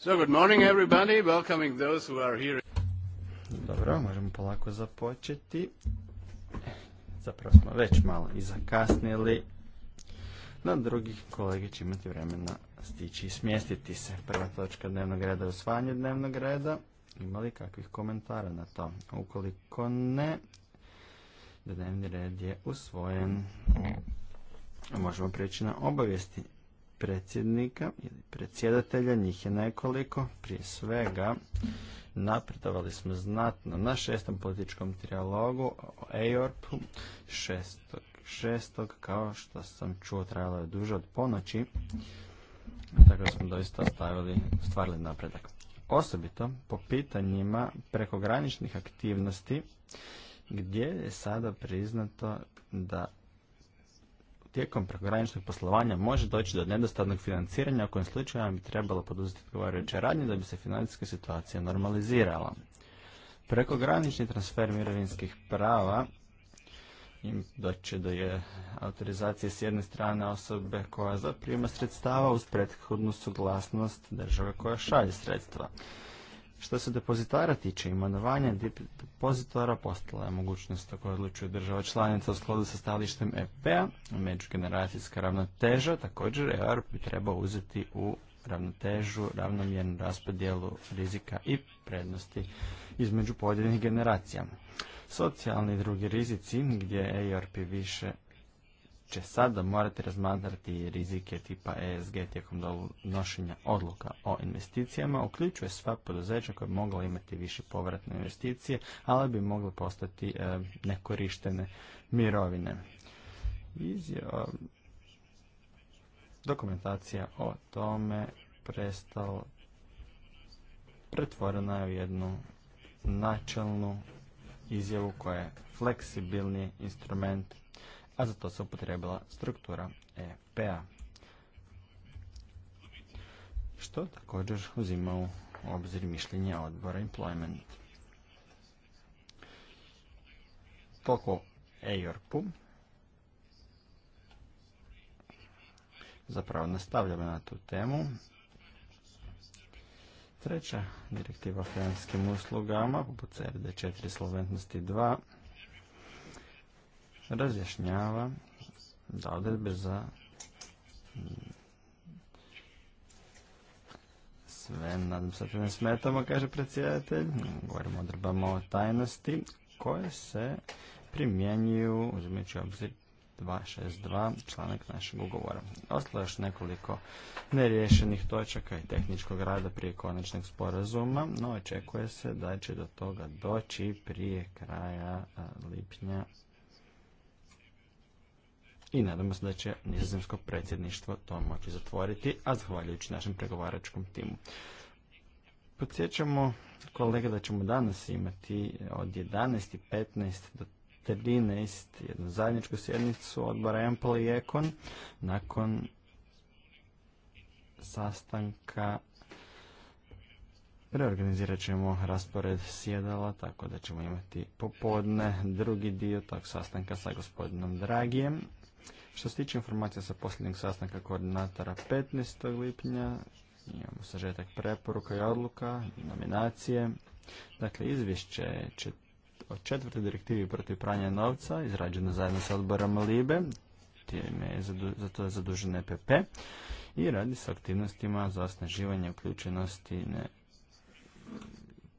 So, good morning everybody, welcoming those who are here. Dobro, možemo polako započeti. Zapravo smo već malo i zakasnili. na drugih kolege će imati vremena stići i smjestiti se. Prva točka dnevnog reda je usvajanje dnevnog reda. Imali kakvih komentara na to? Ukoliko ne, dnevni red je usvojen. Možemo prijeći na obavijesti predsjednika ili predsjedatelja, njih je nekoliko, prije svega napredovali smo znatno na šestom političkom trijalogu o eorp šestog, šestog, kao što sam čuo trajalo je duže od ponoći, tako da smo doista stavili, stvarili napredak. Osobito po pitanjima prekograničnih aktivnosti gdje je sada priznato da tijekom prekograničnog poslovanja može doći do nedostatnog financiranja u kojem slučaju bi trebalo poduzeti odgovarajuće radnje da bi se financijska situacija normalizirala. Prekogranični transfer mirovinskih prava doći do je autorizacije s jedne strane osobe koja zaprima sredstava uz prethodnu suglasnost države koja šalje sredstva. Što se depozitara tiče, imenovanje depozitora postala je mogućnost tako odlučuje država članica u skladu sa stalištem EP-a. Međugeneracijska ravnoteža također ER treba trebao uzeti u ravnotežu, ravnomjernu raspodjelu rizika i prednosti između pojedinih generacija. Socijalni i drugi rizici gdje ERP više će sada morati razmatrati rizike tipa ESG tijekom donošenja odluka o investicijama, uključuje sva poduzeća koja bi mogla imati više povratne investicije, ali bi mogle postati e, nekorištene mirovine. dokumentacija o tome prestalo pretvorena je u jednu načelnu izjavu koja je fleksibilni instrument a za to se upotrebila struktura EPA. Što također uzima u obzir mišljenje odbora Employment. Toliko EIORP-u. Zapravo nastavljamo na tu temu. Treća direktiva o financijskim uslugama, poput CRD 4 sloventnosti 2, razjašnjava da odredbe za sve, nadam se da ne smetamo, kaže predsjedatelj, govorimo o odredbama o tajnosti, koje se primjenjuju, uzimajući obzir 262, članak našeg ugovora. Ostalo još nekoliko neriješenih točaka i tehničkog rada prije konačnog sporazuma, no očekuje se da će do toga doći prije kraja lipnja i nadamo se da će nizozemsko predsjedništvo to moći zatvoriti, a zahvaljujući našem pregovaračkom timu. Podsjećamo kolega da ćemo danas imati od 11.15 do 13 jednu zajedničku sjednicu odbora Empel i Ekon nakon sastanka Reorganizirat ćemo raspored sjedala, tako da ćemo imati popodne drugi dio tog sastanka sa gospodinom Dragijem, što se tiče informacija sa posljednjeg sastanka koordinatora 15. lipnja, imamo sažetak preporuka i odluka, nominacije. Dakle, izvješće o četvrtoj direktivi protiv pranja novca, izrađeno zajedno sa odborom LIBE, time je za to je zadužen EPP, i radi se aktivnostima za osnaživanje uključenosti ne,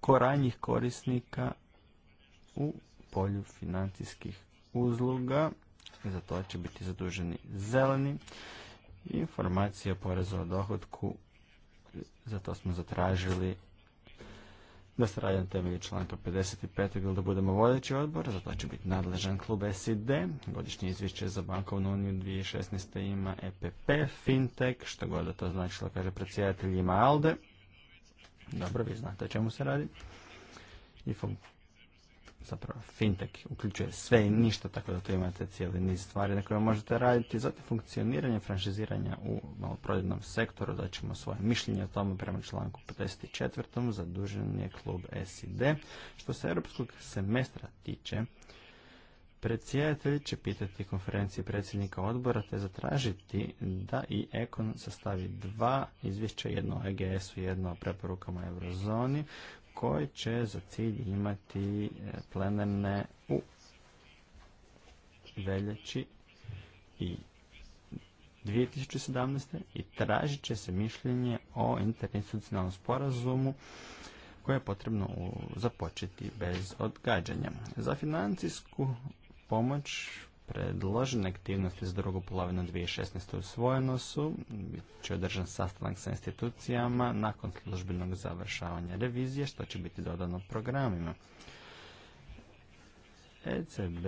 koranjih korisnika u polju financijskih uzluga za to će biti zaduženi zeleni. Informacija o porezu o dohodku, za to smo zatražili da se radi na temelju članka 55. ili da budemo vodeći odbor, za to će biti nadležan klub SID. Godišnje izvješće za bankovnu uniju 2016. ima EPP, Fintech, što god da to značilo, kaže predsjedatelj ima ALDE. Dobro, vi znate o čemu se radi. I zapravo fintech uključuje sve i ništa, tako da tu imate cijeli niz stvari na koje možete raditi. Zatim funkcioniranje franšiziranja u maloprodajnom sektoru, da ćemo svoje mišljenje o tome prema članku 54. zadužen je klub SID. Što se europskog semestra tiče, predsjedatelj će pitati konferenciji predsjednika odbora te zatražiti da i Ekon sastavi dva izvješća, jedno o EGS-u, jedno o preporukama Eurozoni, koji će za cilj imati e, plenarne u veljači i 2017. i tražit će se mišljenje o interinstitucionalnom sporazumu koje je potrebno započeti bez odgađanja. Za financijsku pomoć predložene aktivnosti za drugu polovinu 2016. usvojeno su, bit će održan sastanak sa institucijama nakon službenog završavanja revizije, što će biti dodano programima. ECB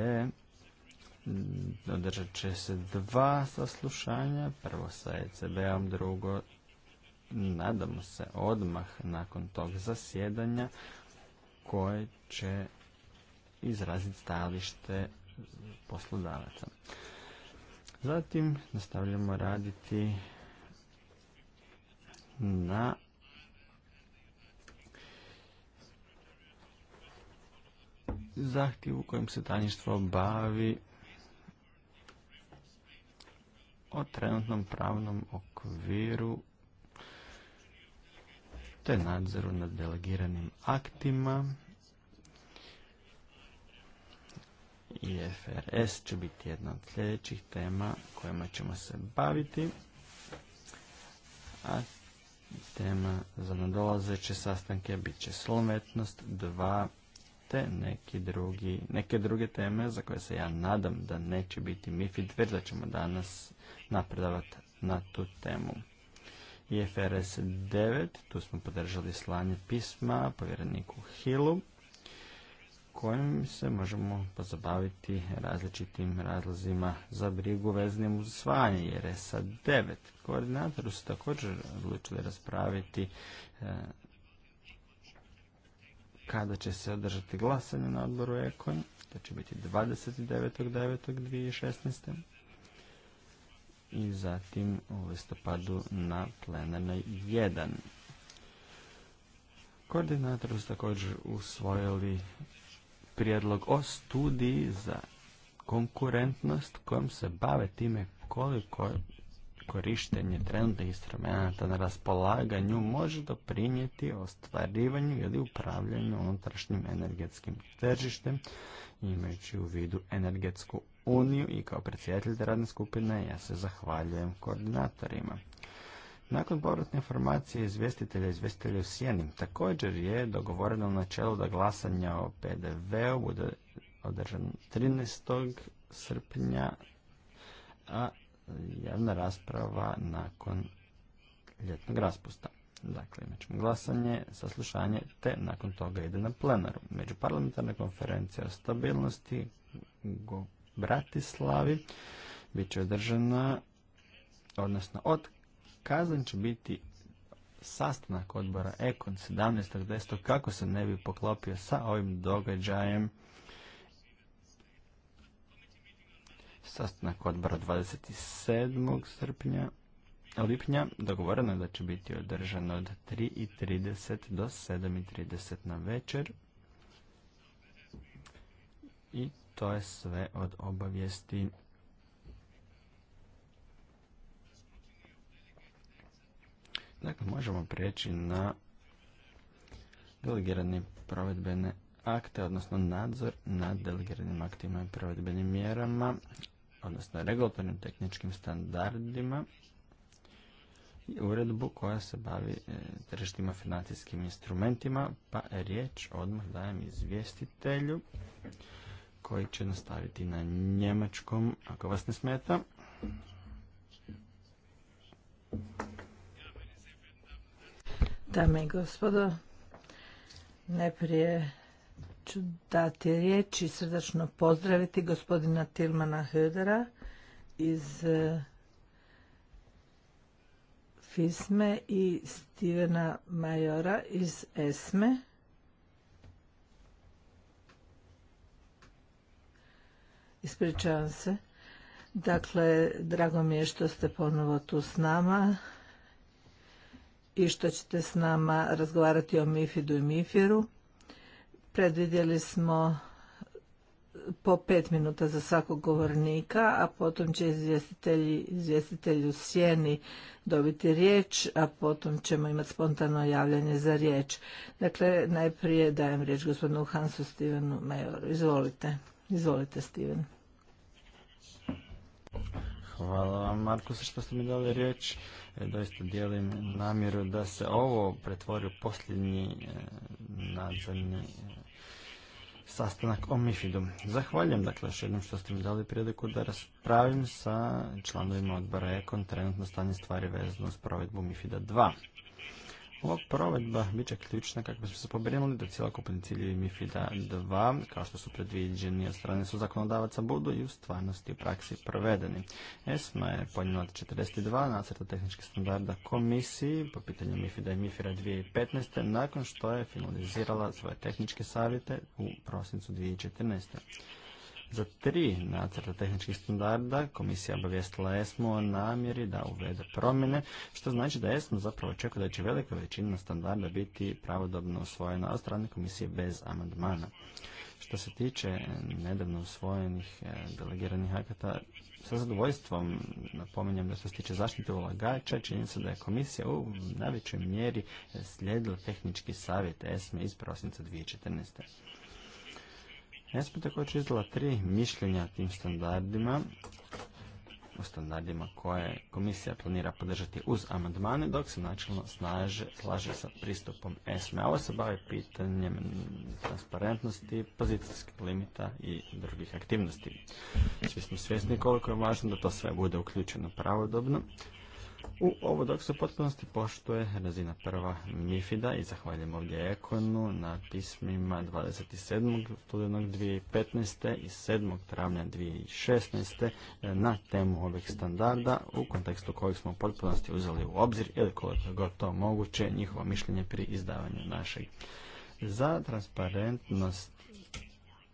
održat će se dva saslušanja, prvo sa ECB-om, drugo nadamo se odmah nakon tog zasjedanja koje će izraziti stajalište poslodavaca. Zatim nastavljamo raditi na zahtjevu u kojem se tajništvo bavi o trenutnom pravnom okviru te nadzoru nad delegiranim aktima i FRS će biti jedna od sljedećih tema kojima ćemo se baviti. A tema za nadolazeće sastanke bit će slometnost 2 te neki drugi, neke druge teme za koje se ja nadam da neće biti MIFID, već da ćemo danas napredavati na tu temu. IFRS 9, tu smo podržali slanje pisma povjereniku Hillu kojim se možemo pozabaviti različitim razlozima za brigu vezanim uz svanje, jer sa devet koordinatoru su također odlučili raspraviti e, kada će se održati glasanje na odboru Ekon, to će biti 29.9.2016. I zatim u listopadu na plenarnoj 1. Koordinatori su također usvojili prijedlog o studiji za konkurentnost kojom se bave time koliko korištenje trenutnih instrumenta na raspolaganju može doprinijeti ostvarivanju ili upravljanju unutrašnjim energetskim tržištem, imajući u vidu energetsku uniju i kao predsjedatelj radne skupine ja se zahvaljujem koordinatorima. Nakon povratne informacije izvjestitelja izvjestitelja u Sjeni, također je dogovoreno na načelu da glasanja o PDV-u bude održan 13. srpnja, a javna rasprava nakon ljetnog raspusta. Dakle, imat ćemo glasanje, saslušanje, te nakon toga ide na plenaru. Međuparlamentarna konferencija o stabilnosti u Bratislavi bit će održana, odnosno od Kazan će biti sastanak odbora Ekon 17.10. kako se ne bi poklopio sa ovim događajem sastanak odbora 27. srpnja lipnja dogovoreno je da će biti održano od 3.30 do 7.30 na večer i to je sve od obavijesti Dakle, možemo prijeći na delegirane provedbene akte, odnosno nadzor nad delegiranim aktima i provedbenim mjerama, odnosno regulatornim tehničkim standardima i uredbu koja se bavi e, tržištima financijskim instrumentima, pa riječ odmah dajem izvjestitelju koji će nastaviti na njemačkom, ako vas ne smeta. Dame i gospodo, prije ću dati riječ i srdačno pozdraviti gospodina Tilmana Hödera iz e, FISME i Stivena Majora iz ESME. Ispričavam se. Dakle, drago mi je što ste ponovo tu s nama i što ćete s nama razgovarati o Mifidu i Mifiru. Predvidjeli smo po pet minuta za svakog govornika, a potom će izvjestitelji, izvjestitelji u sjeni dobiti riječ, a potom ćemo imati spontano javljanje za riječ. Dakle, najprije dajem riječ gospodinu Hansu Stevenu Majoru. Izvolite. Izvolite, Steven. Hvala vam, Markus, što ste mi dali riječ. E, doista dijelim namjeru da se ovo pretvori u posljednji e, nadzorni e, sastanak o Mifidu. Zahvaljujem dakle još jednom što ste mi dali priliku da raspravim sa članovima odbora Ekon trenutno stanje stvari vezano s provedbu Mifida 2. Ova provedba bit će ključna kako smo se pobrinuli da cijelokupni ciljevi MIFID-a 2, kao što su predviđeni od strane su zakonodavaca, budu i u stvarnosti i praksi provedeni. ESMA je podnijela 42 nacrta tehničkih standarda komisiji po pitanju mifid i mifir 2015. nakon što je finalizirala svoje tehničke savjete u prosincu 2014. Za tri nacrta tehničkih standarda komisija obavijestila ESMO o namjeri da uvede promjene, što znači da ESMO zapravo očekuje da će velika većina standarda biti pravodobno usvojena od strane komisije bez amandmana. Što se tiče eh, nedavno usvojenih eh, delegiranih akata, sa zadovoljstvom napominjem da što se tiče zaštite ulagača, čini se da je komisija u najvećoj mjeri eh, slijedila tehnički savjet ESME iz prosinca 2014. Ja sam također izdala tri mišljenja tim standardima, o standardima koje komisija planira podržati uz amandmane, dok se načelno snaže, slaže sa pristupom ESME. Ovo se bavi pitanjem transparentnosti, pozicijskih limita i drugih aktivnosti. Svi smo svjesni koliko je važno da to sve bude uključeno pravodobno, u ovo dok se u potpunosti poštuje razina prva mifida i zahvaljujem ovdje Ekonu na pismima 27. studenog 2015. i 7. travnja 2016. na temu ovih standarda u kontekstu kojih smo potpunosti uzeli u obzir ili koliko je to moguće njihovo mišljenje pri izdavanju našeg. Za transparentnost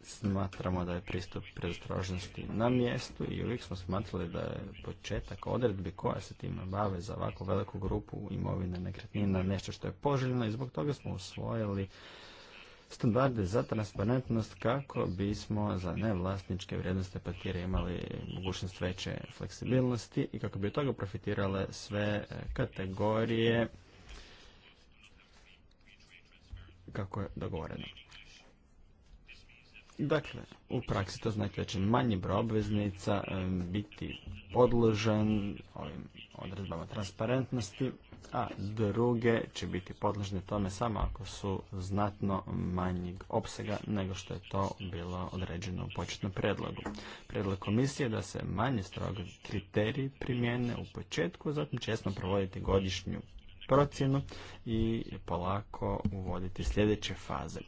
smatramo da je pristup predostrožnosti na mjestu i uvijek smo smatrali da je početak odredbi koja se time bave za ovako veliku grupu imovine nekretnina nešto što je poželjno i zbog toga smo usvojili standarde za transparentnost kako bismo za nevlasničke vrijednosti papire imali mogućnost veće fleksibilnosti i kako bi od toga profitirale sve e, kategorije kako je dogovoreno. Dakle, u praksi to znači da će manji broj obveznica biti podložen ovim odredbama transparentnosti, a druge će biti podložne tome samo ako su znatno manjeg opsega nego što je to bilo određeno u početnom predlogu. Predlog komisije je da se manje strogo kriteriji primjene u početku, zatim često provoditi godišnju procjenu i polako uvoditi sljedeće faze.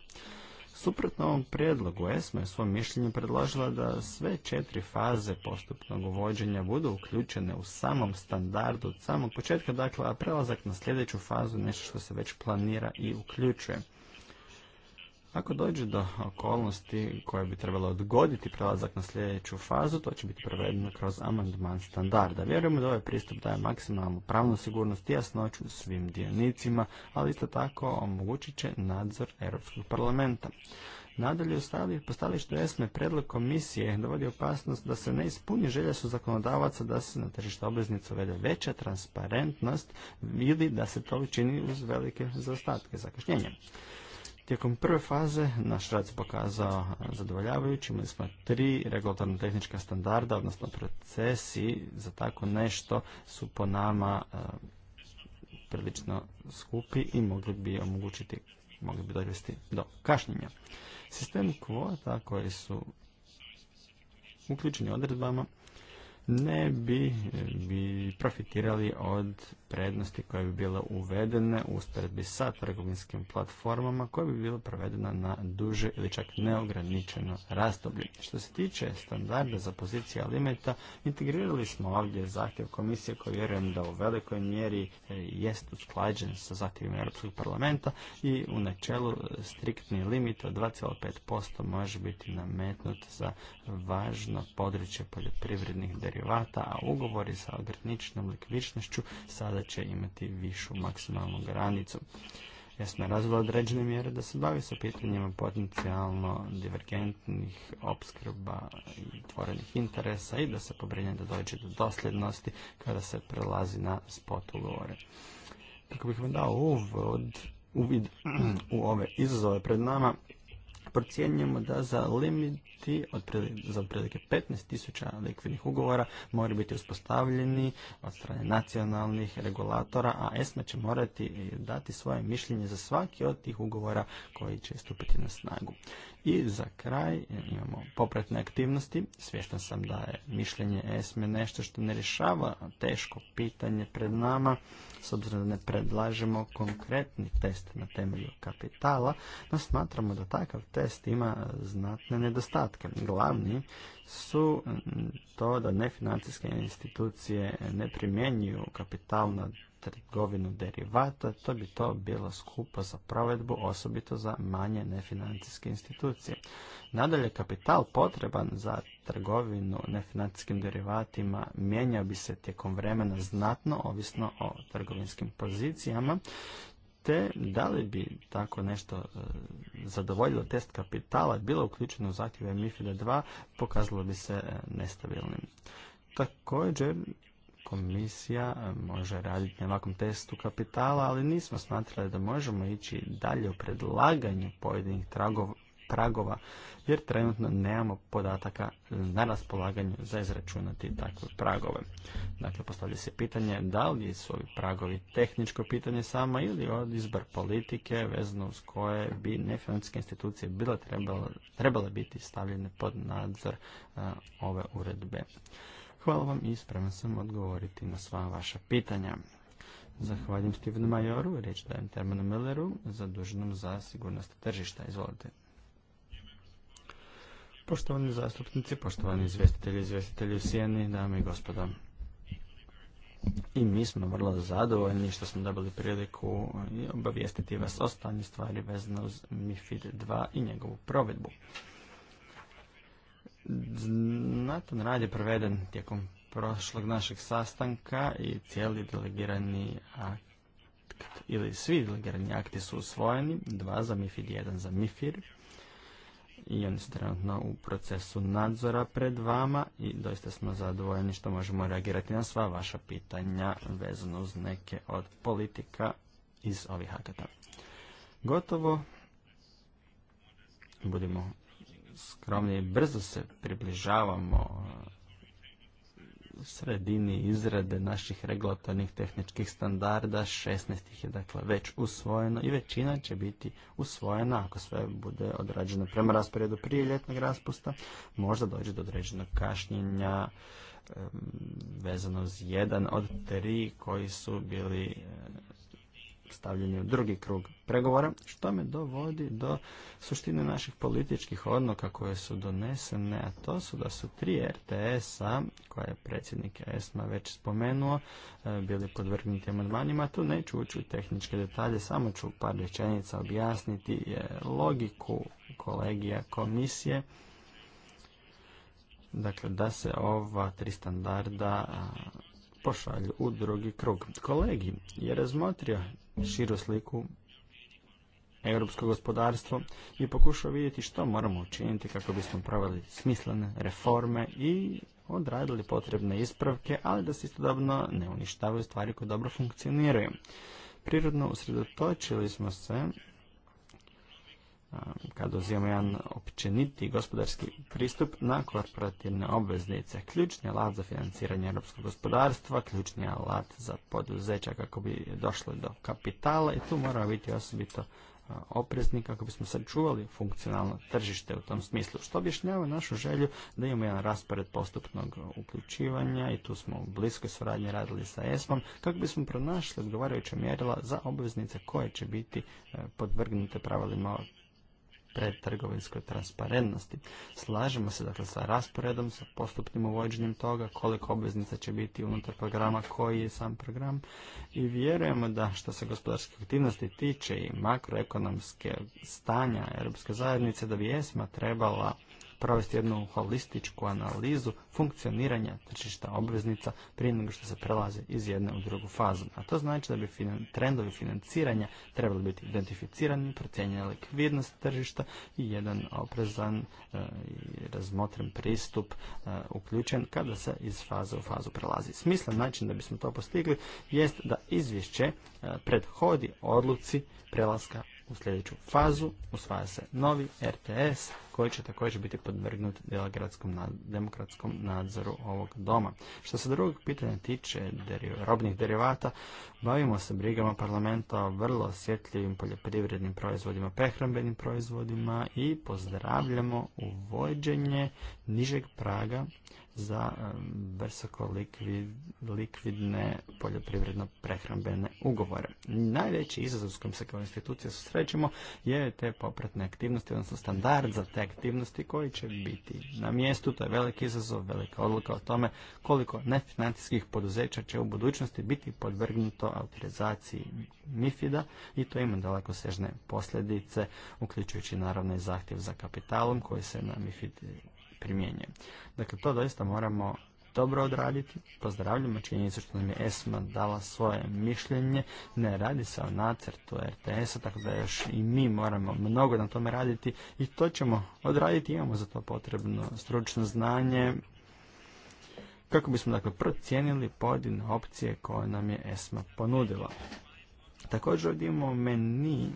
Suprotno ovom predlogu, ESMA je svom mišljenju predložila da sve četiri faze postupnog uvođenja budu uključene u samom standardu od samog početka, dakle, a prelazak na sljedeću fazu nešto što se već planira i uključuje. Ako dođe do okolnosti koje bi trebalo odgoditi prelazak na sljedeću fazu, to će biti provedeno kroz amandman standarda. Vjerujemo da ovaj pristup daje maksimalnu pravnu sigurnost i jasnoću svim dionicima, ali isto tako omogućit će nadzor Europskog parlamenta. Nadalje, po stalištu ESME predlog komisije dovodi opasnost da se ne ispuni želja su zakonodavaca da se na tržište obveznica uvede veća transparentnost ili da se to učini uz velike zaostatke zakašnjenja. Tijekom prve faze naš rad se pokazao zadovoljavajući. Imali smo tri regulatorno tehnička standarda, odnosno procesi za tako nešto su po nama e, prilično skupi i mogli bi omogućiti, mogli bi dovesti do kašnjenja. Sistem kvota koji su uključeni odredbama ne bi, eh, bi profitirali od prednosti koje bi bile uvedene u usporedbi sa trgovinskim platformama koje bi bila provedena na duže ili čak neograničeno razdoblje. Što se tiče standarda za pozicija limita, integrirali smo ovdje zahtjev komisije koji vjerujem da u velikoj mjeri eh, jest usklađen sa zahtjevima Europskog parlamenta i u načelu eh, striktni limit od 2,5% može biti nametnut za važno područje poljoprivrednih derivata derivata, a ugovori sa ograničenom likvičnošću sada će imati višu maksimalnu granicu. Jasno je određene mjere da se bavi sa pitanjima potencijalno divergentnih opskrba i tvorenih interesa i da se pobrinje da dođe do dosljednosti kada se prelazi na spot ugovore. Kako bih vam dao uvod, uvid u ove izazove pred nama, procjenjujemo da za limit ti za otprilike 15.000 likvidnih ugovora moraju biti uspostavljeni od strane nacionalnih regulatora, a ESMA će morati e, dati svoje mišljenje za svaki od tih ugovora koji će stupiti na snagu. I za kraj e, imamo popretne aktivnosti. Svještan sam da je mišljenje ESME nešto što ne rješava teško pitanje pred nama, s obzirom da ne predlažemo konkretni test na temelju kapitala, no smatramo da takav test ima e, znatne nedostatke Glavni su mm, to da nefinancijske institucije ne primjenjuju kapital na trgovinu derivata, to bi to bilo skupo za provedbu, osobito za manje nefinancijske institucije. Nadalje, kapital potreban za trgovinu nefinancijskim derivatima mijenjao bi se tijekom vremena znatno, ovisno o trgovinskim pozicijama, te da li bi tako nešto e, zadovoljilo test kapitala bilo uključeno u zahtjeve MIFID 2 pokazalo bi se e, nestabilnim. Također komisija e, može raditi na ovakvom testu kapitala, ali nismo smatrali da možemo ići dalje u predlaganju pojedinih tragova pragova, jer trenutno nemamo podataka na raspolaganju za izračunati takve pragove. Dakle, postavlja se pitanje da li su ovi pragovi tehničko pitanje samo ili od izbor politike vezano s koje bi nefinancijske institucije bile trebale, biti stavljene pod nadzor ove uredbe. Hvala vam i spreman sam odgovoriti na sva vaša pitanja. Zahvaljujem Stevenu Majoru, riječ dajem Termanu Milleru, zaduženom za sigurnost tržišta. Izvolite. Poštovani zastupnici, poštovani izvjestitelji, izvjestitelji u Sijeni, dame i gospoda. I mi smo vrlo zadovoljni što smo dobili priliku obavijestiti vas o stanju stvari vezano uz MIFID 2 i njegovu provedbu. Znatan rad je proveden tijekom prošlog našeg sastanka i cijeli delegirani akt ili svi delegirani akti su usvojeni, dva za MIFID 1 za MIFIR i oni su trenutno u procesu nadzora pred vama i doista smo zadovoljni što možemo reagirati na sva vaša pitanja vezano uz neke od politika iz ovih akata. Gotovo, budimo skromni, brzo se približavamo sredini izrade naših regulatornih tehničkih standarda, 16 je dakle već usvojeno i većina će biti usvojena ako sve bude odrađeno prema rasporedu prije ljetnog raspusta, možda dođe do određenog kašnjenja vezano uz jedan od tri koji su bili stavljeni u drugi krug pregovora, što me dovodi do suštine naših političkih odnoka koje su donesene, a to su da su tri RTS-a, koje je predsjednik ESMA već spomenuo, e, bili podvrgnuti amandmanima. Tu neću ući u tehničke detalje, samo ću par rečenica objasniti e, logiku kolegija komisije. Dakle, da se ova tri standarda pošalju u drugi krug. Kolegi je razmotrio širu sliku europsko gospodarstvo i pokušao vidjeti što moramo učiniti kako bismo proveli smislene reforme i odradili potrebne ispravke, ali da se istodobno ne uništavaju stvari koje dobro funkcioniraju. Prirodno usredotočili smo se kada uzimamo jedan općeniti gospodarski pristup na korporativne obveznice. Ključni alat za financiranje europskog gospodarstva, ključni alat za poduzeća kako bi došlo do kapitala i tu mora biti osobito oprezni kako bismo sačuvali funkcionalno tržište u tom smislu. Što objašnjava našu želju da imamo jedan raspored postupnog uključivanja i tu smo u bliskoj suradnji radili sa ESMom kako bismo pronašli odgovarajuća mjerila za obveznice koje će biti e, podvrgnute pravilima pretrgovinskoj transparentnosti. Slažemo se dakle sa rasporedom, sa postupnim uvođenjem toga, koliko obveznica će biti unutar programa, koji je sam program i vjerujemo da što se gospodarske aktivnosti tiče i makroekonomske stanja Europske zajednice, da bi ESMA trebala provesti jednu holističku analizu funkcioniranja tržišta obveznica prije nego što se prelaze iz jedne u drugu fazu. A to znači da bi trendovi financiranja trebali biti identificirani, procijenjena likvidnost tržišta i jedan oprezan e, i razmotren pristup e, uključen kada se iz faze u fazu prelazi. Smislen način da bismo to postigli jest da izvješće e, prethodi odluci prelaska u sljedeću fazu usvaja se novi RTS koji će također biti podvrgnut demokratskom nadzoru ovog doma. Što se drugog pitanja tiče robnih derivata, bavimo se brigama parlamenta o vrlo osjetljivim poljoprivrednim proizvodima, prehrambenim proizvodima i pozdravljamo uvođenje nižeg praga za visoko likvidne poljoprivredno prehrambene ugovore. Najveći izazov s kojim se kao institucija susrećemo je te popratne aktivnosti, odnosno standard za te aktivnosti koji će biti na mjestu. To je veliki izazov, velika odluka o tome koliko nefinancijskih poduzeća će u budućnosti biti podvrgnuto autorizaciji MIFID-a i to ima daleko sežne posljedice, uključujući naravno i zahtjev za kapitalom koji se na MIFID primjenjuje. Dakle, to doista moramo dobro odraditi. Pozdravljamo činjenicu što nam je ESMA dala svoje mišljenje. Ne radi se o nacrtu RTS-a, tako da još i mi moramo mnogo na tome raditi i to ćemo odraditi. Imamo za to potrebno stručno znanje kako bismo dakle procijenili pojedine opcije koje nam je ESMA ponudila. Također ovdje imamo meni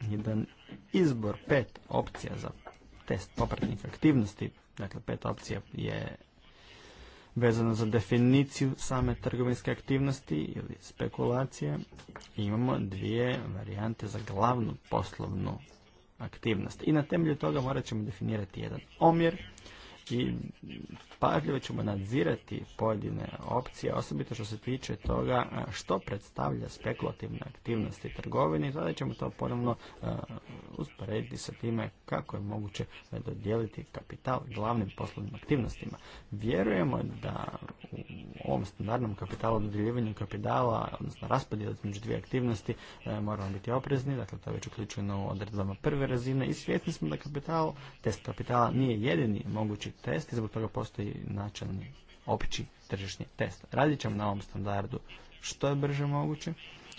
jedan izbor pet opcija za test popratnih aktivnosti, dakle peta opcija je vezana za definiciju same trgovinske aktivnosti ili spekulacije. Imamo dvije varijante za glavnu poslovnu aktivnost. I na temelju toga morat ćemo definirati jedan omjer i pažljivo ćemo nadzirati pojedine opcije, osobito što se tiče toga što predstavlja spekulativne aktivnosti trgovine i tada ćemo to ponovno usporediti sa time kako je moguće dodijeliti kapital glavnim poslovnim aktivnostima. Vjerujemo da u ovom standardnom kapitalu, dodjeljivanju kapitala, odnosno raspodjelu između dvije aktivnosti, moramo biti oprezni, dakle to je već uključeno u odredbama prve razine i svjesni smo da kapital, test kapitala nije jedini mogući test i zbog toga postoji načelni opći tržišni test. Radit ćemo na ovom standardu što je brže moguće.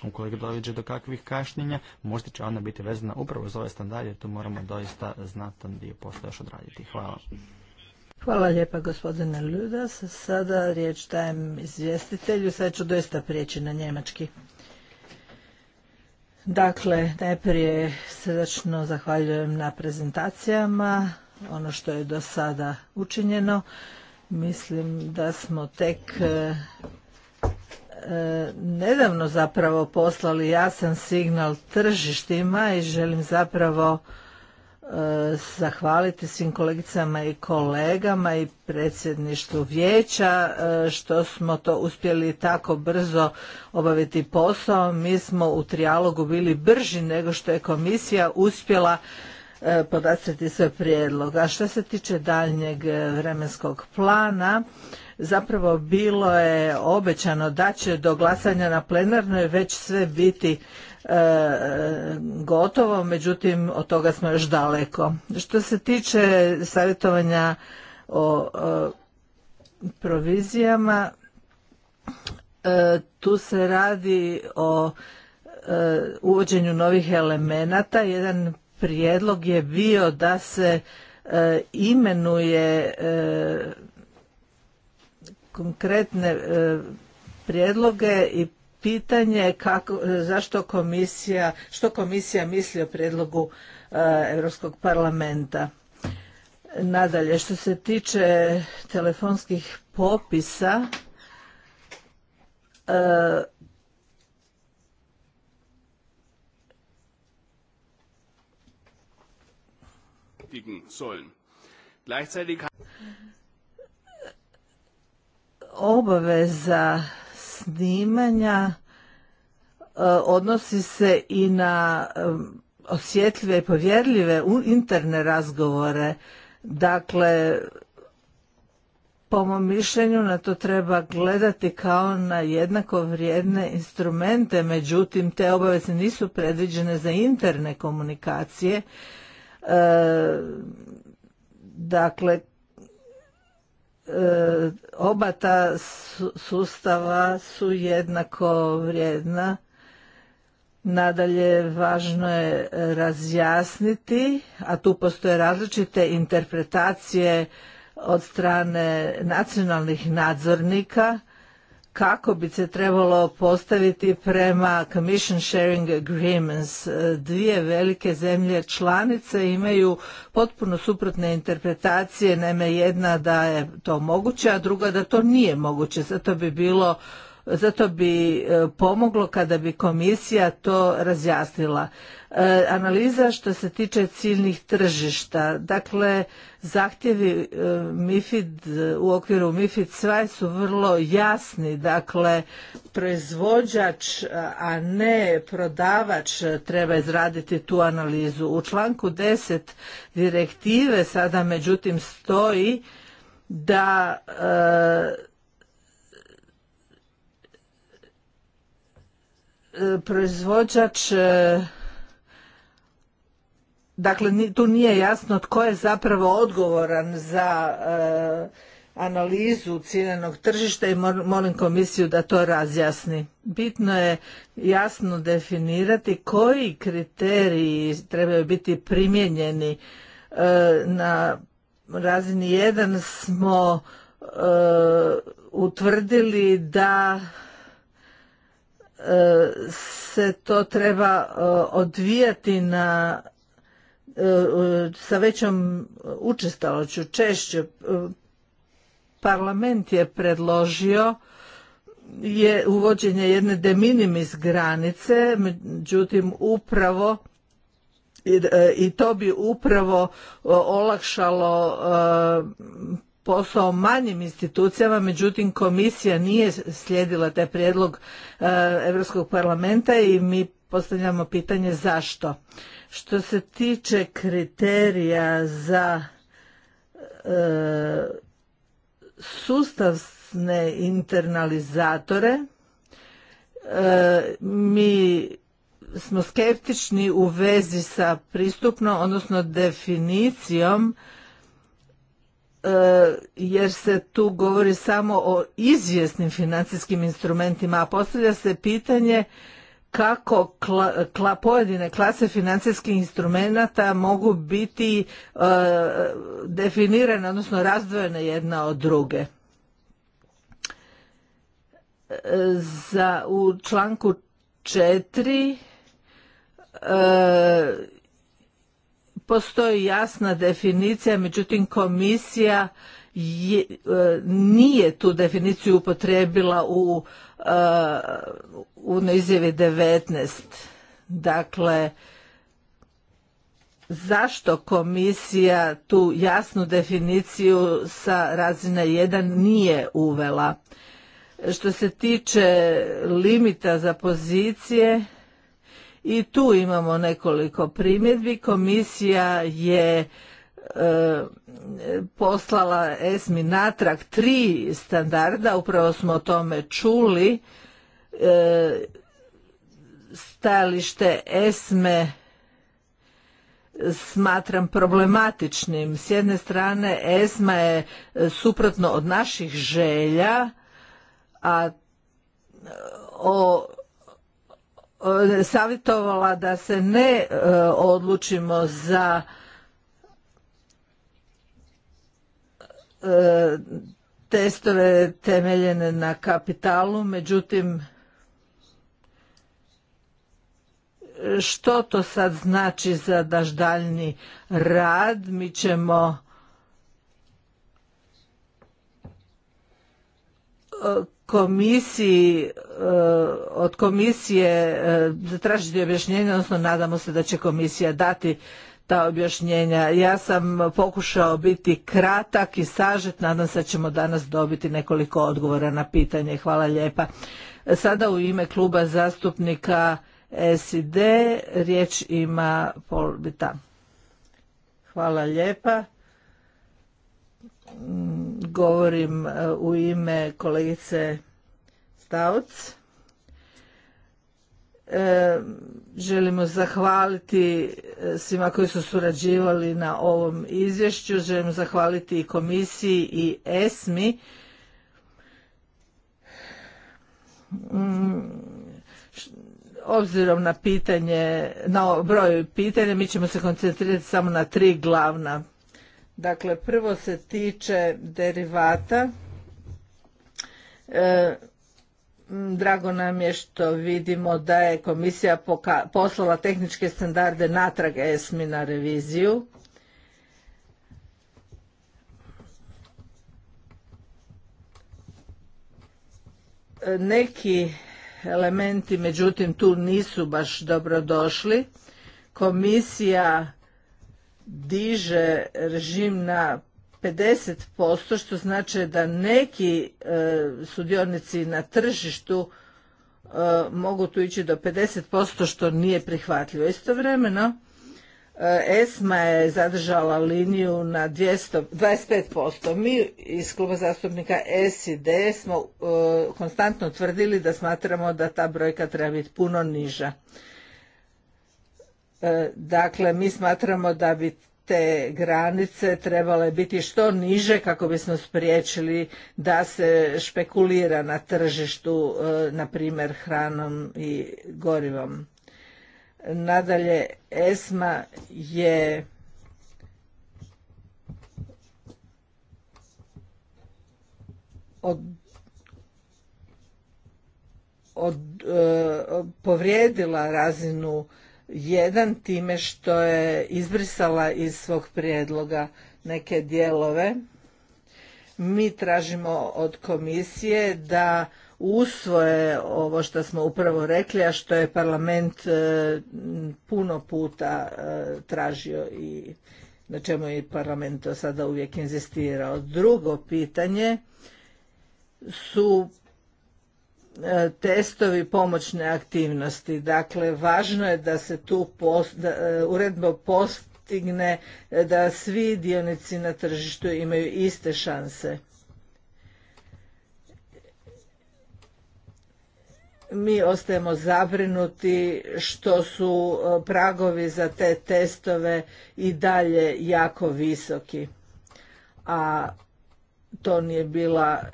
Ukoliko dođe do kakvih kašnjenja, možda će ona biti vezana upravo za ove ovaj standard, jer tu moramo doista znatan dio posla još odraditi. Hvala. Hvala lijepa gospodine Ljudas. Sada riječ dajem izvjestitelju, Sada ću doista prijeći na njemački. Dakle, najprije srdačno zahvaljujem na prezentacijama ono što je do sada učinjeno. Mislim da smo tek e, e, nedavno zapravo poslali jasan signal tržištima i želim zapravo e, zahvaliti svim kolegicama i kolegama i predsjedništvu vijeća što smo to uspjeli tako brzo obaviti posao. Mi smo u trijalogu bili brži nego što je komisija uspjela E, podastati sve prijedlog. A što se tiče daljnjeg e, vremenskog plana, zapravo bilo je obećano da će do glasanja na plenarnoj već sve biti e, gotovo, međutim od toga smo još daleko. Što se tiče savjetovanja o, provizijama, tu se radi o uvođenju novih elemenata. Jedan prijedlog je bio da se e, imenuje e, konkretne e, prijedloge i pitanje kako, zašto komisija, što komisija misli o prijedlogu Europskog parlamenta. Nadalje, što se tiče telefonskih popisa, beschäftigen Gleichzeitig obaveza snimanja e, odnosi se i na e, osjetljive i povjerljive interne razgovore. Dakle, po mom mišljenju na to treba gledati kao na jednako vrijedne instrumente, međutim te obaveze nisu predviđene za interne komunikacije E, dakle, e, oba ta sustava su jednako vrijedna. Nadalje, važno je razjasniti, a tu postoje različite interpretacije od strane nacionalnih nadzornika, kako bi se trebalo postaviti prema Commission Sharing Agreements. E, dvije velike zemlje članice imaju potpuno suprotne interpretacije, naime jedna da je to moguće, a druga da to nije moguće. Zato bi bilo zato bi e, pomoglo kada bi komisija to razjasnila. E, analiza što se tiče ciljnih tržišta, dakle zahtjevi e, MIFID u okviru MIFID sve su vrlo jasni, dakle proizvođač, a ne prodavač treba izraditi tu analizu. U članku 10 direktive sada međutim stoji da proizvođač e, dakle tu nije jasno tko je zapravo odgovoran za e, analizu ciljanog tržišta i molim komisiju da to razjasni. Bitno je jasno definirati koji kriteriji trebaju biti primijenjeni e, na razini 1 smo utvrdili da se to treba e, odvijati na e, e, sa većom učestaloću češće parlament je predložio je uvođenje jedne de minimis granice međutim upravo i to bi upravo olakšalo posao manjim institucijama, međutim komisija nije slijedila taj prijedlog Europskog parlamenta i mi postavljamo pitanje zašto. Što se tiče kriterija za e, sustavne internalizatore, mi smo skeptični u vezi sa pristupno, odnosno definicijom E, jer se tu govori samo o izvjesnim financijskim instrumentima, a postavlja se pitanje kako pojedine klase financijskih instrumenata mogu biti e, definirane, odnosno razdvojene jedna od druge. za, u članku četiri e, postoji jasna definicija, međutim komisija e, nije tu definiciju upotrijebila u, e, u izjavi 19. Dakle, zašto komisija tu jasnu definiciju sa razine 1 nije uvela? Što se tiče limita za pozicije, i tu imamo nekoliko primjedbi. Komisija je e, poslala ESMI natrag tri standarda, upravo smo o tome čuli. E, stajalište ESME smatram problematičnim. S jedne strane ESMA je suprotno od naših želja, a o E, savjetovala da se ne e, odlučimo za e, testove temeljene na kapitalu, međutim što to sad znači za naš daljni rad? Mi ćemo komisiji eh, od komisije zatražiti eh, objašnjenje odnosno nadamo se da će komisija dati ta objašnjenja. Ja sam pokušao biti kratak i sažet, nadam se da ćemo danas dobiti nekoliko odgovora na pitanje. Hvala lijepa. Sada u ime kluba zastupnika SID riječ ima Polbita Hvala lijepa govorim e, u ime kolegice Stavc. E, želimo zahvaliti e, svima koji su surađivali na ovom izvješću. Želimo zahvaliti i komisiji i ESMI. Mm, obzirom na pitanje, na broj pitanja, mi ćemo se koncentrirati samo na tri glavna Dakle, prvo se tiče derivata. E, drago nam je što vidimo da je komisija poslala tehničke standarde natrag ESMI na reviziju. neki elementi, međutim, tu nisu baš dobro došli. Komisija diže režim na 50%, što znači da neki e, sudionici na tržištu e, mogu tu ići do 50%, što nije prihvatljivo. Istovremeno, e, ESMA je zadržala liniju na 200, 25%. Mi iz kluba zastupnika SID smo konstantno tvrdili da smatramo da ta brojka treba biti puno niža. E, dakle, mi smatramo da bi te granice trebale biti što niže kako bismo spriječili da se špekulira na tržištu, e, na primjer hranom i gorivom. Nadalje, ESMA je e, povrijedila razinu jedan time što je izbrisala iz svog prijedloga neke dijelove. Mi tražimo od komisije da usvoje ovo što smo upravo rekli, a što je parlament e, puno puta e, tražio i na čemu je parlament to sada uvijek inzistirao. Drugo pitanje su E, testovi pomoćne aktivnosti. Dakle, važno je da se tu uredno uredba postigne da svi dionici na tržištu imaju iste šanse. Mi ostajemo zabrinuti što su e, pragovi za te testove i dalje jako visoki. A to nije bila e,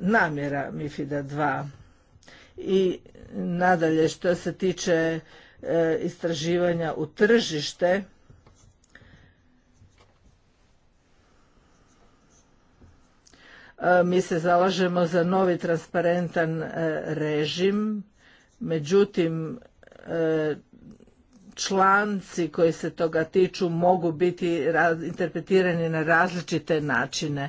namjera MIFIDA 2 i nadalje što se tiče e, istraživanja u tržište e, mi se zalažemo za novi transparentan e, režim međutim članci koji se toga tiču mogu biti interpretirani na različite načine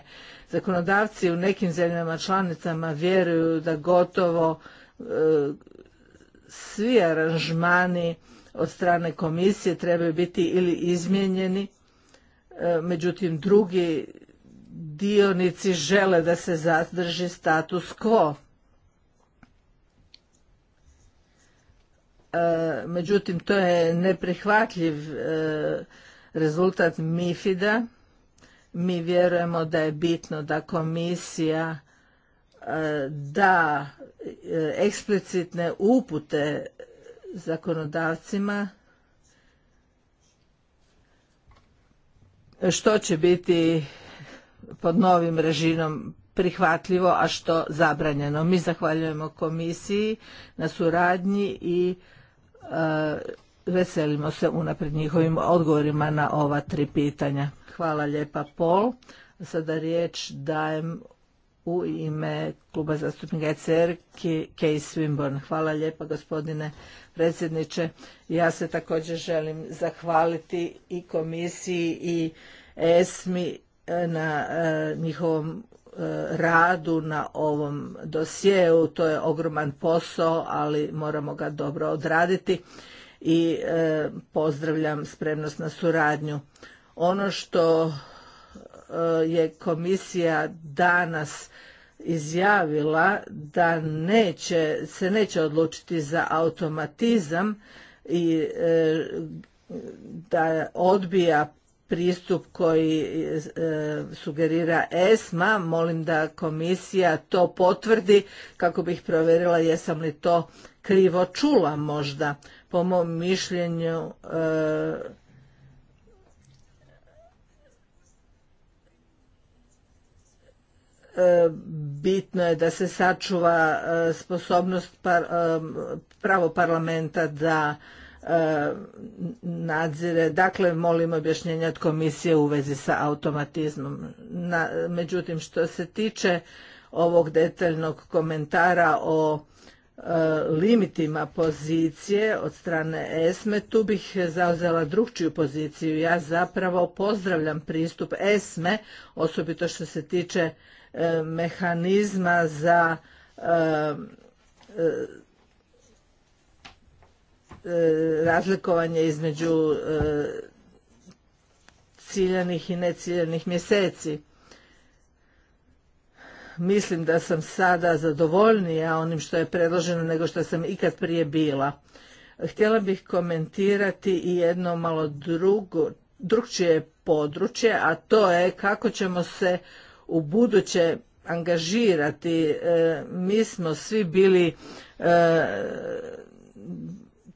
zakonodavci u nekim zemljama članicama vjeruju da gotovo svi aranžmani od strane komisije trebaju biti ili izmijenjeni, e, međutim drugi dionici žele da se zadrži status quo. E, međutim, to je neprihvatljiv e, rezultat MIFID-a. Mi vjerujemo da je bitno da komisija da eksplicitne upute zakonodavcima što će biti pod novim režimom prihvatljivo, a što zabranjeno. Mi zahvaljujemo komisiji na suradnji i e, veselimo se unaprijed njihovim odgovorima na ova tri pitanja. Hvala lijepa Pol. Sada riječ dajem u ime kluba zastupnika ECR Kay Swinburne. Hvala lijepa gospodine predsjedniče. Ja se također želim zahvaliti i komisiji i ESMI e, na e, njihovom e, radu na ovom dosjeu. To je ogroman posao, ali moramo ga dobro odraditi i pozdravljam spremnost na suradnju. Ono što je komisija danas izjavila da neće, se neće odlučiti za automatizam i e, da odbija pristup koji e, sugerira ESMA, molim da komisija to potvrdi kako bih provjerila jesam li to krivo čula možda. Po mom mišljenju e, E, bitno je da se sačuva e, sposobnost e, pravo parlamenta da nadzire. Dakle, molim objašnjenja od komisije u vezi sa automatizmom. međutim, što se tiče ovog detaljnog komentara o limitima pozicije od strane ESME, tu bih zauzela drugčiju poziciju. Ja zapravo pozdravljam pristup ESME, osobito što se tiče E, mehanizma za e, e, razlikovanje između ciljanih i neciljanih mjeseci. Mislim da sam sada zadovoljnija onim što je predloženo nego što sam ikad prije bila. Htjela bih komentirati i jedno malo drugo, drugčije područje, a to je kako ćemo se u buduće angažirati. E, mi smo svi bili e,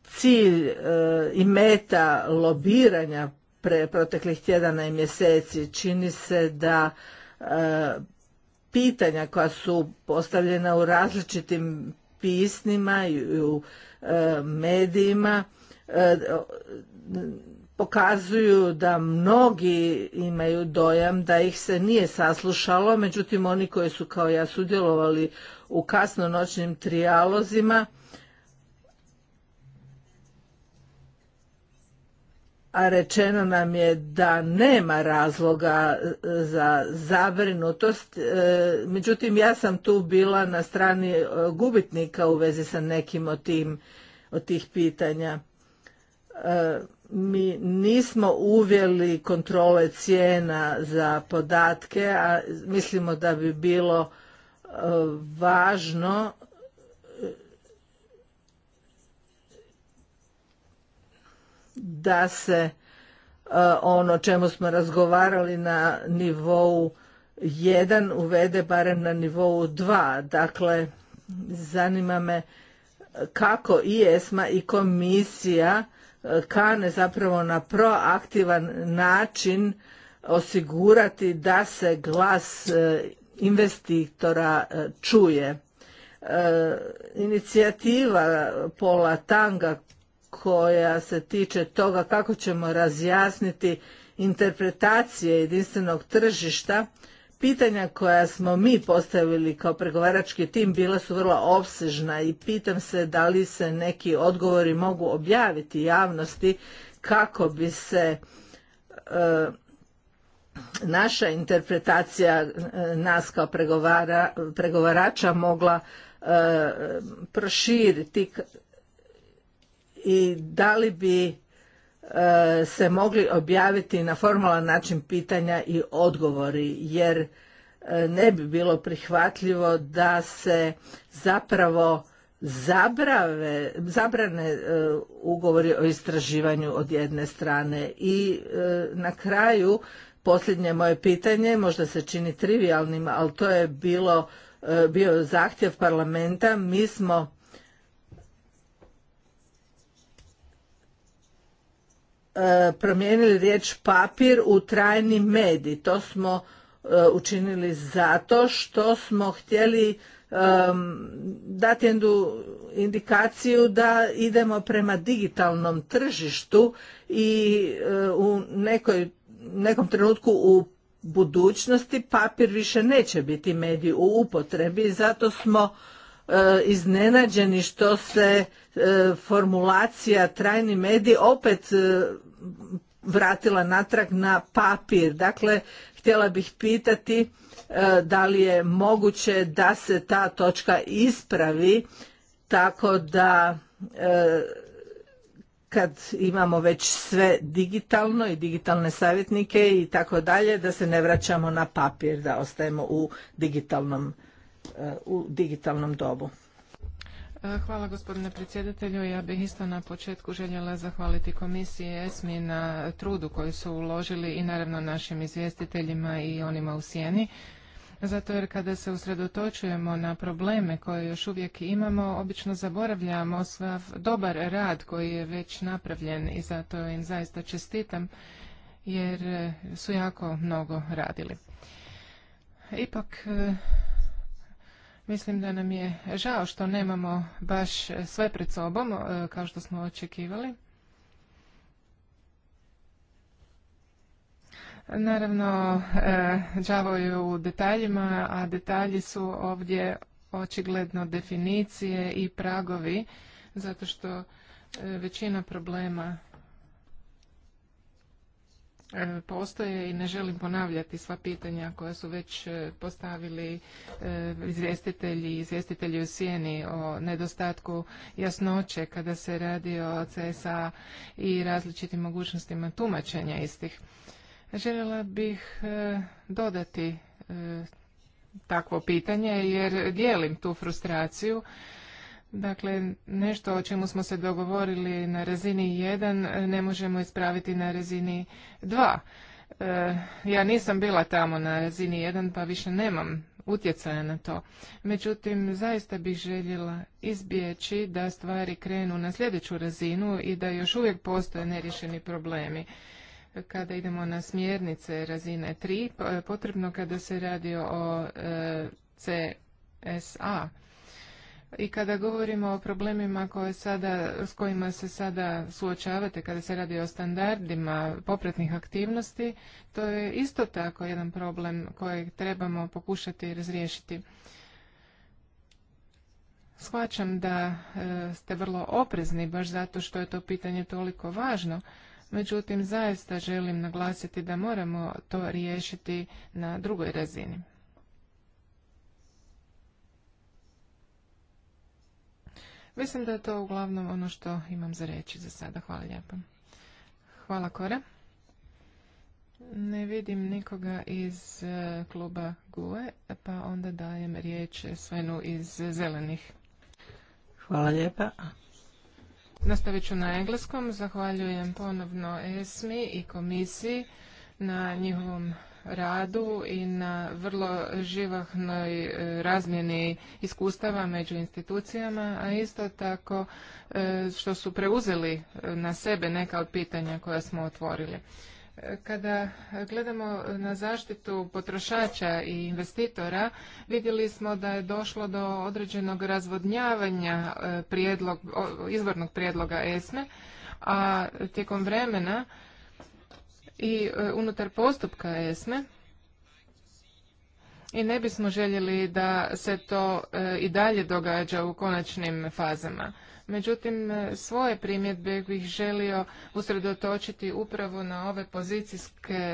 cilj e, i meta lobiranja pre proteklih tjedana i mjeseci. Čini se da pitanja koja su postavljena u različitim pisnima i u medijima pokazuju da mnogi imaju dojam da ih se nije saslušalo, međutim oni koji su kao ja sudjelovali u kasno noćnim trijalozima, a rečeno nam je da nema razloga e, za zabrinutost. E, međutim, ja sam tu bila na strani e, gubitnika u vezi sa nekim od, tim, od tih pitanja mi nismo uvjeli kontrole cijena za podatke, a mislimo da bi bilo e, važno da se e, ono čemu smo razgovarali na nivou 1 uvede barem na nivou 2. Dakle, zanima me kako i ESMA i komisija kane zapravo na proaktivan način osigurati da se glas e, investitora e, čuje. E, inicijativa Pola Tanga koja se tiče toga kako ćemo razjasniti interpretacije jedinstvenog tržišta pitanja koja smo mi postavili kao pregovarački tim bila su vrlo opsežna i pitam se da li se neki odgovori mogu objaviti javnosti kako bi se e, naša interpretacija e, nas kao pregovarača mogla e, proširiti i da li bi E, se mogli objaviti na formalan način pitanja i odgovori jer e, ne bi bilo prihvatljivo da se zapravo zabrave, zabrane e, ugovori o istraživanju od jedne strane i na kraju posljednje moje pitanje možda se čini trivialnim ali to je bilo bio zahtjev parlamenta mi smo E, promijenili riječ papir u trajni medij. To smo e, učinili zato što smo htjeli e, dati jednu indikaciju da idemo prema digitalnom tržištu i u nekoj, nekom trenutku u budućnosti papir više neće biti medij u upotrebi zato smo E, iznenađeni što se e, formulacija trajni mediji opet e, vratila natrag na papir. Dakle, htjela bih pitati da li je moguće da se ta točka ispravi tako da kad imamo već sve digitalno i digitalne savjetnike i tako dalje da se ne vraćamo na papir da ostajemo u digitalnom u digitalnom dobu. E, hvala gospodine predsjedatelju. Ja bih isto na početku željela zahvaliti komisiji ESMI na trudu koji su uložili i naravno našim izvjestiteljima i onima u sjeni. Zato jer kada se usredotočujemo na probleme koje još uvijek imamo, obično zaboravljamo svav dobar rad koji je već napravljen i zato im zaista čestitam jer su jako mnogo radili. Ipak e, Mislim da nam je žao što nemamo baš sve pred sobom, e, kao što smo očekivali. Naravno, džavo e, je u detaljima, a detalji su ovdje očigledno definicije i pragovi, zato što e, većina problema E, postoje i ne želim ponavljati sva pitanja koja su već e, postavili e, izvjestitelji i izvjestitelji u sjeni o nedostatku jasnoće kada se radi o CSA i različitim mogućnostima tumačenja istih. Željela bih dodati takvo pitanje jer dijelim tu frustraciju Dakle, nešto o čemu smo se dogovorili na razini 1 ne možemo ispraviti na razini 2. E, ja nisam bila tamo na razini 1 pa više nemam utjecaja na to. Međutim, zaista bih željela izbjeći da stvari krenu na sljedeću razinu i da još uvijek postoje nerješeni problemi. Kada idemo na smjernice razine 3, potrebno kada se radi o e, CSA, i kada govorimo o problemima koje sada, s kojima se sada suočavate kada se radi o standardima popratnih aktivnosti, to je isto tako jedan problem kojeg trebamo pokušati razriješiti. Shvaćam da e, ste vrlo oprezni baš zato što je to pitanje toliko važno, međutim zaista želim naglasiti da moramo to riješiti na drugoj razini. Mislim da je to uglavnom ono što imam za reći za sada. Hvala lijepo. Hvala Kora. Ne vidim nikoga iz e, kluba GUE, pa onda dajem riječ Svenu iz Zelenih. Hvala lijepa. Nastavit ću na engleskom. Zahvaljujem ponovno ESMI i komisiji na njihovom radu i na vrlo živahnoj e, razmjeni iskustava među institucijama, a isto tako e, što su preuzeli e, na sebe neka od pitanja koja smo otvorili. Kada gledamo na zaštitu potrošača i investitora, vidjeli smo da je došlo do određenog razvodnjavanja prijedlog, izvornog prijedloga ESME, a tijekom vremena i e, unutar postupka ESME i ne bismo željeli da se to e, i dalje događa u konačnim fazama. Međutim, e, svoje primjedbe bih želio usredotočiti upravo na ove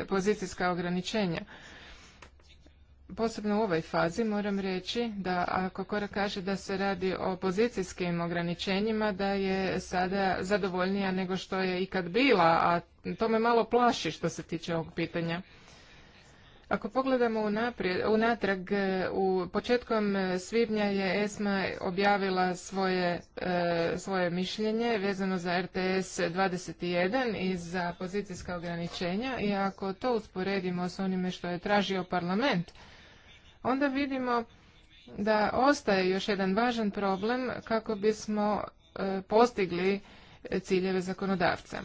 pozicijska ograničenja posebno u ovoj fazi moram reći da ako Kora kaže da se radi o pozicijskim ograničenjima, da je sada zadovoljnija nego što je ikad bila, a to me malo plaši što se tiče ovog pitanja. Ako pogledamo u unatrag, e, u početkom e, svibnja je ESMA objavila svoje, e, svoje mišljenje vezano za RTS 21 i za pozicijska ograničenja i ako to usporedimo s onime što je tražio parlament, onda vidimo da ostaje još jedan važan problem kako bismo e, postigli ciljeve zakonodavca.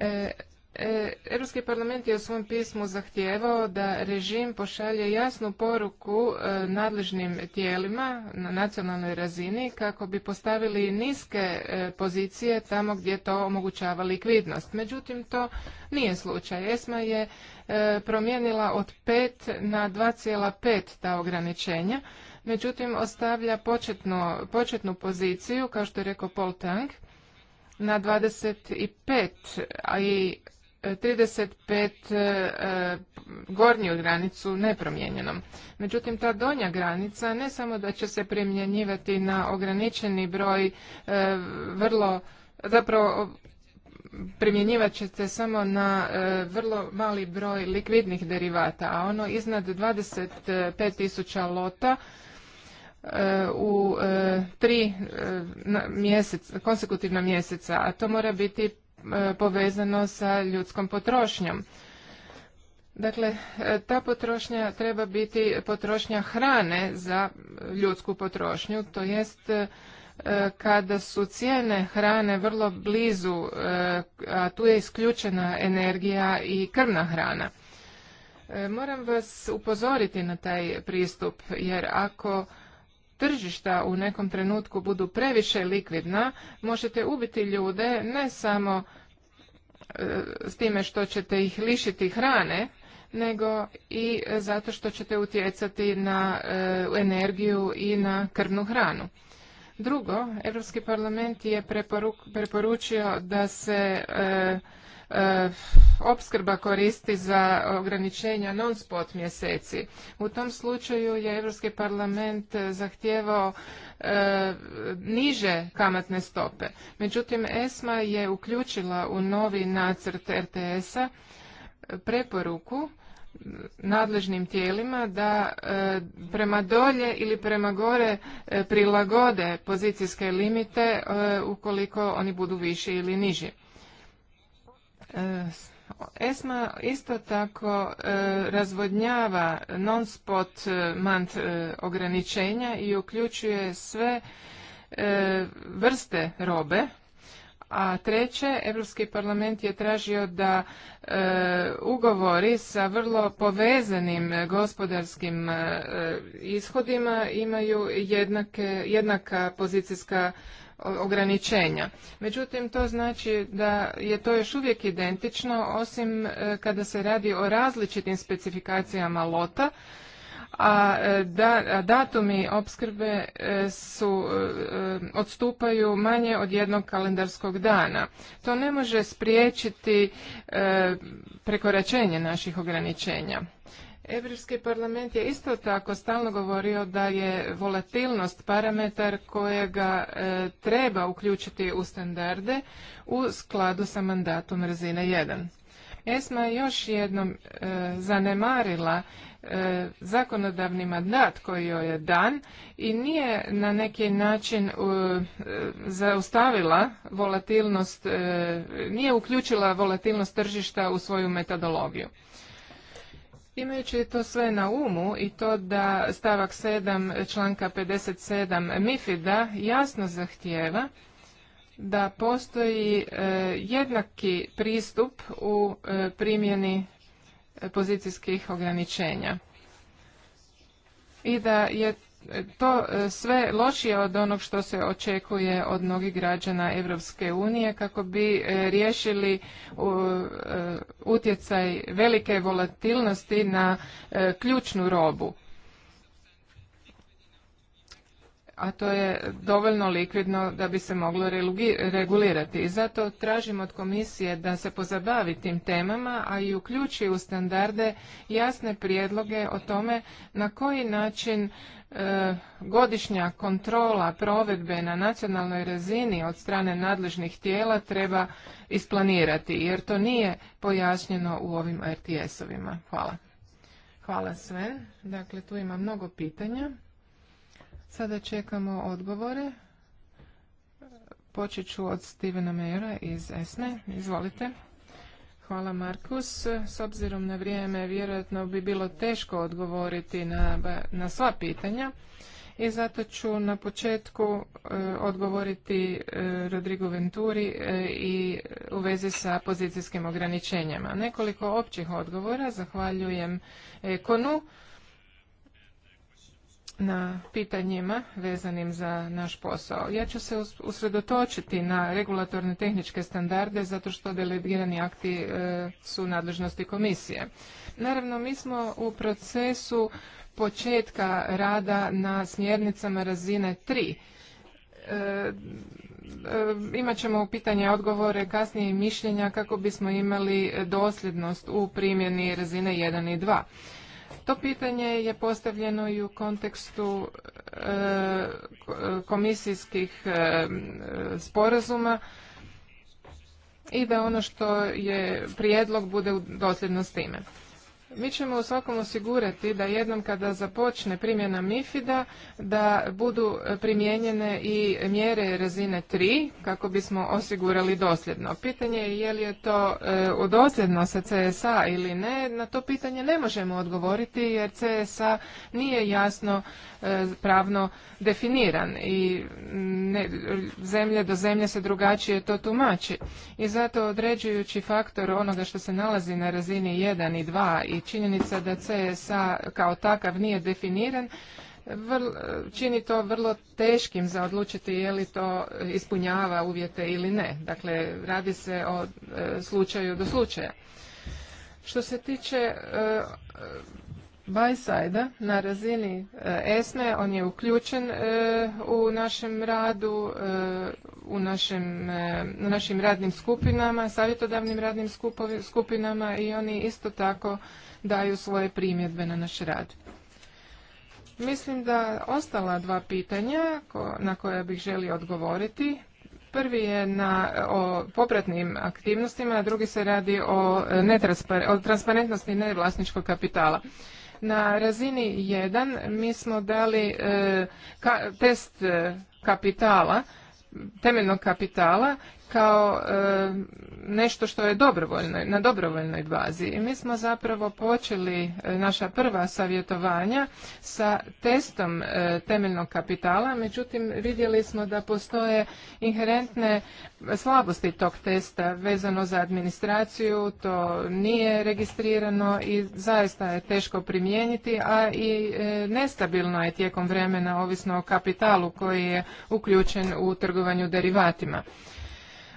E, E, Europski parlament je u svom pismu zahtijevao da režim pošalje jasnu poruku e, nadležnim tijelima na nacionalnoj razini kako bi postavili niske e, pozicije tamo gdje to omogućava likvidnost. Međutim, to nije slučaj. ESMA je promijenila od 5 na 2,5 ta ograničenja. Međutim, ostavlja početnu, početnu poziciju, kao što je rekao Paul Tang, na 25, a i 35 e, gornju granicu nepromijenjenom. Međutim, ta donja granica ne samo da će se primjenjivati na ograničeni broj e, vrlo, zapravo primjenjivat se samo na e, vrlo mali broj likvidnih derivata, a ono iznad 25.000 lota u tri mjesec, konsekutivna mjeseca, a to mora biti E, povezano sa ljudskom potrošnjom. Dakle, e, ta potrošnja treba biti potrošnja hrane za ljudsku potrošnju, to jest e, kada su cijene hrane vrlo blizu, a tu je isključena energija i krvna hrana. Moram vas upozoriti na taj pristup, jer ako tržišta u nekom trenutku budu previše likvidna, možete ubiti ljude ne samo e, s time što ćete ih lišiti hrane, nego i zato što ćete utjecati na e, energiju i na krvnu hranu. Drugo, Europski parlament je preporučio da se e, E, opskrba koristi za ograničenja non-spot mjeseci. U tom slučaju je Europski parlament zahtijevao e, niže kamatne stope. Međutim, ESMA je uključila u novi nacrt RTS-a e, preporuku nadležnim tijelima da prema dolje ili prema gore prilagode pozicijske limite ukoliko oni budu viši ili niži. E, ESMA isto tako e, razvodnjava non-spot e, mant ograničenja i uključuje sve vrste robe. A treće, Europski parlament je tražio da ugovori sa vrlo povezanim gospodarskim ishodima imaju jednaka pozicijska ograničenja. Međutim, to znači da je to još uvijek identično, osim e, kada se radi o različitim specifikacijama lota, a e, da, datumi opskrbe e, su odstupaju manje od jednog kalendarskog dana. To ne može spriječiti prekoračenje naših ograničenja. Europski parlament je isto tako stalno govorio da je volatilnost parametar kojega e, treba uključiti u standarde u skladu sa mandatom razine 1. ESMA je još jednom e, zanemarila e, zakonodavni mandat koji joj je dan i nije na neki način e, zaustavila volatilnost, e, nije uključila volatilnost tržišta u svoju metodologiju. Imajući to sve na umu i to da stavak 7 članka 57 MIFID-a jasno zahtijeva da postoji e, jednaki pristup u e, primjeni pozicijskih ograničenja i da je E, to e, sve lošije od onog što se očekuje od mnogih građana Europske unije kako bi e, riješili utjecaj velike volatilnosti na ključnu robu. a to je dovoljno likvidno da bi se moglo regulirati. I zato tražim od komisije da se pozabavi tim temama, a i uključi u standarde jasne prijedloge o tome na koji način e, godišnja kontrola provedbe na nacionalnoj razini od strane nadležnih tijela treba isplanirati, jer to nije pojašnjeno u ovim RTS-ovima. Hvala. Hvala sve. Dakle, tu ima mnogo pitanja. Sada čekamo odgovore. Počet ću od Stevena Mayera iz Esne. Izvolite. Hvala Markus. S obzirom na vrijeme vjerojatno bi bilo teško odgovoriti na, na sva pitanja i zato ću na početku e, odgovoriti e, Rodrigo Venturi e, i u vezi sa pozicijskim ograničenjama. Nekoliko općih odgovora. Zahvaljujem Ekonu na pitanjima vezanim za naš posao. Ja ću se usredotočiti na regulatorne tehničke standarde zato što delegirani akti e, su nadležnosti komisije. Naravno, mi smo u procesu početka rada na smjernicama razine 3. E, e, Imaćemo ćemo u pitanje odgovore kasnije i mišljenja kako bismo imali dosljednost u primjeni razine 1 i 2. To pitanje je postavljeno i u kontekstu e, komisijskih e, sporazuma i da ono što je prijedlog bude dosljedno s time. Mi ćemo u svakom osigurati da jednom kada započne primjena miFIda da budu primijenjene i mjere razine 3 kako bismo osigurali dosljedno. Pitanje je je li je to e, dosljedno sa CSA ili ne, na to pitanje ne možemo odgovoriti jer CSA nije jasno e, pravno definiran i zemlje do zemlje se drugačije to tumači. I zato određujući faktor onoga što se nalazi na razini 1 i 2 i činjenica da CSA kao takav nije definiran čini to vrlo teškim za odlučiti je li to ispunjava uvjete ili ne. Dakle, radi se o e, slučaju do slučaja. Što se tiče e, Bajsajda na razini e, ESME, on je uključen e, u našem radu, u našim radnim skupinama, savjetodavnim radnim skupinama i oni isto tako daju svoje primjedbe na naš rad. Mislim da ostala dva pitanja na koja bih želio odgovoriti. Prvi je na, o popratnim aktivnostima, a drugi se radi o, e, o transparentnosti nevlasničkog kapitala. Na razini 1 mi smo dali e, test e, kapitala, temeljnog kapitala kao e, nešto što je dobrovoljno, na dobrovoljnoj bazi. I mi smo zapravo počeli e, naša prva savjetovanja sa testom e, temeljnog kapitala, međutim vidjeli smo da postoje inherentne slabosti tog testa vezano za administraciju, to nije registrirano i zaista je teško primijeniti, a i nestabilno je tijekom vremena ovisno o kapitalu koji je uključen u trgovanju derivatima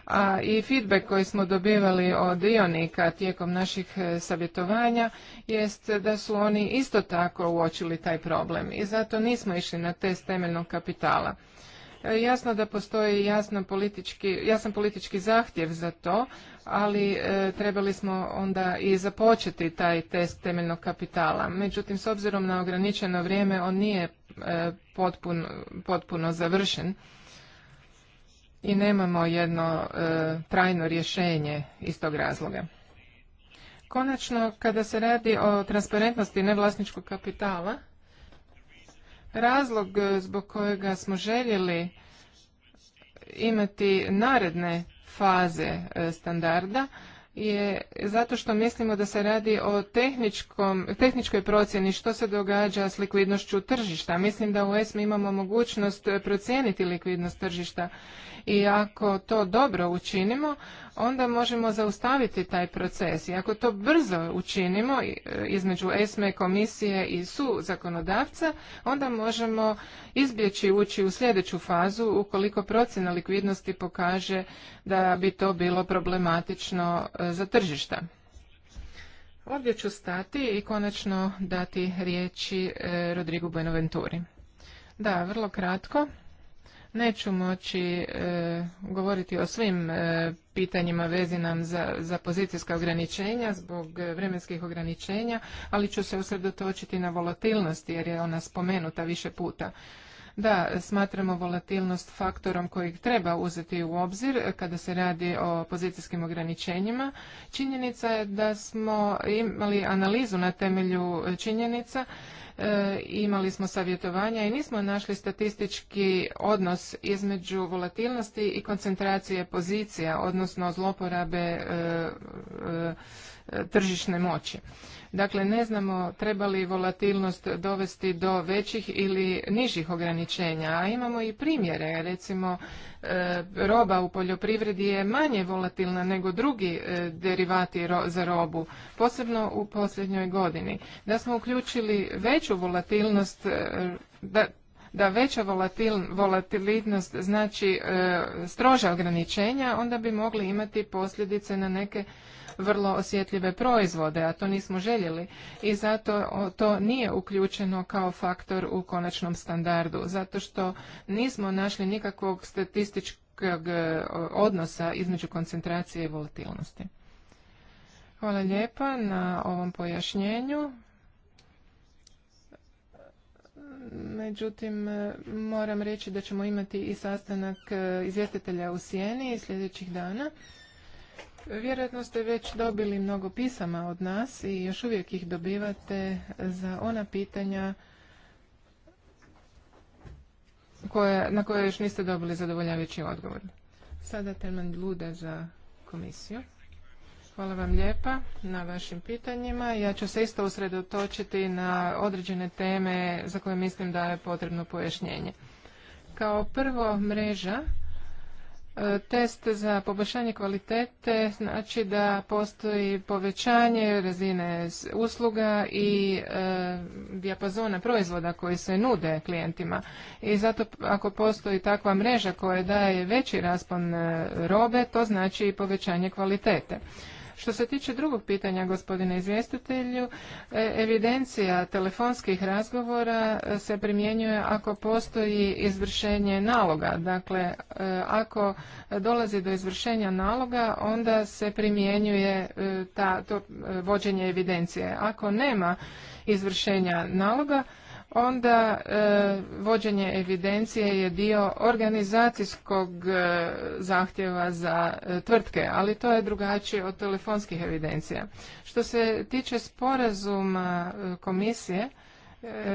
a i feedback koji smo dobivali od dionika tijekom naših e, savjetovanja jest da su oni isto tako uočili taj problem i zato nismo išli na test temeljnog kapitala. E, jasno da postoji jasno politički, jasan politički zahtjev za to, ali e, trebali smo onda i započeti taj test temeljnog kapitala. Međutim, s obzirom na ograničeno vrijeme, on nije potpuno, potpuno završen i nemamo jedno e, trajno rješenje iz tog razloga. Konačno, kada se radi o transparentnosti nevlasničkog kapitala, razlog e, zbog kojega smo željeli imati naredne faze e, standarda je zato što mislimo da se radi o tehničkom, tehničkoj procjeni što se događa s likvidnošću tržišta. Mislim da u ESM imamo mogućnost procijeniti likvidnost tržišta i ako to dobro učinimo, onda možemo zaustaviti taj proces. I ako to brzo učinimo e, između ESME, komisije i su zakonodavca, onda možemo izbjeći ući u sljedeću fazu ukoliko procjena likvidnosti pokaže da bi to bilo problematično e, za tržišta. Ovdje ću stati i konačno dati riječi e, Rodrigu Buenaventuri. Da, vrlo kratko. Neću moći e, govoriti o svim e, pitanjima vezinam za, za pozicijska ograničenja zbog vremenskih ograničenja, ali ću se usredotočiti na volatilnost jer je ona spomenuta više puta. Da, smatramo volatilnost faktorom kojeg treba uzeti u obzir kada se radi o pozicijskim ograničenjima. Činjenica je da smo imali analizu na temelju činjenica E, imali smo savjetovanja i nismo našli statistički odnos između volatilnosti i koncentracije pozicija, odnosno zloporabe e, e, tržišne moći. Dakle, ne znamo treba li volatilnost dovesti do većih ili nižih ograničenja, a imamo i primjere, recimo e, roba u poljoprivredi je manje volatilna nego drugi e, derivati za robu, posebno u posljednjoj godini. Da smo uključili veću volatilnost, e, da da veća volatil, volatilitnost znači stroža ograničenja, onda bi mogli imati posljedice na neke vrlo osjetljive proizvode, a to nismo željeli i zato to nije uključeno kao faktor u konačnom standardu, zato što nismo našli nikakvog statističkog e, odnosa između koncentracije i volatilnosti. Hvala lijepa na ovom pojašnjenju. Međutim, e, moram reći da ćemo imati i sastanak e, izvjestitelja u Sijeni sljedećih dana. Vjerojatno ste već dobili mnogo pisama od nas i još uvijek ih dobivate za ona pitanja koje, na koje još niste dobili zadovoljavajući odgovor. Sada Telman Luda za komisiju. Hvala vam lijepa na vašim pitanjima. Ja ću se isto usredotočiti na određene teme za koje mislim da je potrebno pojašnjenje. Kao prvo mreža Test za poboljšanje kvalitete znači da postoji povećanje razine usluga i e, dijapazona proizvoda koji se nude klijentima. I zato ako postoji takva mreža koja daje veći raspon e, robe, to znači i povećanje kvalitete. Što se tiče drugog pitanja, gospodine izvjestitelju, e, evidencija telefonskih razgovora e, se primjenjuje ako postoji izvršenje naloga. Dakle, e, ako dolazi do izvršenja naloga, onda se primjenjuje ta, to vođenje evidencije. Ako nema izvršenja naloga, onda e, vođenje evidencije je dio organizacijskog e, zahtjeva za e, tvrtke, ali to je drugačije od telefonskih evidencija. Što se tiče sporazuma komisije,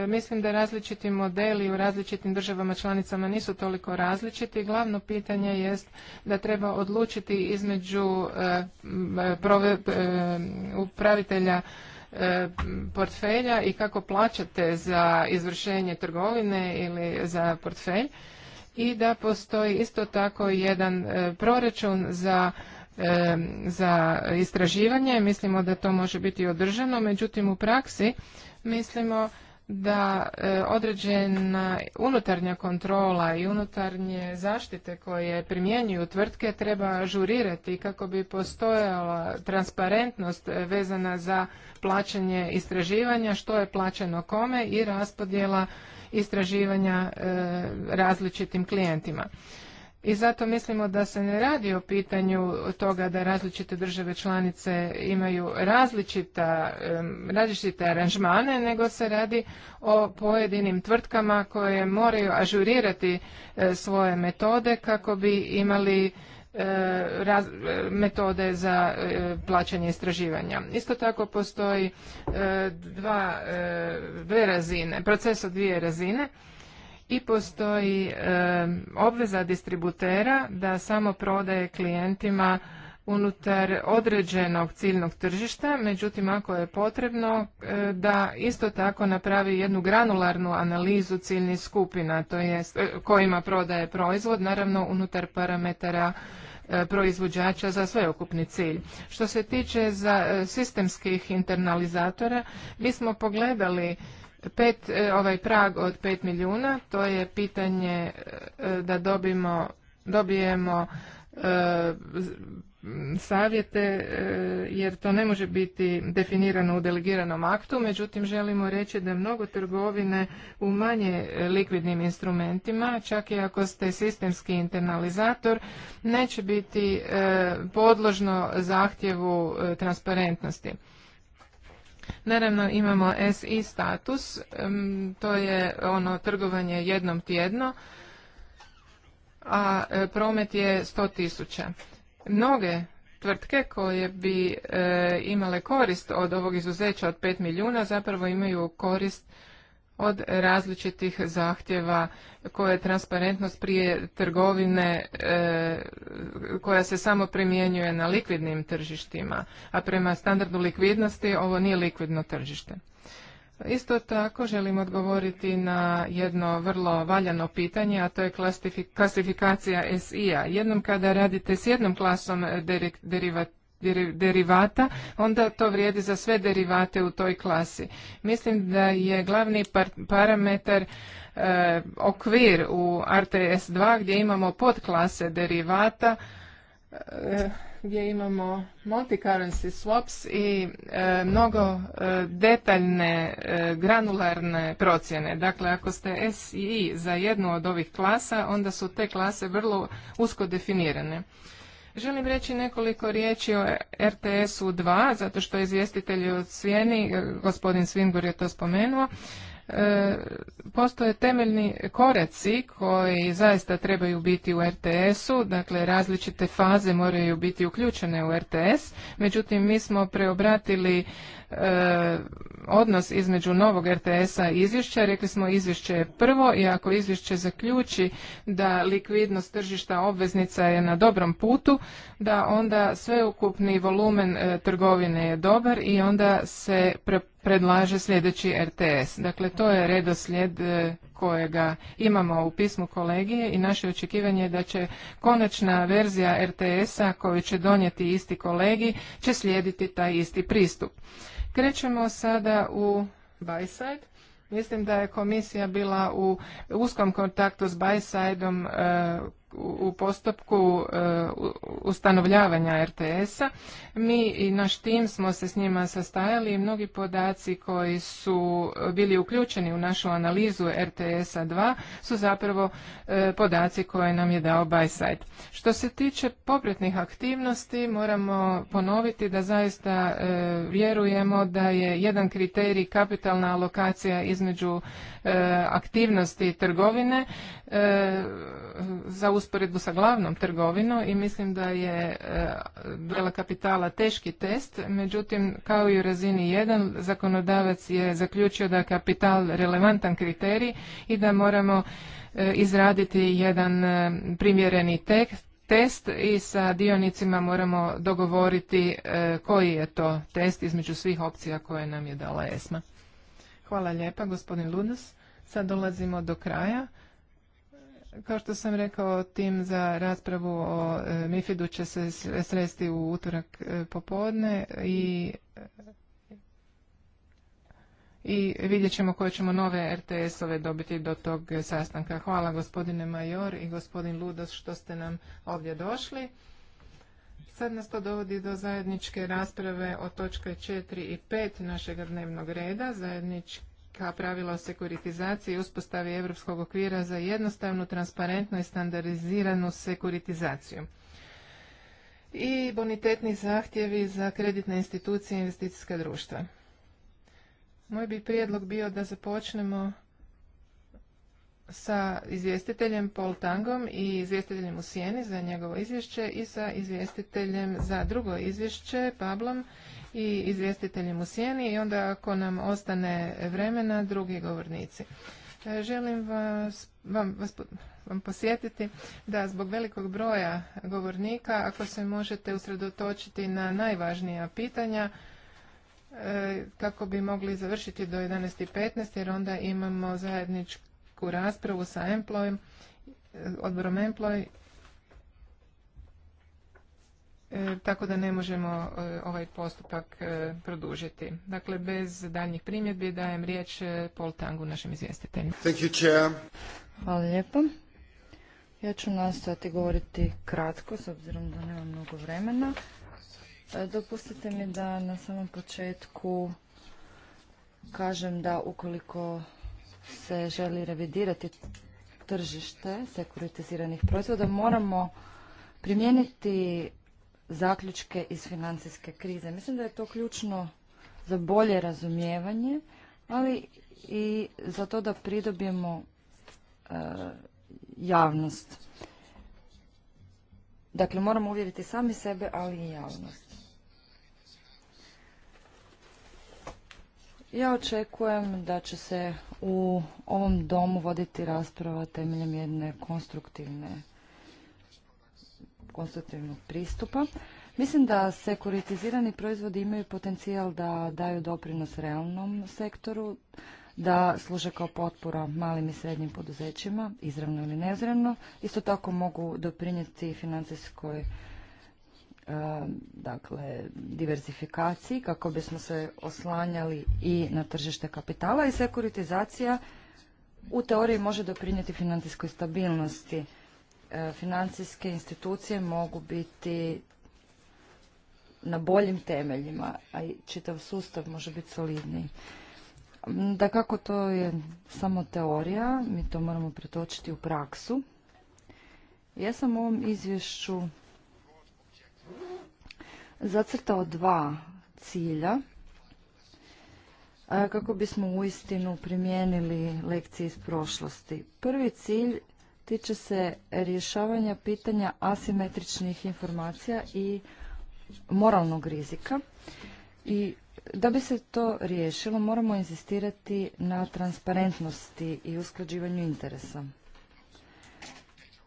mislim da različiti modeli u različitim državama članicama nisu toliko različiti. Glavno pitanje jest da treba odlučiti između upravitelja E, portfelja i kako plaćate za izvršenje trgovine ili za portfelj i da postoji isto tako jedan e, proračun za e, za istraživanje mislimo da to može biti održano međutim u praksi mislimo da e, određena unutarnja kontrola i unutarnje zaštite koje primjenjuju tvrtke treba ažurirati kako bi postojala transparentnost vezana za plaćanje istraživanja, što je plaćeno kome i raspodjela istraživanja e, različitim klijentima i zato mislimo da se ne radi o pitanju toga da različite države članice imaju različita, različite aranžmane, nego se radi o pojedinim tvrtkama koje moraju ažurirati e, svoje metode kako bi imali e, e, metode za plaćanje istraživanja. Isto tako postoji dva, dve razine, proces od dvije razine i postoji obveza distributera da samo prodaje klijentima unutar određenog ciljnog tržišta, međutim ako je potrebno e, da isto tako napravi jednu granularnu analizu ciljnih skupina, to jest e, kojima prodaje proizvod, naravno unutar parametara e, proizvođača za sveukupni cilj. Što se tiče za sistemskih internalizatora, mi smo pogledali Pet, e, ovaj prag od 5 milijuna, to je pitanje e, da dobimo, dobijemo e, savjete jer to ne može biti definirano u delegiranom aktu, međutim želimo reći da mnogo trgovine u manje likvidnim instrumentima, čak i ako ste sistemski internalizator, neće biti podložno zahtjevu transparentnosti. Naravno imamo SI status, to je ono trgovanje jednom tjedno, a e, promet je 100 tisuća. Mnoge tvrtke koje bi e, imale korist od ovog izuzeća od 5 milijuna zapravo imaju korist od različitih zahtjeva koje transparentnost prije trgovine e, koja se samo primjenjuje na likvidnim tržištima, a prema standardu likvidnosti ovo nije likvidno tržište. Isto tako želim odgovoriti na jedno vrlo valjano pitanje, a to je klasifikacija SI-a. Jednom kada radite s jednom klasom derivat derivata, onda to vrijedi za sve derivate u toj klasi. Mislim da je glavni parametar e, okvir u RTS2 gdje imamo podklase derivata, e, gdje imamo multi-currency swaps i e, mnogo detaljne granularne procjene. Dakle, ako ste i za jednu od ovih klasa, onda su te klase vrlo usko definirane. Želim reći nekoliko riječi o RTS-u 2, zato što je izvjestitelj od Svijeni, gospodin Svingur je to spomenuo, e, postoje temeljni koreci koji zaista trebaju biti u RTS-u, dakle različite faze moraju biti uključene u RTS, međutim mi smo preobratili e, odnos između novog RTS-a i izvješća. Rekli smo izvješće je prvo i ako izvješće zaključi da likvidnost tržišta obveznica je na dobrom putu, da onda sveukupni volumen e, trgovine je dobar i onda se pre, predlaže sljedeći RTS. Dakle, to je redoslijed e, kojega imamo u pismu kolegije i naše očekivanje je da će konačna verzija RTS-a koju će donijeti isti kolegi će slijediti taj isti pristup. Krećemo sada u Byside. Mislim da je komisija bila u uskom kontaktu s Bysideom e, u postupku e, ustanovljavanja RTS-a. Mi i naš tim smo se s njima sastajali i mnogi podaci koji su bili uključeni u našu analizu RTS-a 2 su zapravo e, podaci koje nam je dao Byside. Što se tiče popretnih aktivnosti, moramo ponoviti da zaista e, vjerujemo da je jedan kriterij kapitalna alokacija između aktivnosti trgovine za usporedbu sa glavnom trgovinom i mislim da je vela e, kapitala teški test, međutim kao i u razini 1 zakonodavac je zaključio da je kapital relevantan kriterij i da moramo e, izraditi jedan e, primjereni tekst test i sa dionicima moramo dogovoriti koji je to test između svih opcija koje nam je dala ESMA. Hvala lijepa, gospodin Ludas. Sad dolazimo do kraja kao što sam rekao, tim za raspravu o e, MIFID-u će se sresti u utorak e, popodne i i vidjet ćemo koje ćemo nove RTS-ove dobiti do tog sastanka. Hvala gospodine Major i gospodin Ludos što ste nam ovdje došli. Sad nas to dovodi do zajedničke rasprave o točke 4 i 5 našeg dnevnog reda, zajednički ka pravila o sekuritizaciji i uspostavi europskog okvira za jednostavnu, transparentnu i standardiziranu sekuritizaciju. I bonitetni zahtjevi za kreditne institucije i investicijska društva. Moj bi prijedlog bio da započnemo sa izvjestiteljem Paul Tangom i izvjestiteljem u Sijeni za njegovo izvješće i sa izvjestiteljem za drugo izvješće Pablom i izvjestiteljem u sjeni i onda ako nam ostane vremena drugi govornici. E, želim vas, vam, vas, vam posjetiti da zbog velikog broja govornika, ako se možete usredotočiti na najvažnija pitanja, e, kako bi mogli završiti do 11.15 jer onda imamo zajedničku raspravu sa Employ, odborom Employ E, tako da ne možemo e, ovaj postupak e, produžiti. Dakle, bez daljnjih primjedbi dajem riječ Pol Tangu, našem izvjestitelju. Hvala lijepo. Ja ću nastojati govoriti kratko, s obzirom da nemam mnogo vremena. Dopustite mi da na samom početku kažem da ukoliko se želi revidirati tržište sekuritiziranih proizvoda, moramo primijeniti zaključke iz financijske krize. Mislim da je to ključno za bolje razumijevanje, ali i za to da pridobijemo e, javnost. Dakle, moramo uvjeriti sami sebe, ali i javnost. Ja očekujem da će se u ovom domu voditi rasprava temeljem jedne konstruktivne konstruktivnog pristupa. Mislim da sekuritizirani proizvodi imaju potencijal da daju doprinos realnom sektoru, da služe kao potpora malim i srednjim poduzećima, izravno ili neizravno. Isto tako mogu doprinijeti financijskoj e, dakle, diversifikaciji kako bismo se oslanjali i na tržište kapitala i sekuritizacija u teoriji može doprinijeti financijskoj stabilnosti E, financijske institucije mogu biti na boljim temeljima, a i čitav sustav može biti solidniji. Da kako to je samo teorija, mi to moramo pretočiti u praksu. Ja sam u ovom izvješću zacrtao dva cilja e, kako bismo uistinu primijenili lekcije iz prošlosti. Prvi cilj tiče se rješavanja pitanja asimetričnih informacija i moralnog rizika. I da bi se to riješilo, moramo insistirati na transparentnosti i usklađivanju interesa.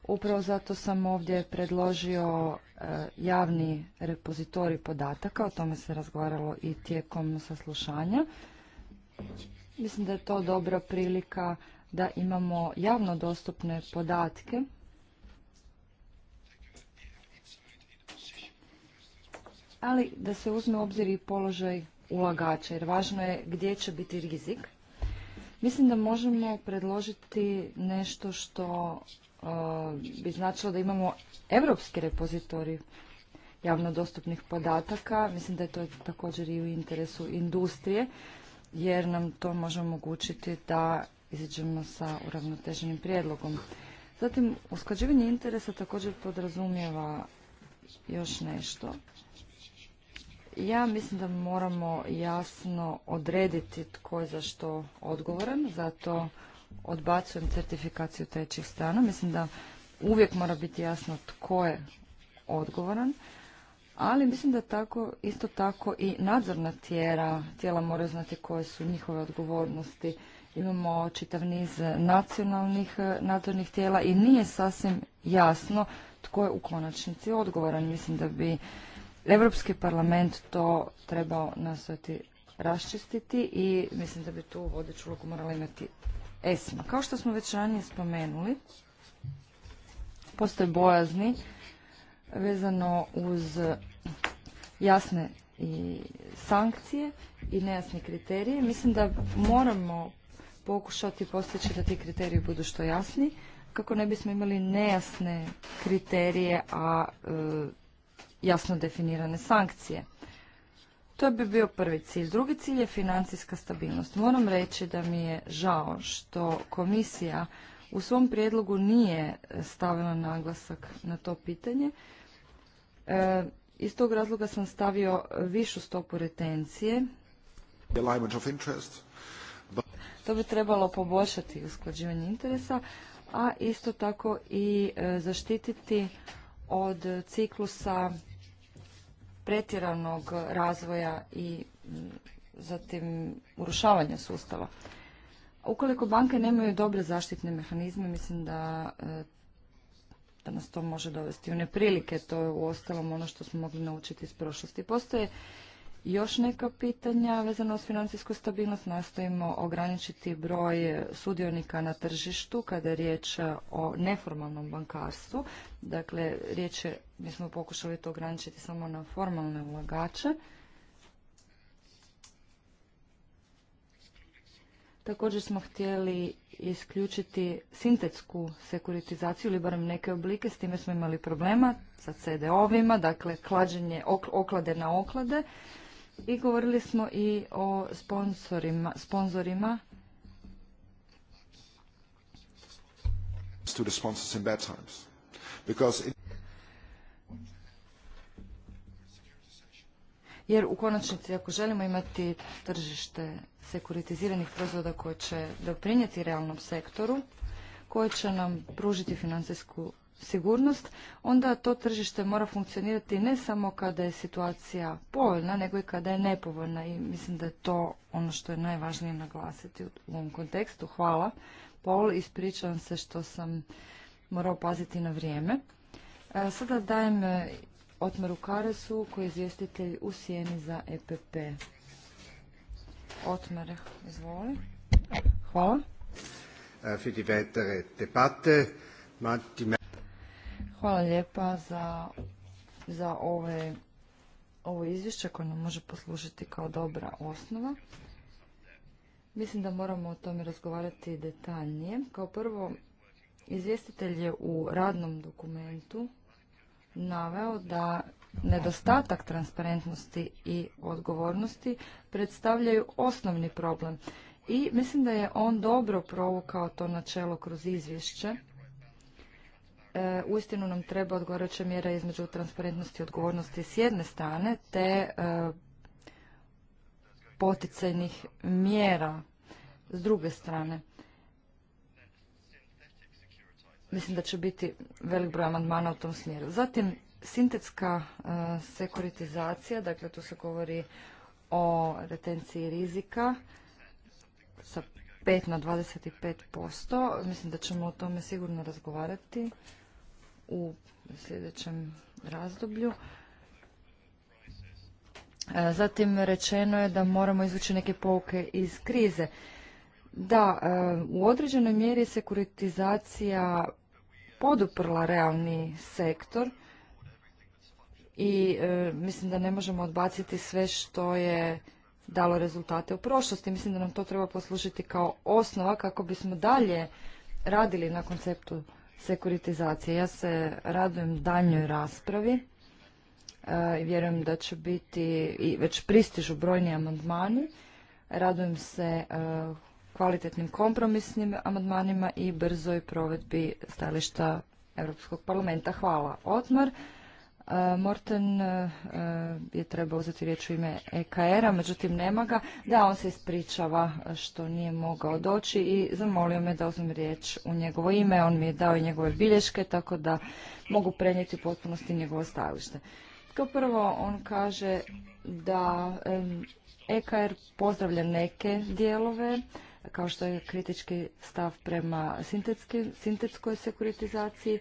Upravo zato sam ovdje predložio e, javni repozitorij podataka, o tome se razgovaralo i tijekom saslušanja. Mislim da je to dobra prilika da imamo javno dostupne podatke ali da se uzme u obzir i položaj ulagača jer važno je gdje će biti rizik. Mislim da možemo predložiti nešto što e, bi značilo da imamo europski repozitorij javno dostupnih podataka. Mislim da je to također i u interesu industrije jer nam to može omogućiti da iziđemo sa uravnoteženim prijedlogom. Zatim, usklađivanje interesa također podrazumijeva još nešto. Ja mislim da moramo jasno odrediti tko je za što odgovoran, zato odbacujem certifikaciju trećih strana. Mislim da uvijek mora biti jasno tko je odgovoran, ali mislim da tako, isto tako i nadzorna tijela, tijela moraju znati koje su njihove odgovornosti imamo čitav niz nacionalnih e, nadzornih tijela i nije sasvim jasno tko je u konačnici odgovoran. Mislim da bi Europski parlament to trebao nastojati raščistiti i mislim da bi tu vodeću ulogu morala imati ESMA. Kao što smo već ranije spomenuli, postoje bojazni vezano uz jasne i sankcije i nejasne kriterije. Mislim da moramo pokušati postići da ti kriteriji budu što jasni, kako ne bismo imali nejasne kriterije, a e, jasno definirane sankcije. To bi bio prvi cilj. Drugi cilj je financijska stabilnost. Moram reći da mi je žao što komisija u svom prijedlogu nije stavila naglasak na to pitanje. E, iz tog razloga sam stavio višu stopu retencije. Alignment to bi trebalo poboljšati usklađivanje interesa, a isto tako i e, zaštititi od ciklusa pretjeranog razvoja i zatim urušavanja sustava. Ukoliko banke nemaju dobre zaštitne mehanizme, mislim da, e, da nas to može dovesti u neprilike. To je uostalom ono što smo mogli naučiti iz prošlosti. Postoje još neka pitanja vezano uz financijsku stabilnost. Nastojimo ograničiti broj sudionika na tržištu kada je riječ o neformalnom bankarstvu. Dakle, riječ je, mi smo pokušali to ograničiti samo na formalne ulagače. Također smo htjeli isključiti sintetsku sekuritizaciju ili barem neke oblike, s time smo imali problema sa CD-ovima, dakle klađenje oklade na oklade i govorili smo i o sponsorima, jer u konačnici ako želimo imati tržište sekuritiziranih proizvoda koje će doprinijeti realnom sektoru, koje će nam pružiti financijsku sigurnost, onda to tržište mora funkcionirati ne samo kada je situacija povoljna, nego i kada je nepovoljna i mislim da je to ono što je najvažnije naglasiti u ovom kontekstu. Hvala. Paul, ispričavam se što sam morao paziti na vrijeme. E, sada dajem e, Otmaru Karesu koji je izvjestitelj u sjeni za EPP. Otmar, izvoli. Hvala. E, für die weitere Debatte. Hvala lijepa za, ove, ovo izvješće koje nam može poslužiti kao dobra osnova. Mislim da moramo o tome razgovarati detaljnije. Kao prvo, izvjestitelj je u radnom dokumentu naveo da nedostatak transparentnosti i odgovornosti predstavljaju osnovni problem. I mislim da je on dobro provukao to načelo kroz izvješće E, uistinu nam treba odgovarajuća mjera između transparentnosti i odgovornosti s jedne strane, te e, poticajnih mjera s druge strane. Mislim da će biti velik broj amandmana u tom smjeru. Zatim, sintetska e, sekuritizacija, dakle tu se govori o retenciji rizika sa 5 na 25%. Mislim da ćemo o tome sigurno razgovarati u sljedećem razdoblju. E, zatim rečeno je da moramo izvući neke pouke iz krize. Da, e, u određenoj mjeri je sekuritizacija poduprla realni sektor i e, mislim da ne možemo odbaciti sve što je dalo rezultate u prošlosti. Mislim da nam to treba poslužiti kao osnova kako bismo dalje radili na konceptu sekuritizacije. Ja se radujem daljnjoj raspravi e, i vjerujem da će biti i već pristižu brojni amandmani. Radujem se e, kvalitetnim kompromisnim amandmanima i brzoj provedbi stajališta Europskog parlamenta. Hvala. Otmar. Eh, Morten eh, eh, je trebao uzeti riječ u ime EKR-a, međutim nema ga. Da, on se ispričava što nije mogao doći i zamolio me da uzmem riječ u njegovo ime. On mi je dao i njegove bilješke, tako da mogu prenijeti u potpunosti njegovo stajalište. Kao prvo, on kaže da EKR e er pozdravlja neke dijelove, kao što je kritički stav prema sintetskoj sekuritizaciji,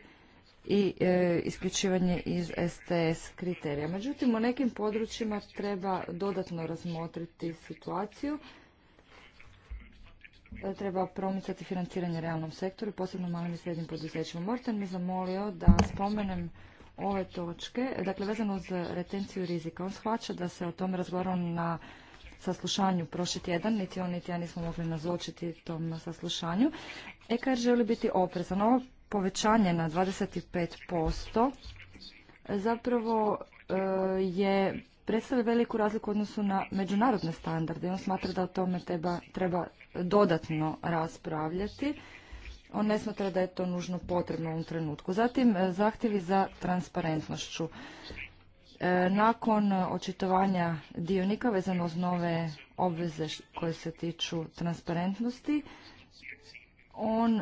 i e, isključivanje iz STS kriterija. Međutim, u nekim područjima treba dodatno razmotriti situaciju. E, treba promicati financiranje realnom sektoru, posebno malim i srednjim poduzećima. Morten mi zamolio da spomenem ove točke, dakle vezano za retenciju rizika. On shvaća da se o tome razgovaralo na saslušanju prošli tjedan, niti on niti ja nismo mogli nazočiti tom saslušanju. EKR želi biti oprezan. Ovo povećanje na 25% zapravo e, je predstavlja veliku razliku u odnosu na međunarodne standarde i on smatra da o tome treba, treba dodatno raspravljati. On ne smatra da je to nužno potrebno u ovom trenutku. Zatim e, zahtjevi za transparentnošću. E, nakon očitovanja dionika vezano uz nove obveze koje se tiču transparentnosti, on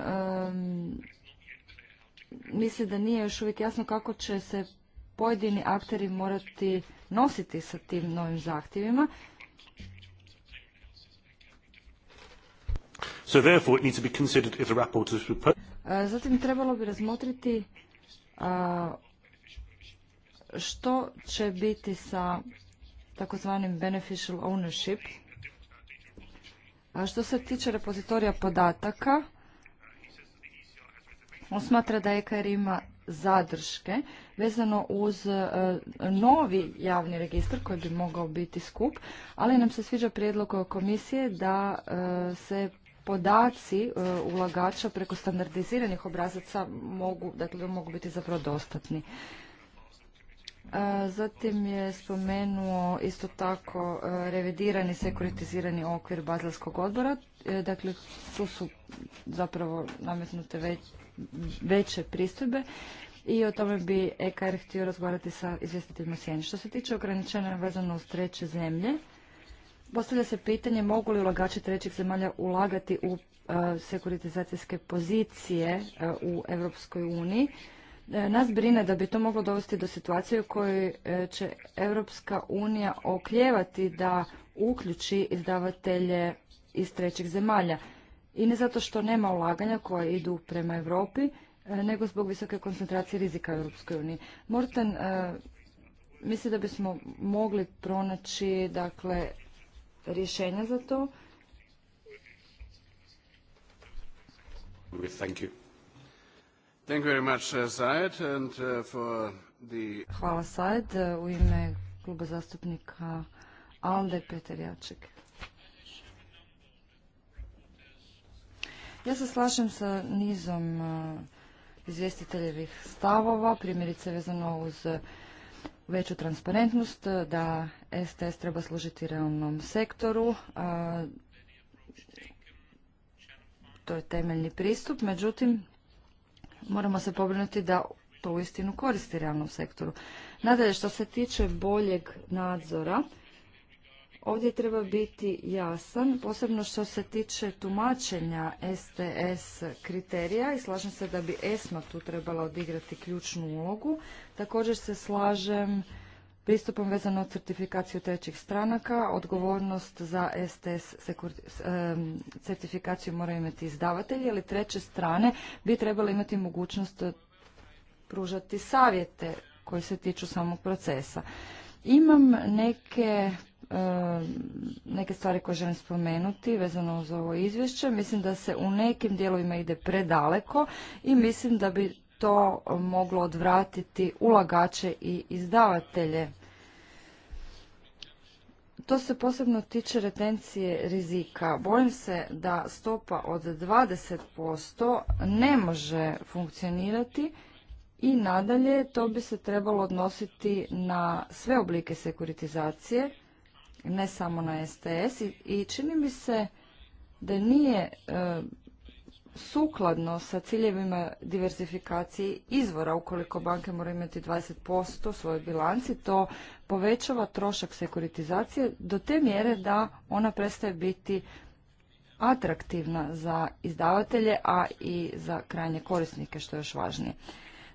misli da nije još uvijek jasno kako će se pojedini akteri morati nositi sa tim novim zahtjevima. E, zatim trebalo bi razmotriti e, što će biti sa takozvanim beneficial ownership. E, što se tiče repozitorija podataka, on smatra da EKR ima zadrške vezano uz e, novi javni registar koji bi mogao biti skup, ali nam se sviđa prijedlog komisije da e, se podaci e, ulagača preko standardiziranih obrazaca mogu, dakle, mogu biti zapravo dostatni. Zatim je spomenuo isto tako revidirani sekuritizirani okvir Bazelskog odbora. Dakle, tu su zapravo nametnute već veće pristojbe i o tome bi EKR htio razgovarati sa izvjestiteljima sjeni. Što se tiče ograničenja vezano uz treće zemlje, postavlja se pitanje mogu li ulagači trećih zemalja ulagati u e, sekuritizacijske pozicije e, u Europskoj uniji. E, nas brine da bi to moglo dovesti do situacije u kojoj će Europska unija okljevati da uključi izdavatelje iz trećih zemalja i ne zato što nema ulaganja koja idu prema Europi, e, nego zbog visoke koncentracije rizika u Europskoj uniji. Morten, e, misli da bismo mogli pronaći dakle, rješenja za to. Hvala U ime kluba zastupnika Alde Peter Jaček. Ja se slažem sa nizom e, izvjestiteljevih stavova, primjerice vezano uz veću transparentnost, da STS treba služiti realnom sektoru, to je temeljni pristup, međutim moramo se pobrinuti da to uistinu koristi realnom sektoru. Nadalje, što se tiče boljeg nadzora, Ovdje treba biti jasan, posebno što se tiče tumačenja STS kriterija i slažem se da bi ESMA tu trebala odigrati ključnu ulogu. Također se slažem pristupom vezano od certifikaciju trećih stranaka, odgovornost za STS certifikaciju moraju imati izdavatelji, ali treće strane bi trebale imati mogućnost pružati savjete koji se tiču samog procesa. Imam neke E, neke stvari koje želim spomenuti vezano uz ovo izvješće. Mislim da se u nekim dijelovima ide predaleko i mislim da bi to moglo odvratiti ulagače i izdavatelje. To se posebno tiče retencije rizika. Bojim se da stopa od 20% ne može funkcionirati i nadalje to bi se trebalo odnositi na sve oblike sekuritizacije ne samo na STS i, čini mi se da nije e, sukladno sa ciljevima diversifikacije izvora ukoliko banke moraju imati 20% svoje bilanci, to povećava trošak sekuritizacije do te mjere da ona prestaje biti atraktivna za izdavatelje, a i za krajnje korisnike, što je još važnije.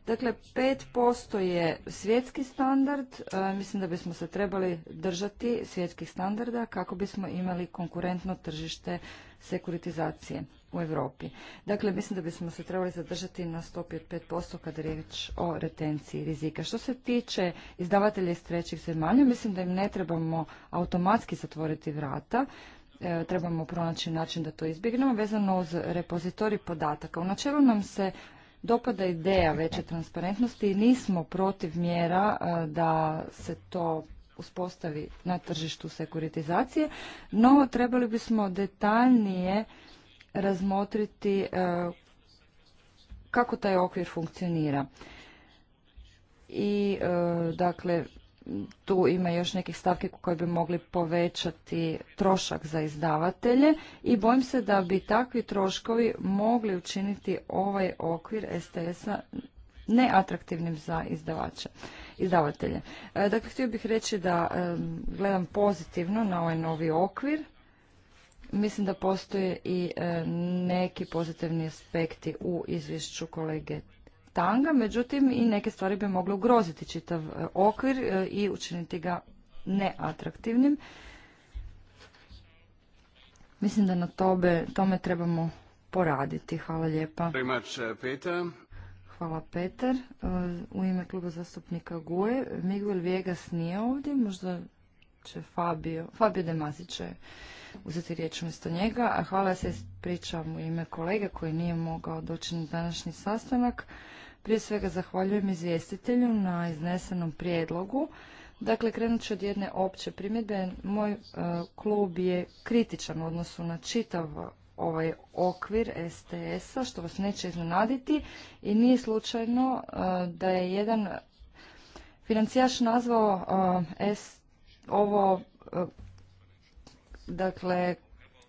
Dakle, 5% je svjetski standard. E, mislim da bismo se trebali držati svjetskih standarda kako bismo imali konkurentno tržište sekuritizacije u Europi. Dakle, mislim da bismo se trebali zadržati na stopi od 5% kada je riječ o retenciji rizika. Što se tiče izdavatelja iz trećih zemalja, mislim da im ne trebamo automatski zatvoriti vrata. E, trebamo pronaći način da to izbjegnemo vezano uz repozitori podataka. U načelu nam se dopada ideja veće transparentnosti i nismo protiv mjera e, da se to uspostavi na tržištu sekuritizacije, no trebali bismo detaljnije razmotriti e, kako taj okvir funkcionira. I e, dakle tu ima još nekih stavki koje bi mogli povećati trošak za izdavatelje i bojim se da bi takvi troškovi mogli učiniti ovaj okvir STS-a neatraktivnim za izdavače, izdavatelje. E, dakle, htio bih reći da gledam pozitivno na ovaj novi okvir. Mislim da postoje i e, neki pozitivni aspekti u izvješću kolege međutim i neke stvari bi mogle ugroziti čitav e, okvir e, i učiniti ga neatraktivnim. Mislim da na tobe, tome trebamo poraditi. Hvala lijepa. Uh, hvala Peter. E, u ime kluba zastupnika GUE, Miguel Vegas nije ovdje, možda će Fabio, Fabio de će uzeti riječ umjesto njega. A hvala se pričam u ime kolega koji nije mogao doći na današnji sastanak. Prije svega zahvaljujem izvjestitelju na iznesenom prijedlogu. Dakle, krenut ću od jedne opće primjedbe. Moj e, klub je kritičan u odnosu na čitav ovaj okvir STS-a, što vas neće iznenaditi i nije slučajno e, da je jedan financijaš nazvao e, ovo dakle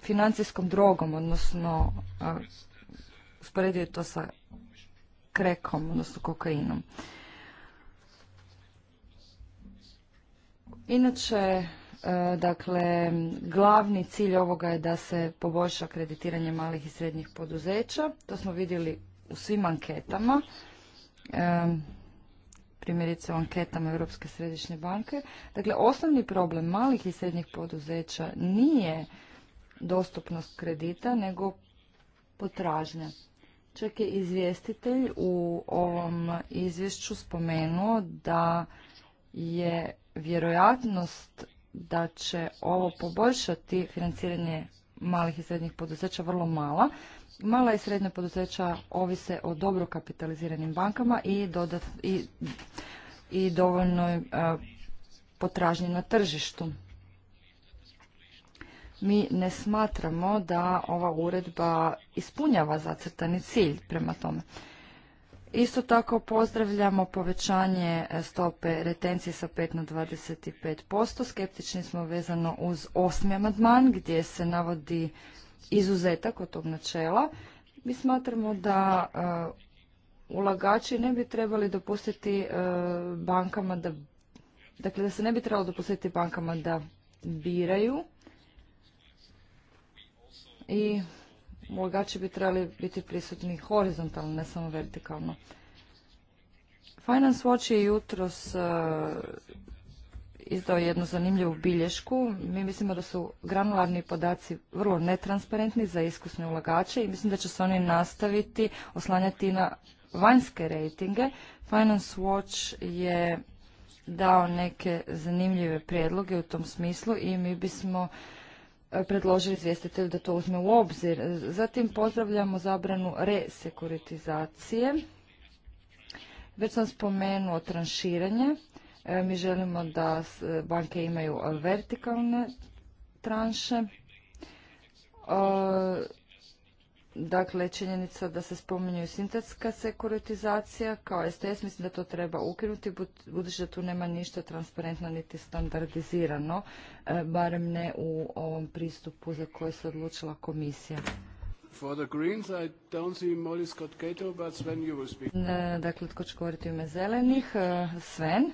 financijskom drogom, odnosno usporedio je to sa krekom, odnosno kokainom. Inače, e, dakle, glavni cilj ovoga je da se poboljša kreditiranje malih i srednjih poduzeća. To smo vidjeli u svim anketama, e, primjerice u anketama Europske središnje banke. Dakle, osnovni problem malih i srednjih poduzeća nije dostupnost kredita, nego potražnja. Čak je izvjestitelj u ovom izvješću spomenuo da je vjerojatnost da će ovo poboljšati financiranje malih i srednjih poduzeća vrlo mala. Mala i srednja poduzeća ovise o dobro kapitaliziranim bankama i, dodat, i, i dovoljnoj e, potražnji na tržištu mi ne smatramo da ova uredba ispunjava zacrtani cilj prema tome. Isto tako pozdravljamo povećanje stope retencije sa 5 na 25%. Skeptični smo vezano uz osmi amandman gdje se navodi izuzetak od tog načela. Mi smatramo da e, ulagači ne bi trebali dopustiti e, bankama da, dakle da se ne bi trebalo dopustiti bankama da biraju i ulagači bi trebali biti prisutni horizontalno, ne samo vertikalno. Finance Watch je jutros e, izdao jednu zanimljivu bilješku. Mi mislimo da su granularni podaci vrlo netransparentni za iskusne ulagače i mislim da će se oni nastaviti oslanjati na vanjske rejtinge. Finance Watch je dao neke zanimljive prijedloge u tom smislu i mi bismo E, predložili izvjestitelju da to uzme u obzir. Zatim pozdravljamo zabranu resekuritizacije. Već sam spomenuo tranširanje. E, mi želimo da e, banke imaju vertikalne tranše. Dakle, činjenica da se spominju sintetska sekuritizacija kao STS, mislim da to treba ukinuti, budući da tu nema ništa transparentno niti standardizirano, e, barem ne u ovom pristupu za koje se odlučila komisija. dakle, tko će govoriti ime zelenih? E, Sven,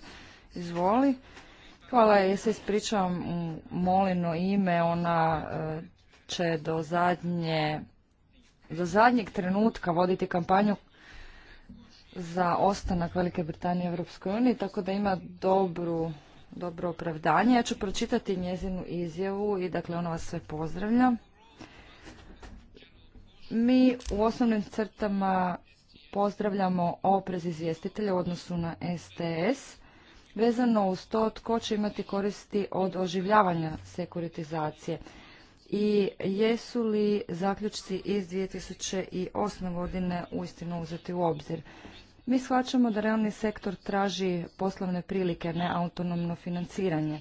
izvoli. Hvala, ja se ispričavam Molino ime, ona e, će do zadnje do zadnjeg trenutka voditi kampanju za ostanak Velike Britanije u Europskoj uniji, tako da ima dobru, dobro opravdanje. Ja ću pročitati njezinu izjavu i dakle ona vas sve pozdravlja. Mi u osnovnim crtama pozdravljamo oprez izvjestitelja u odnosu na STS. Vezano uz to tko će imati koristi od oživljavanja sekuritizacije i jesu li zaključci iz 2008. godine uistinu uzeti u obzir. Mi shvaćamo da realni sektor traži poslovne prilike, ne autonomno financiranje.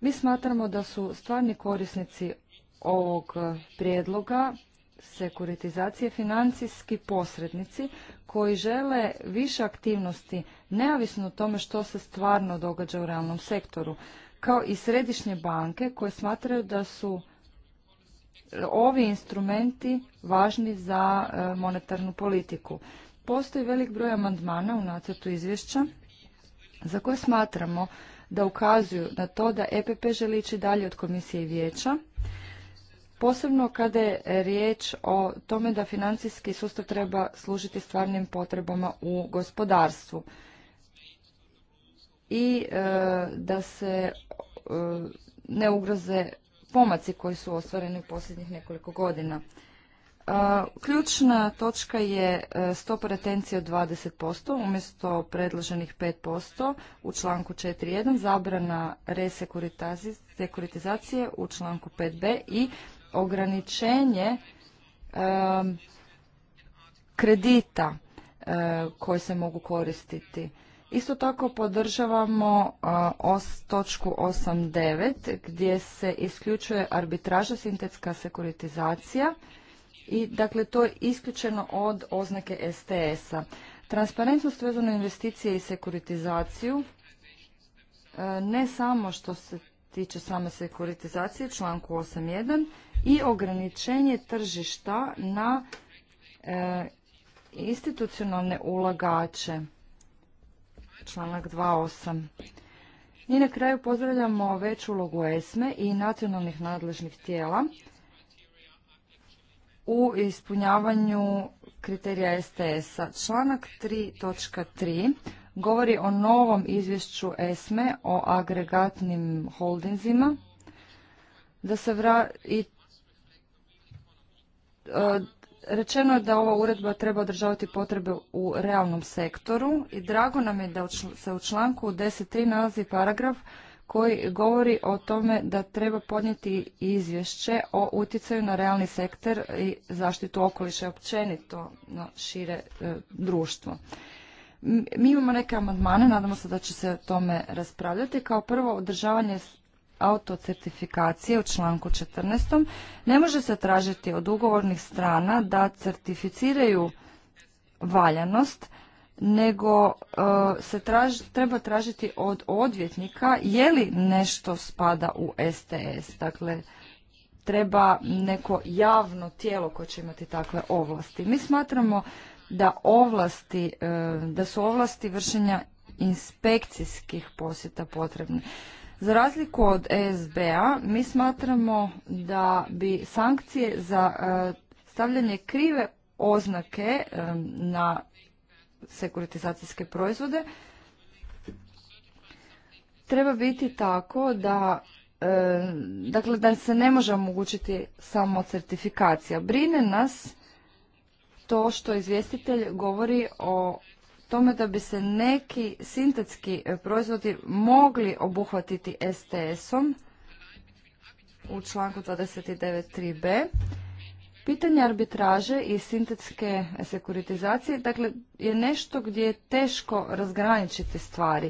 Mi smatramo da su stvarni korisnici ovog prijedloga sekuritizacije financijski posrednici koji žele više aktivnosti neavisno o tome što se stvarno događa u realnom sektoru, kao i središnje banke koje smatraju da su ovi instrumenti važni za e, monetarnu politiku. Postoji velik broj amandmana u nacrtu izvješća za koje smatramo da ukazuju na to da EPP želi ići dalje od komisije i vijeća, posebno kada je riječ o tome da financijski sustav treba služiti stvarnim potrebama u gospodarstvu i e, da se e, ne ugroze pomaci koji su ostvareni u posljednjih nekoliko godina. Ključna točka je e, stopa retencije od 20% umjesto predloženih 5% u članku 4.1, zabrana resekuritizacije u članku 5b i ograničenje e, kredita e, koji se mogu koristiti Isto tako podržavamo točku 8.9 gdje se isključuje arbitraža sintetska sekuritizacija i dakle to je isključeno od oznake STS-a. Transparentnost vezano investicije i sekuritizaciju e, ne samo što se tiče same sekuritizacije članku 8.1 i ograničenje tržišta na e, institucionalne ulagače članak 2.8. I na kraju pozdravljamo već ulogu ESME i nacionalnih nadležnih tijela u ispunjavanju kriterija STS-a. Članak 3.3 govori o novom izvješću ESME o agregatnim holdinzima da se vra... i e, Rečeno je da ova uredba treba održavati potrebe u realnom sektoru i drago nam je da se u članku 10.3 nalazi paragraf koji govori o tome da treba podnijeti izvješće o utjecaju na realni sektor i zaštitu okoliša i općenito na šire e, društvo. Mi imamo neke amandmane, nadamo se da će se o tome raspravljati. Kao prvo, održavanje autocertifikacije u članku 14. ne može se tražiti od ugovornih strana da certificiraju valjanost, nego e, se treba tražiti od odvjetnika je li nešto spada u STS. Dakle, treba neko javno tijelo koje će imati takve ovlasti. Mi smatramo da ovlasti, e, da su ovlasti vršenja inspekcijskih posjeta potrebne. Za razliku od e sba mi smatramo da bi sankcije za e, stavljanje krive oznake e, na sekuritizacijske proizvode treba biti tako da dakle da se ne može omogućiti samo certifikacija. Brine nas to što izvjestitelj govori o tome da bi se neki sintetski e, proizvodi mogli obuhvatiti STS-om u članku 29.3b. Pitanje arbitraže i sintetske sekuritizacije dakle, je nešto gdje je teško razgraničiti stvari.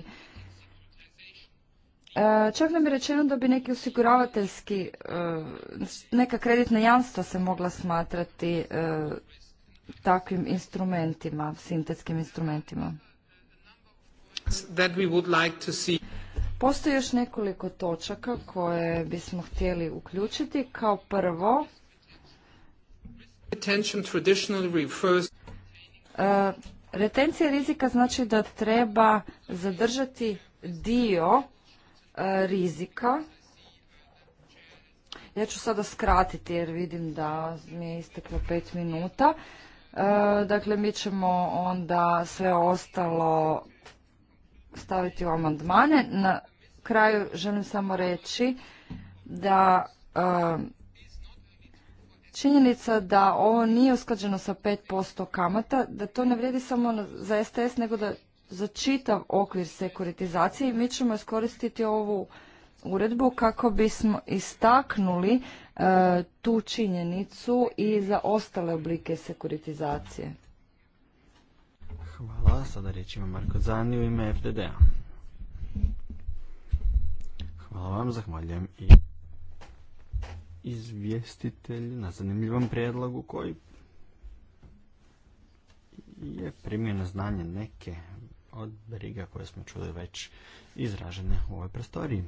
E, čak nam je rečeno da bi neki osiguravateljski, e, neka kreditna jamstva se mogla smatrati takvim instrumentima, sintetskim instrumentima. Postoji još nekoliko točaka koje bismo htjeli uključiti. Kao prvo, e, retencija rizika znači da treba zadržati dio e, rizika. Ja ću sada skratiti jer vidim da mi je isteklo pet minuta. E, dakle, mi ćemo onda sve ostalo staviti u amandmane. Na kraju želim samo reći da e, činjenica da ovo nije usklađeno sa 5% kamata, da to ne vrijedi samo za STS, nego da za čitav okvir sekuritizacije i mi ćemo iskoristiti ovu uredbu kako bismo istaknuli e, tu činjenicu i za ostale oblike sekuritizacije. Hvala, sada riječ ima Marko Zani u ime FDD-a. Hvala vam, zahvaljujem i izvjestitelj na zanimljivom prijedlogu koji je primio na znanje neke od briga koje smo čuli već izražene u ovoj prostoriji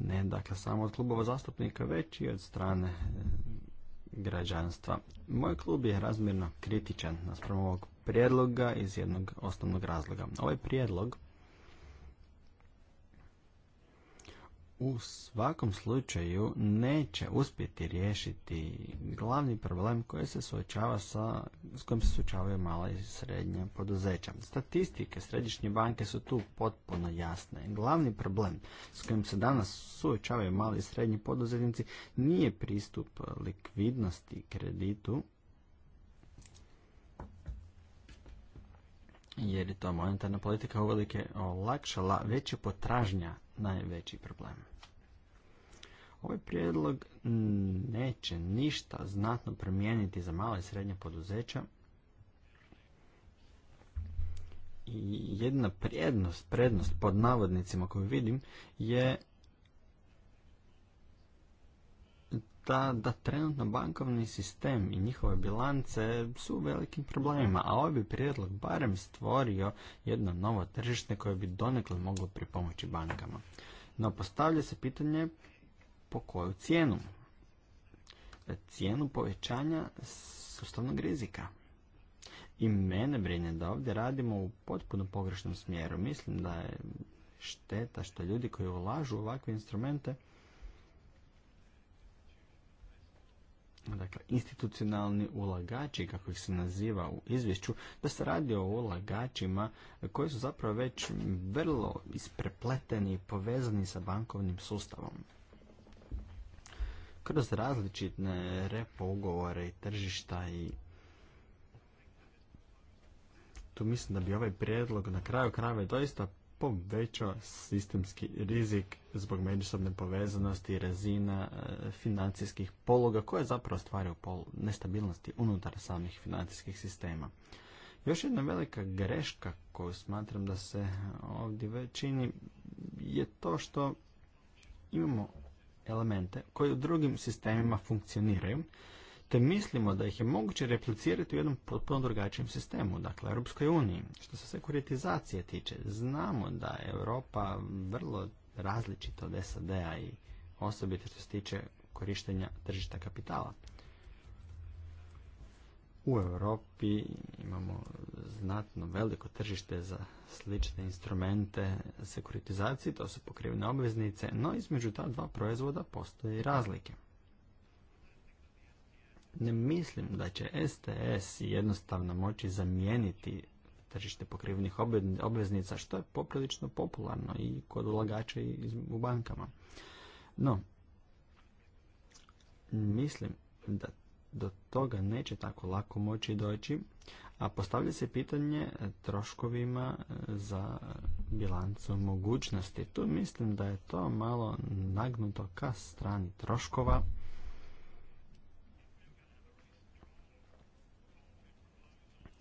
ne dakle samo od klubova zastupnika, već i od strane e, građanstva. Moj klub je razmjerno kritičan naspram ovog prijedloga iz jednog osnovnog razloga. Ovaj prijedlog u svakom slučaju neće uspjeti riješiti glavni problem koji se suočava sa, s kojim se suočavaju mala i srednja poduzeća. Statistike središnje banke su tu potpuno jasne. Glavni problem s kojim se danas suočavaju mali i srednji poduzetnici nije pristup likvidnosti kreditu, jer je to monetarna politika uvelike olakšala veće potražnja najveći problem. Ovaj prijedlog neće ništa znatno promijeniti za mala i srednja poduzeća. I jedna prijednost, prednost pod navodnicima koju vidim je da da trenutno bankovni sistem i njihove bilance su u velikim problemima, a ovaj bi prijedlog barem stvorio jedno novo tržište koje bi donekle moglo pripomoći bankama. No postavlja se pitanje po koju cijenu? Cijenu povećanja sustavnog rizika. I mene brine da ovdje radimo u potpuno pogrešnom smjeru. Mislim da je šteta što ljudi koji ulažu ovakve instrumente dakle, institucionalni ulagači, kako ih se naziva u izvješću, da se radi o ulagačima koji su zapravo već vrlo isprepleteni i povezani sa bankovnim sustavom. Kroz različitne repo ugovore i tržišta i tu mislim da bi ovaj prijedlog na kraju krajeva doista povećao sistemski rizik zbog međusobne povezanosti i razina e, financijskih pologa koje zapravo stvaraju pol nestabilnosti unutar samih financijskih sistema. Još jedna velika greška koju smatram da se ovdje većini je to što imamo elemente koji u drugim sistemima funkcioniraju te mislimo da ih je moguće replicirati u jednom potpuno drugačijem sistemu, dakle Europskoj uniji. Što se sekuritizacije tiče, znamo da je Europa vrlo različita od SAD-a i osobito što se tiče korištenja tržišta kapitala. U Europi imamo znatno veliko tržište za slične instrumente sekuritizacije, to su pokrivne obveznice, no između ta dva proizvoda postoje i razlike. Ne mislim da će STS jednostavno moći zamijeniti tržište pokrivnih obveznica, što je poprilično popularno i kod ulagača i u bankama. No, mislim da do toga neće tako lako moći doći, a postavlja se pitanje troškovima e, za bilancu mogućnosti. Tu mislim da je to malo nagnuto ka strani troškova,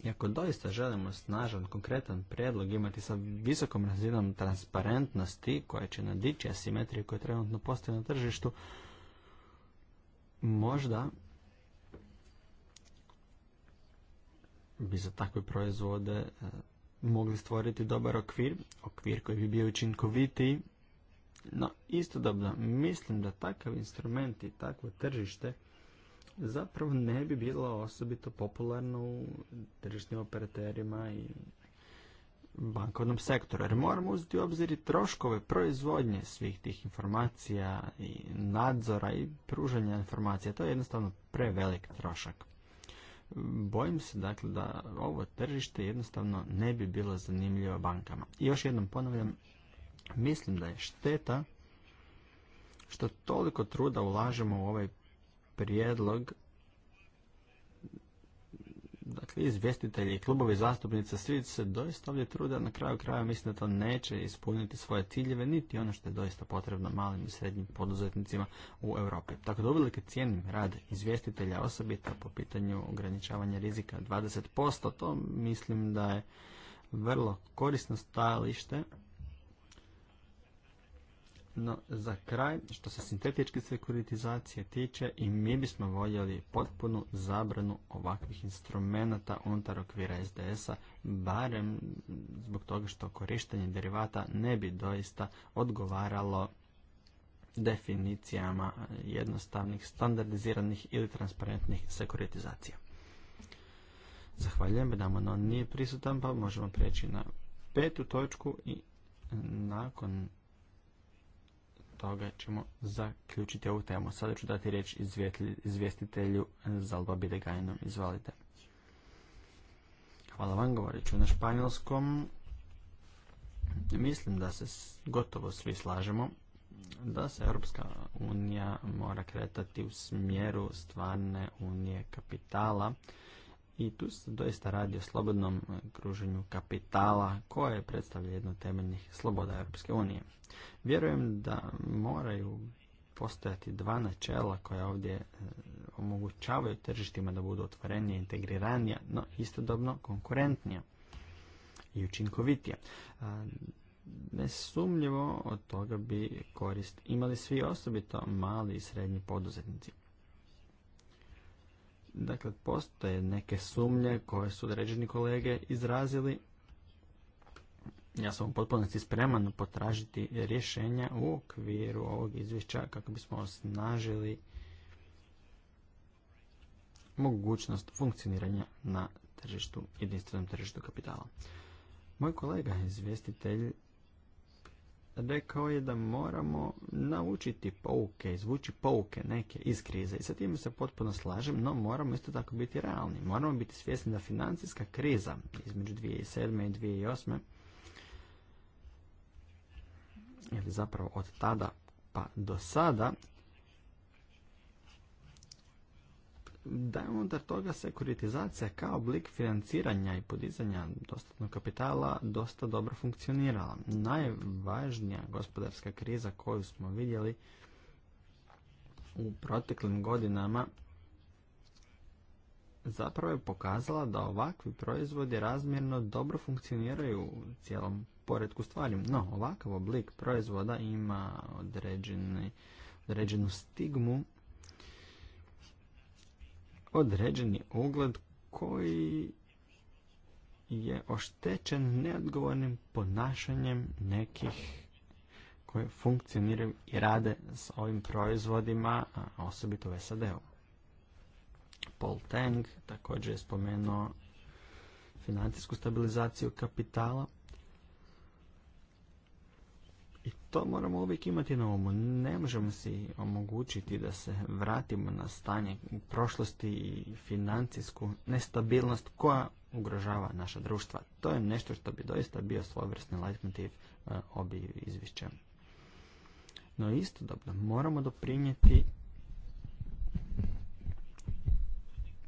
ako doista želimo snažan, konkretan predlog imati sa visokom razinom transparentnosti koja će nadići asimetriju koje trenutno postoji na tržištu, možda bi za takve proizvode e, mogli stvoriti dobar okvir, okvir koji bi bio učinkovitiji, no istodobno mislim da takav instrument i takvo tržište zapravo ne bi bila osobito popularno u tržišnim operaterima i bankovnom sektoru. Jer moramo uzeti u obzir i troškove proizvodnje svih tih informacija i nadzora i pružanja informacija. To je jednostavno prevelik trošak. Bojim se dakle da ovo tržište jednostavno ne bi bilo zanimljivo bankama. I još jednom ponavljam, mislim da je šteta što toliko truda ulažemo u ovaj prijedlog dakle, izvjestitelji i klubovi zastupnica, svi se doista ovdje a na kraju kraja mislim da to neće ispuniti svoje ciljeve, niti ono što je doista potrebno malim i srednjim poduzetnicima u Europi. Tako da uvelike cijenim rad izvjestitelja osobita po pitanju ograničavanja rizika 20%, to mislim da je vrlo korisno stajalište no, za kraj, što se sintetičke sekuritizacije tiče, i mi bismo voljeli potpunu zabranu ovakvih instrumenata unutar okvira SDS-a, barem zbog toga što korištenje derivata ne bi doista odgovaralo definicijama jednostavnih, standardiziranih ili transparentnih sekuritizacija. Zahvaljujem, damo on nije prisutan, pa možemo preći na petu točku i nakon toga ćemo zaključiti ovu temu. Sada ću dati riječ izvjestitelju Zalba Bidegajnu. Izvalite. Hvala vam, govorit ću na španjolskom. Mislim da se gotovo svi slažemo da se Europska unija mora kretati u smjeru stvarne unije kapitala i tu se doista radi o slobodnom eh, kruženju kapitala koje predstavlja jednu od temeljnih sloboda Europske unije. Vjerujem da moraju postojati dva načela koja ovdje eh, omogućavaju tržištima da budu otvorenije, integriranija, no istodobno konkurentnija i učinkovitija. Eh, Nesumljivo od toga bi korist imali svi osobito mali i srednji poduzetnici. Dakle, postoje neke sumnje koje su određeni kolege izrazili. Ja sam u potpunosti spreman potražiti rješenja u okviru ovog izvješća kako bismo osnažili mogućnost funkcioniranja na tržištu, jedinstvenom tržištu kapitala. Moj kolega, izvjestitelj, rekao je da moramo naučiti pouke, izvući pouke neke iz krize i sa tim se potpuno slažem, no moramo isto tako biti realni. Moramo biti svjesni da financijska kriza između 2007. i 2008. ili zapravo od tada pa do sada da je unutar toga sekuritizacija kao oblik financiranja i podizanja dostatnog kapitala dosta dobro funkcionirala. Najvažnija gospodarska kriza koju smo vidjeli u proteklim godinama zapravo je pokazala da ovakvi proizvodi razmjerno dobro funkcioniraju u cijelom poredku stvari. No, ovakav oblik proizvoda ima određeni, određenu stigmu određeni ugled koji je oštećen neodgovornim ponašanjem nekih koji funkcioniraju i rade s ovim proizvodima, a osobito u SAD-u. Paul Tang također je spomenuo financijsku stabilizaciju kapitala i to moramo uvijek imati na umu. Ne možemo si omogućiti da se vratimo na stanje prošlosti i financijsku nestabilnost koja ugrožava naša društva. To je nešto što bi doista bio svojevrsni leitmotiv e, obi izvješća. No istodobno moramo doprinijeti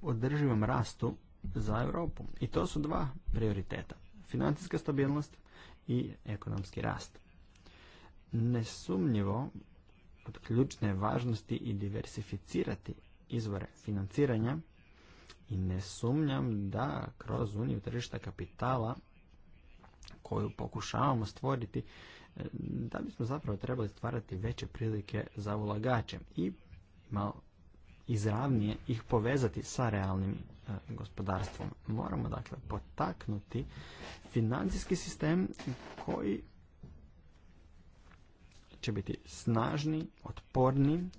održivom rastu za Europu. I to su dva prioriteta. Financijska stabilnost i ekonomski rast. Nesumnjivo, od ključne važnosti i diversificirati izvore financiranja i ne sumnjam da kroz uniju tržišta kapitala koju pokušavamo stvoriti, e, da bismo zapravo trebali stvarati veće prilike za ulagače i malo izravnije ih povezati sa realnim e, gospodarstvom. Moramo dakle potaknuti financijski sistem koji će biti snažni, otporni,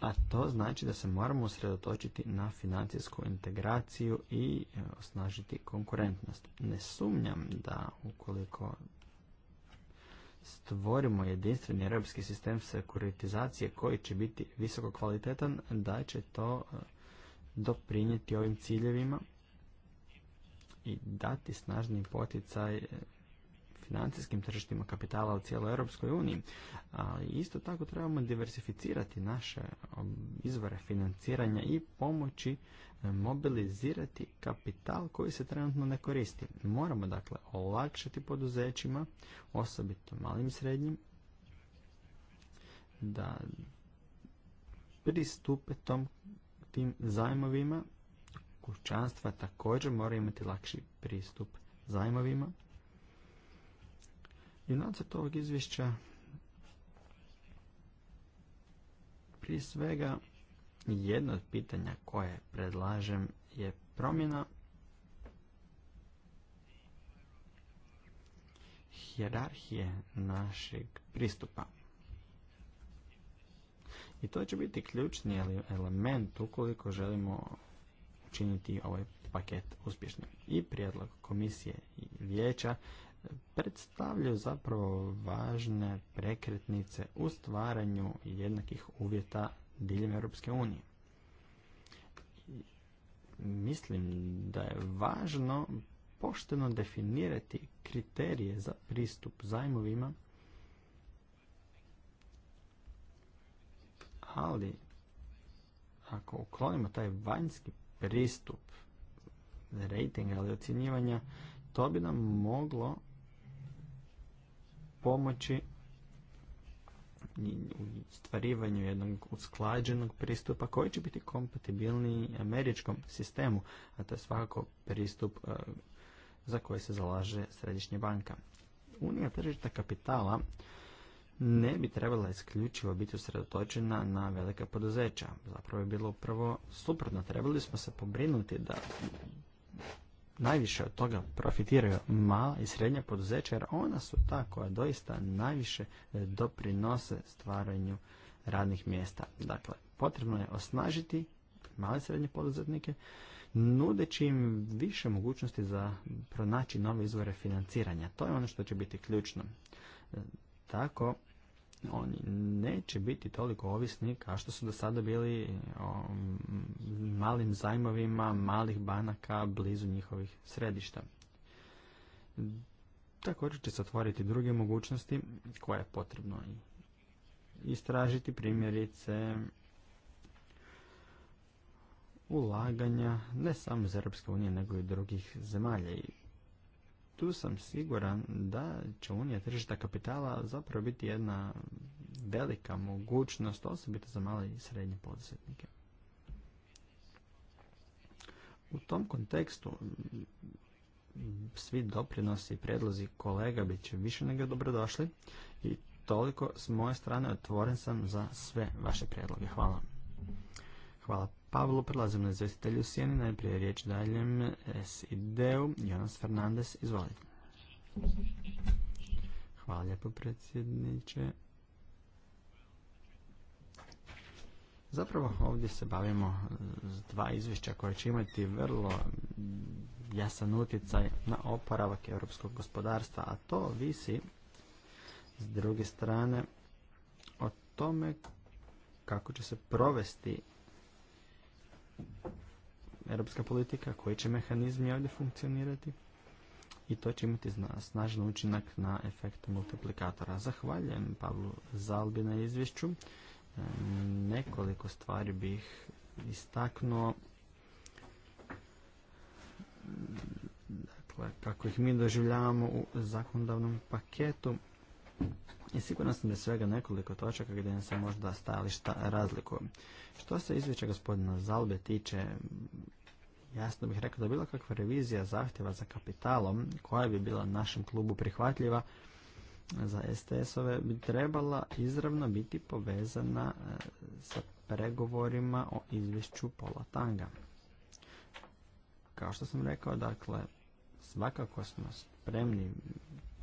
a to znači da se moramo usredotočiti na financijsku integraciju i e, osnažiti konkurentnost. Ne sumnjam da ukoliko stvorimo jedinstveni europski sistem sekuritizacije koji će biti visoko kvalitetan, da će to e, doprinijeti ovim ciljevima i dati snažni poticaj e, financijskim tržištima kapitala u cijeloj Europskoj uniji. Ali isto tako trebamo diversificirati naše um, izvore financiranja i pomoći e, mobilizirati kapital koji se trenutno ne koristi. Moramo dakle olakšati poduzećima, osobito malim i srednjim, da pristupe tim zajmovima kućanstva također mora imati lakši pristup zajmovima i nacrt ovog izvješća prije svega jedno od pitanja koje predlažem je promjena hjerarhije našeg pristupa. I to će biti ključni element ukoliko želimo učiniti ovaj paket uspješnim. I prijedlog komisije i vijeća predstavljaju zapravo važne prekretnice u stvaranju jednakih uvjeta diljem Europske unije. Mislim da je važno pošteno definirati kriterije za pristup zajmovima, ali ako uklonimo taj vanjski pristup rejtinga ili ocjenjivanja, to bi nam moglo pomoći u stvarivanju jednog usklađenog pristupa koji će biti kompatibilni američkom sistemu, a to je svakako pristup e, za koji se zalaže Središnja banka. Unija tržišta kapitala ne bi trebala isključivo biti usredotočena na velika poduzeća. Zapravo je bilo upravo suprotno. Trebali smo se pobrinuti da najviše od toga profitiraju mala i srednja poduzeća jer ona su ta koja doista najviše e, doprinose stvaranju radnih mjesta. Dakle, potrebno je osnažiti male i srednje poduzetnike nudeći im više mogućnosti za pronaći nove izvore financiranja. To je ono što će biti ključno. E, tako oni neće biti toliko ovisni kao što su do sada bili o malim zajmovima malih banaka blizu njihovih središta. Također će se otvoriti druge mogućnosti koje je potrebno istražiti primjerice ulaganja ne samo iz Europske unije nego i drugih zemalja i tu sam siguran da će unija tržišta kapitala zapravo biti jedna velika mogućnost, osobito za male i srednje poduzetnike. U tom kontekstu svi doprinosi i predlozi kolega bit će više nego dobrodošli i toliko s moje strane otvoren sam za sve vaše predloge. Hvala. Hvala Pavlo, prelazim na izvestitelju Sjeni, najprije riječ daljem SID-u, Jonas Fernandez, izvolite. Hvala lijepo predsjedniče. Zapravo ovdje se bavimo s dva izvješća koja će imati vrlo jasan utjecaj na oporavak europskog gospodarstva, a to visi s druge strane o tome kako će se provesti europska politika, koji će mehanizmi ovdje funkcionirati i to će imati snažan učinak na efekt multiplikatora. Zahvaljujem Pavlu Zalbi na izvješću. E, nekoliko stvari bih istaknuo dakle, kako ih mi doživljavamo u zakonodavnom paketu. I sigurno sam da svega nekoliko točaka gdje se možda stajališta razlikuju. Što se izvjeća gospodina Zalbe tiče, jasno bih rekao da bila kakva revizija zahtjeva za kapitalom koja bi bila našem klubu prihvatljiva za STS-ove bi trebala izravno biti povezana e, sa pregovorima o izvješću Pola Tanga. Kao što sam rekao, dakle, svakako smo spremni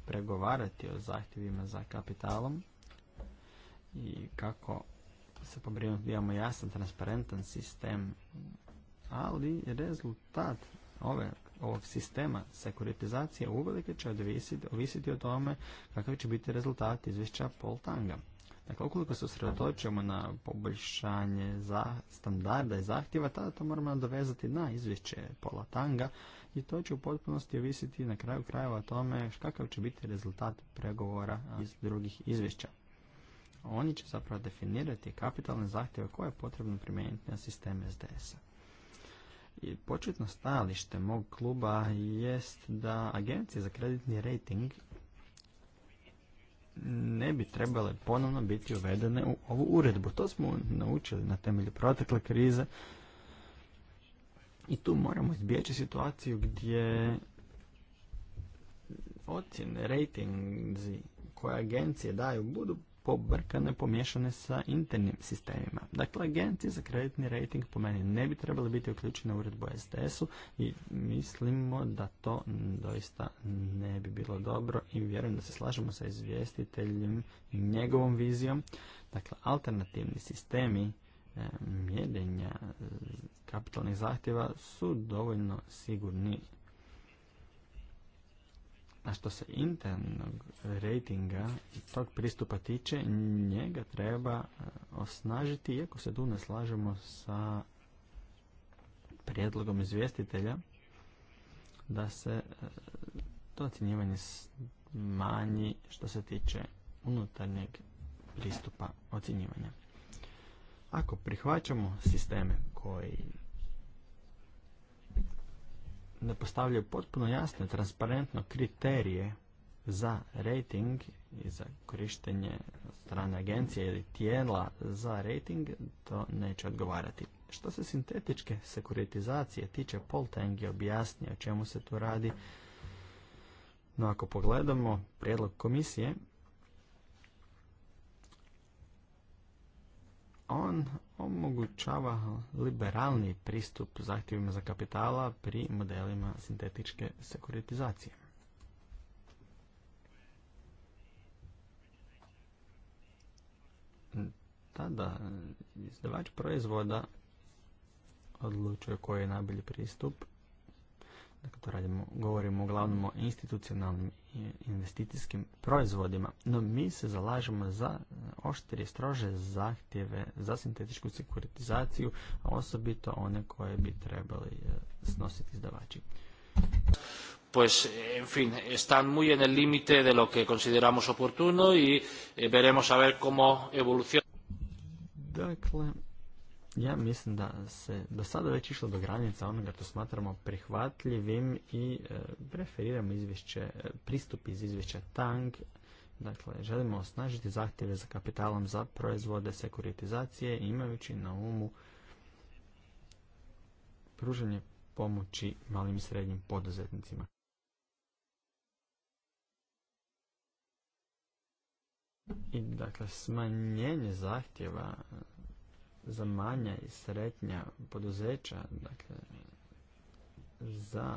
pregovarati o zahtjevima za kapitalom i kako se pobrinuti da imamo jasan, transparentan sistem, ali rezultat ove, ovog sistema sekuritizacije uvelike će ovisiti o tome kakav će biti rezultat izvješća Poltanga. Dakle, ukoliko se usredotočimo na poboljšanje za standarda i zahtjeva, tada to moramo dovezati na izvješće Pola Tanga, i to će u potpunosti ovisiti na kraju krajeva o tome kakav će biti rezultat pregovora iz drugih izvješća. Oni će zapravo definirati kapitalne zahtjeve koje je potrebno primijeniti na sistem SDS-a. I početno stajalište mog kluba jest da agencije za kreditni rating ne bi trebale ponovno biti uvedene u ovu uredbu. To smo naučili na temelju protekle krize i tu moramo izbjeći situaciju gdje ocjene, rating koje agencije daju budu pobrkane, pomiješane sa internim sistemima. Dakle, agencije za kreditni rating po meni ne bi trebali biti uključene u uredbu STS-u i mislimo da to doista ne bi bilo dobro i vjerujem da se slažemo sa izvjestiteljem i njegovom vizijom. Dakle, alternativni sistemi E, mjerenja e, kapitalnih zahtjeva su dovoljno sigurni. A što se internog rejtinga i tog pristupa tiče, njega treba e, osnažiti, iako se tu ne slažemo sa prijedlogom izvjestitelja, da se to ocjenjivanje manji što se tiče unutarnjeg pristupa ocjenjivanja. Ako prihvaćamo sisteme koji ne postavljaju potpuno jasne, transparentno kriterije za rating i za korištenje strane agencije ili tijela za rating, to neće odgovarati. Što se sintetičke sekuritizacije tiče, Tang je objasnio o čemu se tu radi. No ako pogledamo prijedlog komisije, on omogućava liberalni pristup zahtjevima za kapitala pri modelima sintetičke sekuritizacije. Tada izdavač proizvoda odlučuje koji je najbolji pristup Dakle, to radimo, govorimo uglavnom o institucionalnim investicijskim proizvodima, no mi se zalažemo za e, oštrije, strože zahtjeve za sintetičku sekuritizaciju, a osobito one koje bi trebali e, snositi izdavači. Pues, en fin, están muy en el límite de lo que consideramos oportuno y eh, veremos a ver cómo evoluciona. Dakle, ja mislim da se do sada već išlo do granica onoga što smatramo prihvatljivim i e, preferiramo izvješće, e, pristup iz izvješća Tang. Dakle, želimo osnažiti zahtjeve za kapitalom za proizvode sekuritizacije imajući na umu pružanje pomoći malim i srednjim poduzetnicima. I dakle, smanjenje zahtjeva za manja i sretnja poduzeća, dakle, za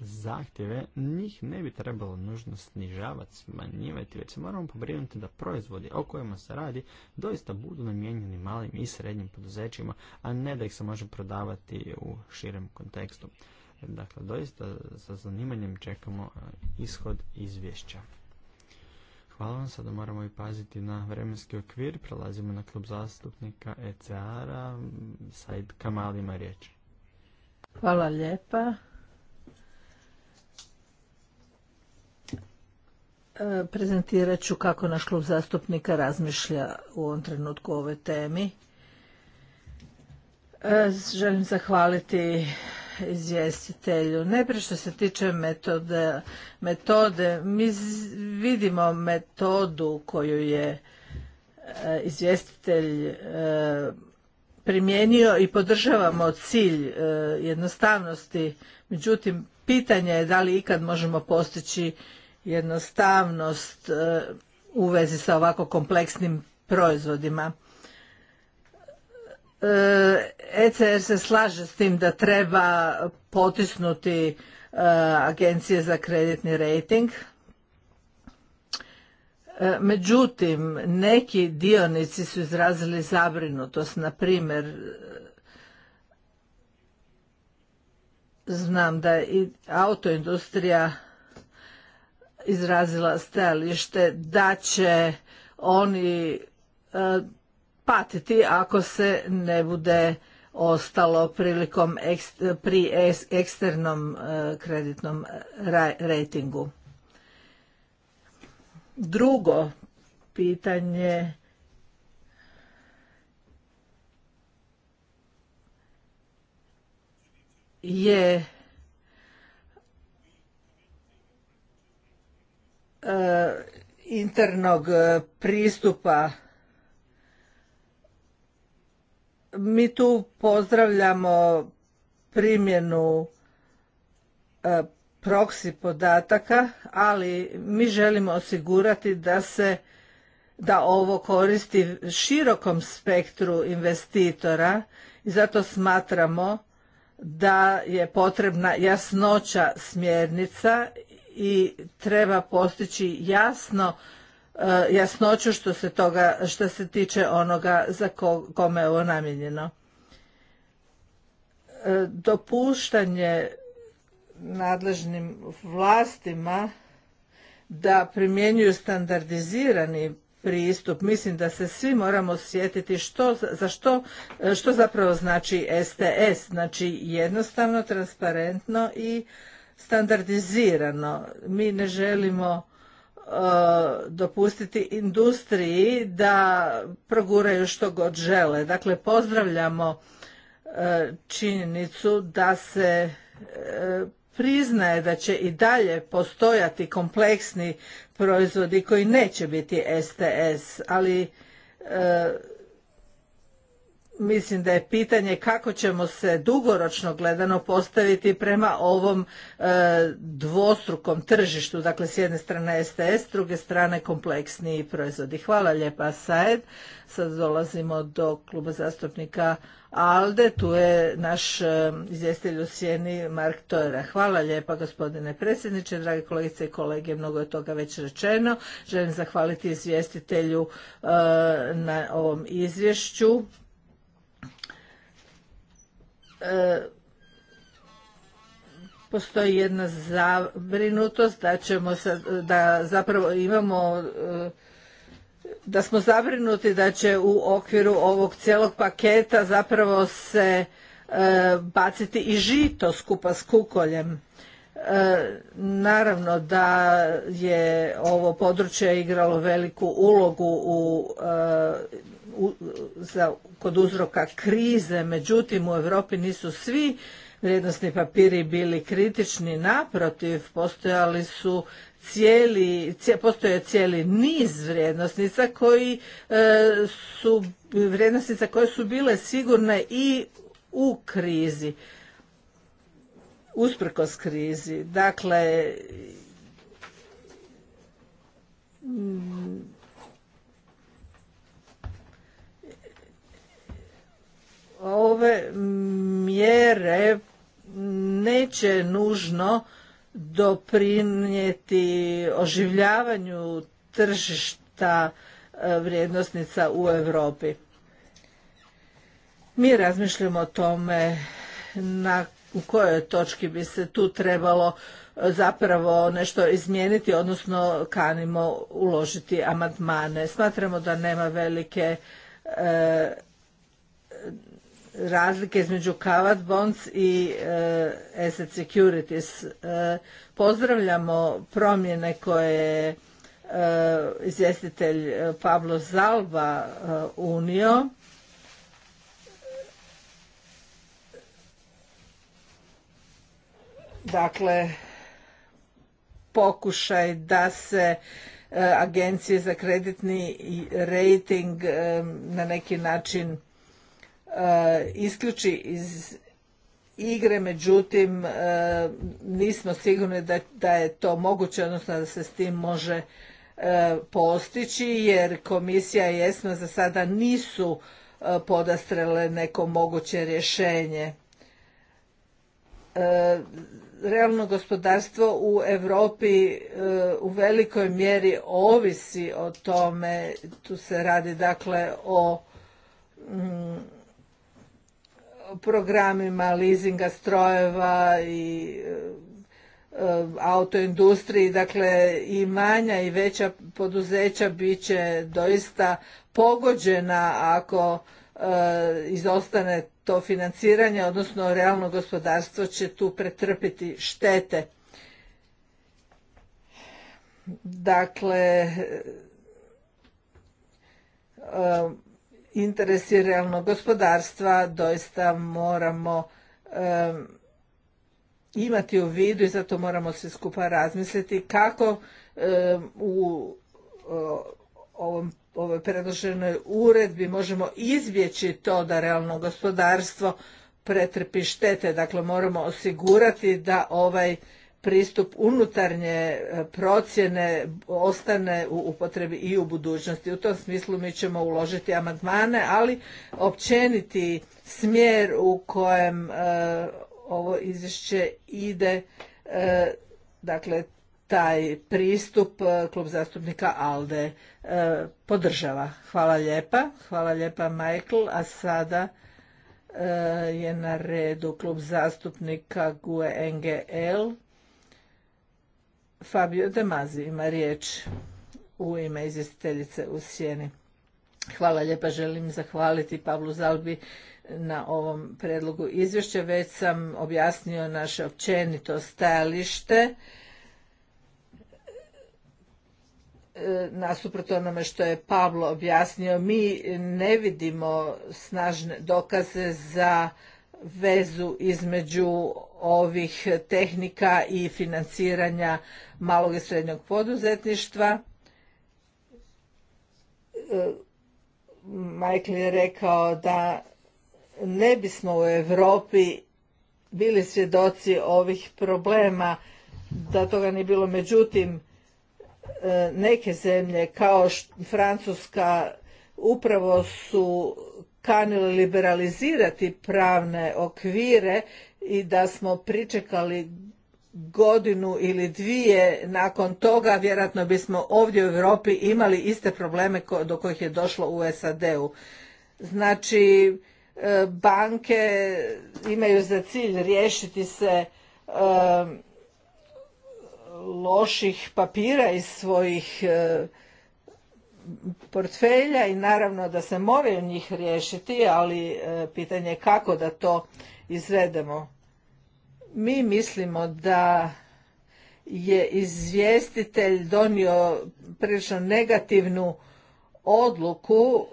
zahtjeve, njih ne bi trebalo nužno snižavati, smanjivati, već se moramo pobrinuti da proizvodi o kojima se radi doista budu namijenjeni malim i srednjim poduzećima, a ne da ih se može prodavati u širem kontekstu. Dakle, doista sa zanimanjem čekamo e, ishod izvješća. Hvala vam, sada moramo i paziti na vremenski okvir. Prelazimo na klub zastupnika ECR-a. Said Kamal ima riječ. Hvala lijepa. E, prezentirat ću kako naš klub zastupnika razmišlja u ovom trenutku o ovoj temi. E, želim zahvaliti izvjestitelju. Najprije što se tiče metode, metode mi vidimo metodu koju je e, izvjestitelj e, primijenio i podržavamo cilj e, jednostavnosti. Međutim, pitanje je da li ikad možemo postići jednostavnost u vezi sa ovako kompleksnim proizvodima. ECR e se slaže s tim da treba potisnuti e, agencije za kreditni rating. E, međutim, neki dionici su izrazili zabrinutost, na primjer, znam da je i autoindustrija izrazila stajalište da će oni patiti ako se ne bude ostalo prilikom pri eksternom e, kreditnom e, rejtingu. Drugo pitanje je e, internog pristupa mi tu pozdravljamo primjenu e, proksi podataka, ali mi želimo osigurati da se da ovo koristi širokom spektru investitora i zato smatramo da je potrebna jasnoća smjernica i treba postići jasno E, jasnoću što se, toga, što se tiče onoga za kome je ovo namijenjeno. E, dopuštanje nadležnim vlastima da primjenjuju standardizirani pristup. Mislim da se svi moramo sjetiti za e, što zapravo znači STS. Znači jednostavno, transparentno i standardizirano. Mi ne želimo E, dopustiti industriji da proguraju što god žele. Dakle, pozdravljamo e, činjenicu da se e, priznaje da će i dalje postojati kompleksni proizvodi koji neće biti STS, ali mislim da je pitanje kako ćemo se dugoročno gledano postaviti prema ovom e, dvostrukom tržištu, dakle s jedne strane STS, s druge strane kompleksniji proizvodi. Hvala lijepa Saed. Sad dolazimo do kluba zastupnika ALDE, tu je naš e, izvjestitelj u sjeni Mark Tojera. Hvala lijepa gospodine predsjedniče, drage kolegice i kolege, mnogo je toga već rečeno. Želim zahvaliti izvjestitelju e, na ovom izvješću E, postoji jedna zabrinutost da ćemo sad, da zapravo imamo e, da smo zabrinuti da će u okviru ovog cijelog paketa zapravo se e, baciti i žito skupa s kukoljem E, naravno da je ovo područje igralo veliku ulogu e, u, za, kod uzroka krize, međutim u Europi nisu svi vrijednosni papiri bili kritični, naprotiv postojali su cijeli, postoje cijeli niz vrijednosnica koji e, su vrijednosnica koje su bile sigurne i u krizi usprkos krizi. Dakle, mm, ove mjere neće nužno doprinijeti oživljavanju tržišta e, vrijednosnica u Europi. Mi razmišljamo o tome na u kojoj točki bi se tu trebalo e, zapravo nešto izmijeniti, odnosno kanimo uložiti amandmane. Smatramo da nema velike e, razlike između kavad Bonds i e, Asset Securities. E, pozdravljamo promjene koje je izvjestitelj Pablo Zalba unio dakle pokušaj da se e, agencije za kreditni rating e, na neki način e, isključi iz igre, međutim nismo sigurni da, je to moguće, odnosno da se s tim može postići, jer komisija i ESMA za sada nisu podastrele neko moguće rješenje. E, realno gospodarstvo u Europi e, u velikoj mjeri ovisi o tome, tu se radi dakle o mm, programima leasinga strojeva i e, autoindustriji, dakle i manja i veća poduzeća bit će doista pogođena ako izostane to financiranje, odnosno realno gospodarstvo će tu pretrpiti štete. Dakle, um, interesi realnog gospodarstva doista moramo um, imati u vidu i zato moramo se skupa razmisliti kako um, u ovom ovoj predloženoj uredbi možemo izbjeći to da realno gospodarstvo pretrpi štete. Dakle, moramo osigurati da ovaj pristup unutarnje e, procjene ostane u upotrebi i u budućnosti. U tom smislu mi ćemo uložiti amandmane, ali općeniti smjer u kojem e, ovo izvješće ide, e, dakle taj pristup e, klub zastupnika ALDE e, podržava. Hvala lijepa. Hvala lijepa Michael. A sada e, je na redu klub zastupnika GUE NGL. Fabio Demazi ima riječ u ime izvjestiteljice u Sjeni. Hvala lijepa, želim zahvaliti Pavlu Zalbi na ovom predlogu izvješća. Već sam objasnio naše općenito stajalište nasuprot onome što je Pavlo objasnio, mi ne vidimo snažne dokaze za vezu između ovih tehnika i financiranja malog i srednjog poduzetništva. Michael je rekao da ne bismo u Europi bili svjedoci ovih problema, da toga nije bilo. Međutim, E, neke zemlje kao Francuska upravo su kanile liberalizirati pravne okvire i da smo pričekali godinu ili dvije nakon toga vjerojatno bismo ovdje u Europi imali iste probleme do kojih je došlo u SAD-u. Znači e, banke imaju za cilj riješiti se e, loših papira iz svojih e, portfelja i naravno da se moraju njih riješiti, ali e, pitanje je kako da to izvedemo. Mi mislimo da je izvjestitelj donio prilično negativnu odluku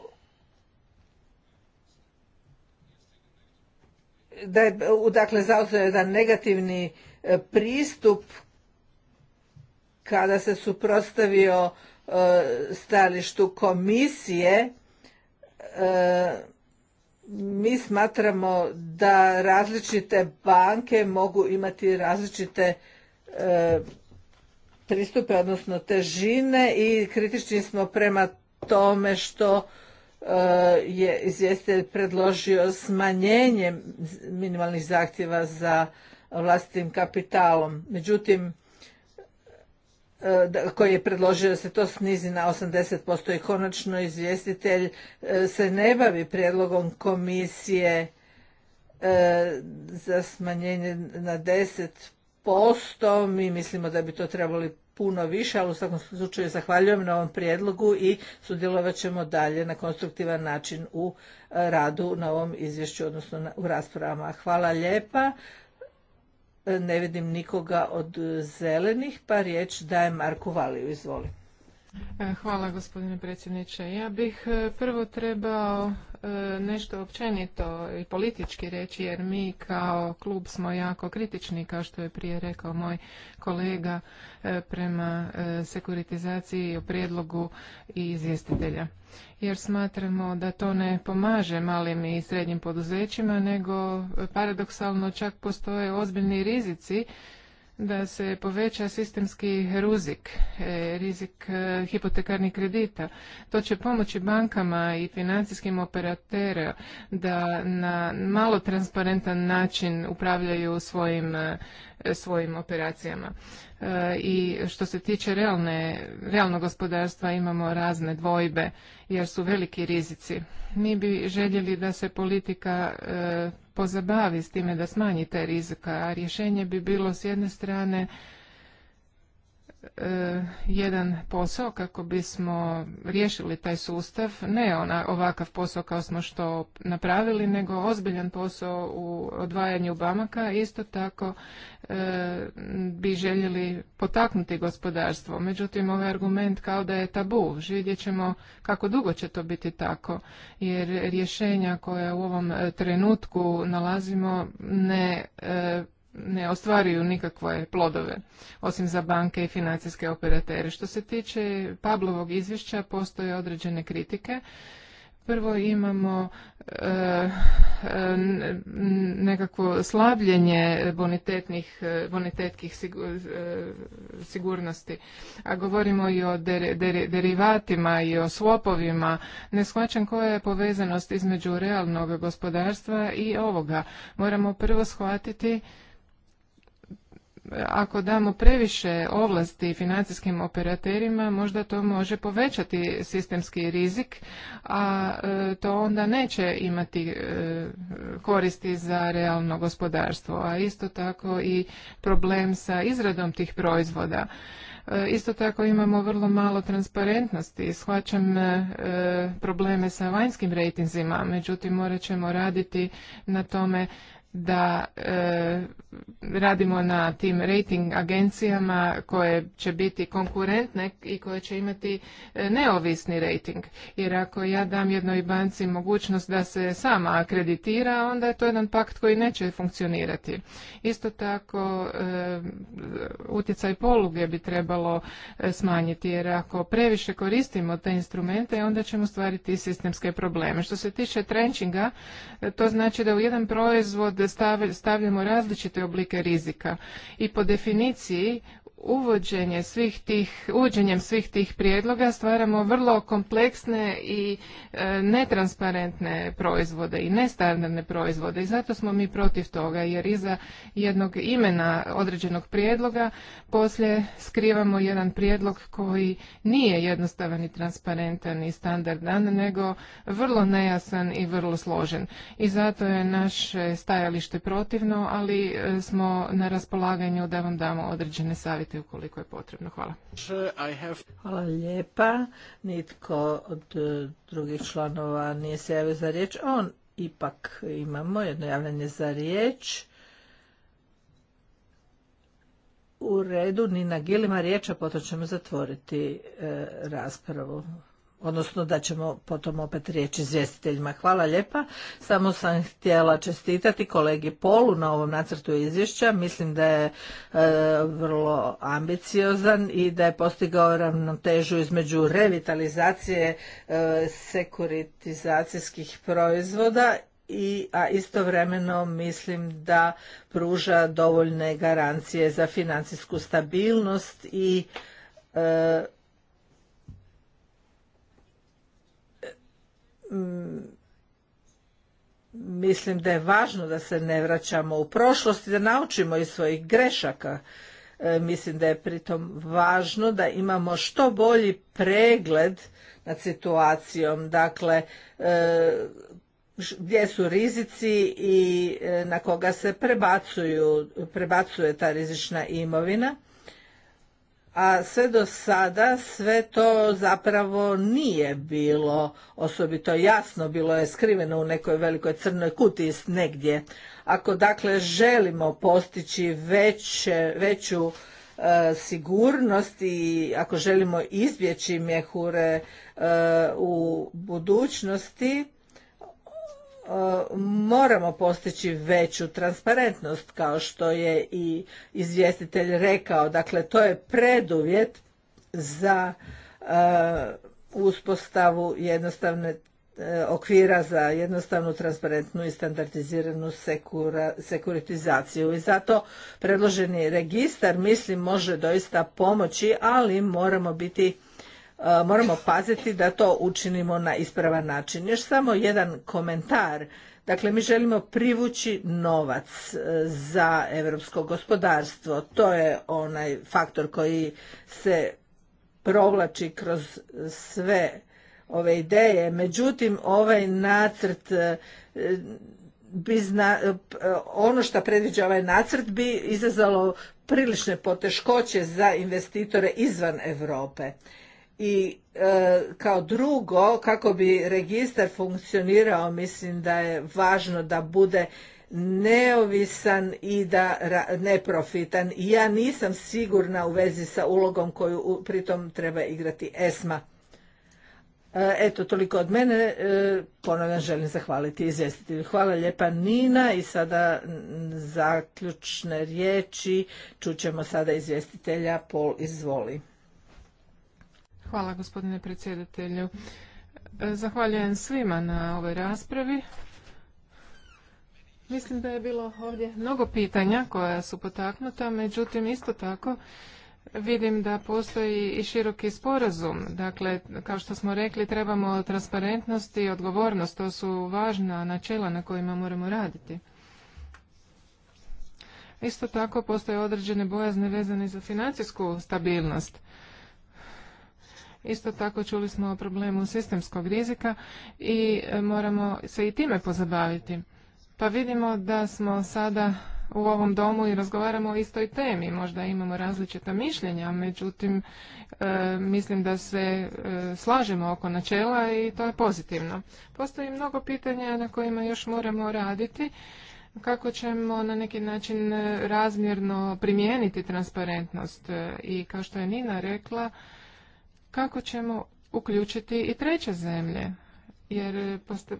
da je dakle zauzeo jedan negativni e, pristup kada se suprostavio e, stalištu komisije e, mi smatramo da različite banke mogu imati različite e, pristupe odnosno težine i kritični smo prema tome što je izvjestitelj predložio smanjenje minimalnih zahtjeva za vlastitim kapitalom. Međutim, E, koji je predložio da se to snizi na 80% i konačno izvjestitelj e, se ne bavi prijedlogom komisije e, za smanjenje na 10%. Mi mislimo da bi to trebali puno više, ali u svakom slučaju zahvaljujem na ovom prijedlogu i sudjelovat ćemo dalje na konstruktivan način u radu na ovom izvješću, odnosno u raspravama. Hvala lijepa. Ne vidim nikoga od zelenih, pa riječ daje Marku Valiju. Izvoli. E, hvala gospodine predsjedniče. Ja bih e, prvo trebao e, nešto općenito i politički reći jer mi kao klub smo jako kritični kao što je prije rekao moj kolega prema sekuritizaciji o prijedlogu i izvjestitelja. Jer smatramo da to ne pomaže malim i srednjim poduzećima nego paradoksalno čak postoje ozbiljni rizici da se poveća sistemski rizik, e, rizik e, hipotekarnih kredita. To će pomoći bankama i financijskim operatera da na malo transparentan način upravljaju svojim, e, svojim operacijama. E, i što se tiče realne, realnog gospodarstva imamo razne dvojbe jer su veliki rizici. Mi bi željeli da se politika e, pozabavi s time da smanji te rizika, a rješenje bi bilo s jedne strane E, jedan posao kako bismo riješili taj sustav, ne ona, ovakav posao kao smo što napravili, nego ozbiljan posao u odvajanju Bamaka. Isto tako e, bi željeli potaknuti gospodarstvo. Međutim, ovaj argument kao da je tabu. Vidjet ćemo kako dugo će to biti tako, jer rješenja koja u ovom e, trenutku nalazimo ne ne ostvaruju nikakve plodove, osim za banke i financijske operatere. Što se tiče Pablovog izvješća, postoje određene kritike. Prvo imamo nekako e, nekakvo slabljenje bonitetnih, e, bonitetkih e, sigurnosti, a govorimo i o derivatima i o swapovima. Ne shvaćam koja je povezanost između realnog gospodarstva i ovoga. Moramo prvo shvatiti ako damo previše ovlasti financijskim operaterima, možda to može povećati sistemski rizik, a e, to onda neće imati e, koristi za realno gospodarstvo, a isto tako i problem sa izradom tih proizvoda. E, isto tako imamo vrlo malo transparentnosti. Shvaćam e, probleme sa vanjskim rejtinzima, međutim morat ćemo raditi na tome da e, radimo na tim rating agencijama koje će biti konkurentne i koje će imati e, neovisni rating. Jer ako ja dam jednoj banci mogućnost da se sama akreditira, onda je to jedan pakt koji neće funkcionirati. Isto tako e, utjecaj poluge bi trebalo e, smanjiti jer ako previše koristimo te instrumente onda ćemo stvariti sistemske probleme. Što se tiče trenčinga, to znači da u jedan proizvod stavljamo različite oblike rizika i po definiciji uvođenje svih tih, uvođenjem svih tih prijedloga stvaramo vrlo kompleksne i e, netransparentne proizvode i nestandardne proizvode i zato smo mi protiv toga jer iza jednog imena određenog prijedloga poslije skrivamo jedan prijedlog koji nije jednostavan i transparentan i standardan nego vrlo nejasan i vrlo složen i zato je naše stajalište protivno ali e, smo na raspolaganju da vam damo određene savjete ukoliko je potrebno. Hvala. Hvala lijepa. Nitko od e, drugih članova nije se javio za riječ. On ipak imamo jedno javljanje za riječ. U redu Nina Gilima riječ, a potom ćemo zatvoriti e, raspravu odnosno da ćemo potom opet riječ izvjestiteljima. Hvala lijepa. Samo sam htjela čestitati kolegi Polu na ovom nacrtu izvješća. Mislim da je e, vrlo ambiciozan i da je postigao ravnotežu između revitalizacije e, sekuritizacijskih proizvoda i a istovremeno mislim da pruža dovoljne garancije za financijsku stabilnost i e, Mm, mislim da je važno da se ne vraćamo u prošlost i da naučimo iz svojih grešaka. E, mislim da je pritom važno da imamo što bolji pregled nad situacijom, dakle e, gdje su rizici i e, na koga se prebacuju, prebacuje ta rizična imovina a sve do sada sve to zapravo nije bilo osobito jasno, bilo je skriveno u nekoj velikoj crnoj kutiji negdje. Ako dakle želimo postići veću e, sigurnost i ako želimo izbjeći mjehure e, u budućnosti, moramo postići veću transparentnost kao što je i izvjestitelj rekao dakle to je preduvjet za e, uspostavu jednostavne e, okvira za jednostavnu, transparentnu i standardiziranu sekuritizaciju. I zato predloženi registar, mislim, može doista pomoći, ali moramo biti moramo paziti da to učinimo na ispravan način. Još samo jedan komentar. Dakle, mi želimo privući novac e, za europsko gospodarstvo. To je onaj faktor koji se provlači kroz sve ove ideje. Međutim, ovaj nacrt e, bi e, ono što predviđa ovaj nacrt bi izazvalo prilične poteškoće za investitore izvan Europe i e, kao drugo kako bi registar funkcionirao mislim da je važno da bude neovisan i da neprofitan ja nisam sigurna u vezi sa ulogom koju pritom treba igrati esma e, eto toliko od mene Ponovno e, ponavljam želim zahvaliti izvjestitelju hvala lijepa nina i sada zaključne riječi čućemo sada izvjestitelja pol izvoli Hvala gospodine predsjedatelju. E, zahvaljujem svima na ovoj raspravi. Mislim da je bilo ovdje mnogo pitanja koja su potaknuta, međutim isto tako vidim da postoji i široki sporazum. Dakle, kao što smo rekli, trebamo transparentnost i odgovornost. To su važna načela na kojima moramo raditi. Isto tako postoje određene bojazne vezane za financijsku stabilnost. Isto tako čuli smo o problemu sistemskog rizika i e, moramo se i time pozabaviti. Pa vidimo da smo sada u ovom domu i razgovaramo o istoj temi. Možda imamo različita mišljenja, međutim e, mislim da se e, slažemo oko načela i to je pozitivno. Postoji mnogo pitanja na kojima još moramo raditi kako ćemo na neki način razmjerno primijeniti transparentnost i kao što je Nina rekla kako ćemo uključiti i treće zemlje, jer eh, eh,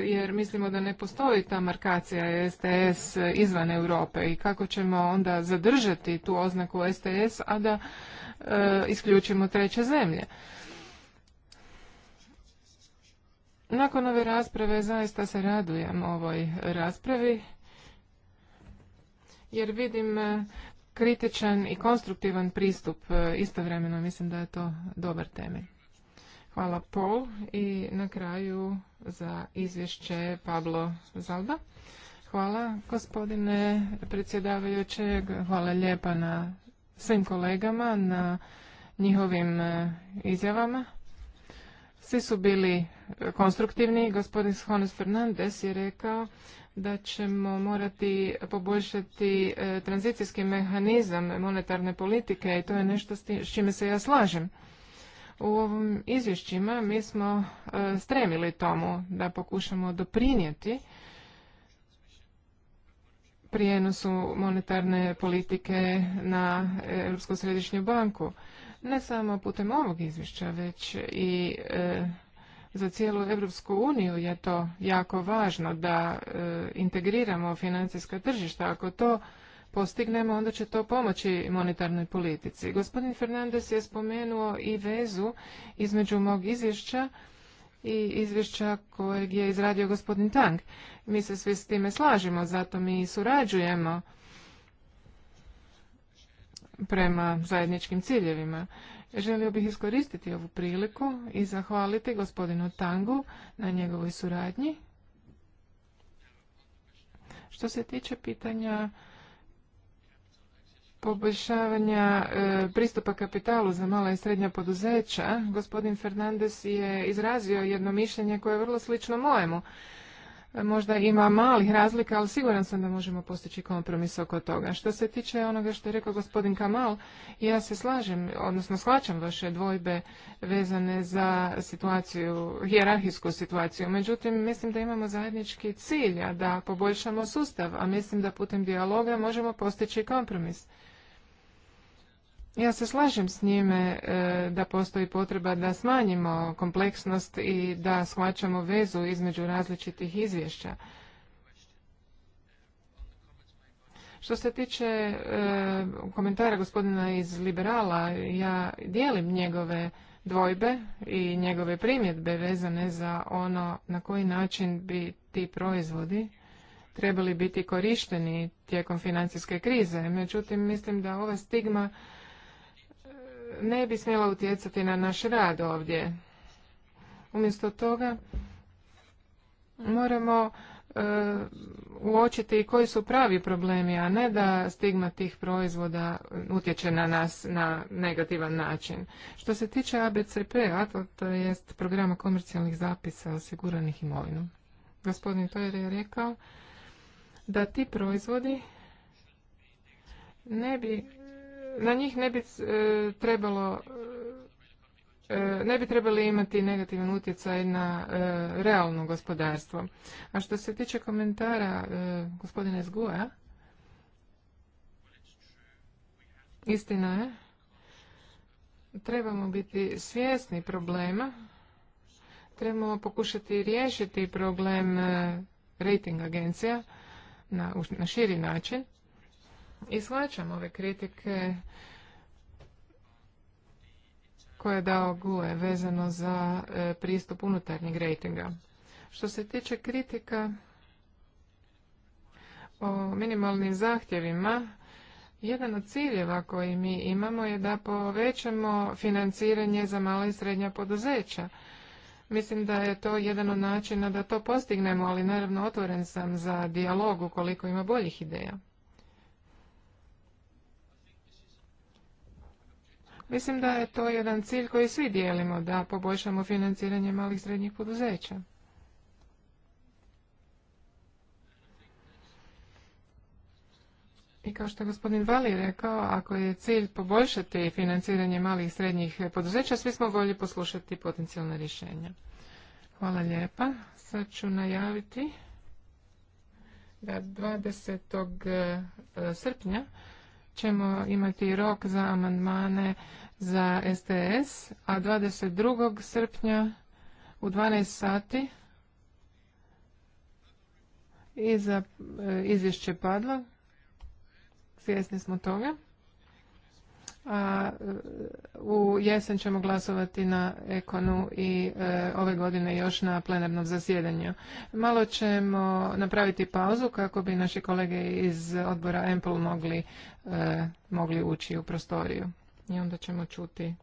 jer mislimo da ne postoji ta markacija STS izvan Europe i kako ćemo onda zadržati tu oznaku STS, a da eh, isključimo treće zemlje. Nakon ove rasprave zaista se radujem ovoj raspravi jer vidim kritičan i konstruktivan pristup e, istovremeno. Mislim da je to dobar temelj. Hvala Paul i na kraju za izvješće Pablo Zalba. Hvala gospodine predsjedavajućeg, hvala lijepa na svim kolegama, na njihovim e, izjavama. Svi su bili konstruktivni. Gospodin Jonas Fernandez je rekao da ćemo morati poboljšati e, tranzicijski mehanizam monetarne politike i to je nešto s čime se ja slažem. U ovim izvješćima mi smo e, stremili tomu da pokušamo doprinijeti prijenosu monetarne politike na Europsku središnju banku. Ne samo putem ovog izvješća, već i e, za cijelu Europsku uniju je to jako važno da e, integriramo financijska tržišta. Ako to postignemo, onda će to pomoći monetarnoj politici. Gospodin Fernandez je spomenuo i vezu između mog izvješća i izvješća kojeg je izradio gospodin Tang. Mi se svi s time slažemo, zato mi surađujemo prema zajedničkim ciljevima. Želio bih iskoristiti ovu priliku i zahvaliti gospodinu Tangu na njegovoj suradnji. Što se tiče pitanja poboljšavanja e, pristupa kapitalu za mala i srednja poduzeća, gospodin Fernandez je izrazio jedno mišljenje koje je vrlo slično mojemu. Možda ima malih razlika, ali siguran sam da možemo postići kompromis oko toga. Što se tiče onoga što je rekao gospodin Kamal, ja se slažem, odnosno shvaćam vaše dvojbe vezane za situaciju, hijerarhijsku situaciju. Međutim, mislim da imamo zajednički cilj, a da poboljšamo sustav, a mislim da putem dijaloga možemo postići kompromis. Ja se slažem s njime e, da postoji potreba da smanjimo kompleksnost i da shvaćamo vezu između različitih izvješća. Što se tiče e, komentara gospodina iz Liberala, ja dijelim njegove dvojbe i njegove primjedbe vezane za ono na koji način bi ti proizvodi trebali biti korišteni tijekom financijske krize. Međutim, mislim da ova stigma ne bi smjela utjecati na naš rad ovdje. Umjesto toga moramo e, uočiti koji su pravi problemi, a ne da stigma tih proizvoda utječe na nas na negativan način. Što se tiče ABCP-a, to, je programa komercijalnih zapisa osiguranih imovinom. Gospodin Tojer je rekao da ti proizvodi ne bi na njih ne bi e, trebalo e, ne bi trebali imati negativan utjecaj na e, realno gospodarstvo. A što se tiče komentara e, gospodina Zguja, istina je, trebamo biti svjesni problema, trebamo pokušati riješiti problem e, rating agencija na, na širi način, i shvaćam ove kritike koje je dao GUE vezano za e, pristup unutarnjeg rejtinga. Što se tiče kritika o minimalnim zahtjevima, jedan od ciljeva koji mi imamo je da povećamo financiranje za mala i srednja poduzeća. Mislim da je to jedan od načina da to postignemo, ali naravno otvoren sam za dijalog ukoliko ima boljih ideja. Mislim da je to jedan cilj koji svi dijelimo, da poboljšamo financiranje malih i srednjih poduzeća. I kao što je gospodin Vali rekao, ako je cilj poboljšati financiranje malih i srednjih poduzeća, svi smo volji poslušati potencijalne rješenja. Hvala lijepa. Sad ću najaviti da 20. Eh, srpnja ćemo imati rok za amandmane za STS, a 22. srpnja u 12 sati i za e, izvješće padla. Svjesni smo toga a u jesen ćemo glasovati na ekonu i e, ove godine još na plenarnom zasjedanju. Malo ćemo napraviti pauzu kako bi naši kolege iz odbora EMPL mogli, e, mogli ući u prostoriju i onda ćemo čuti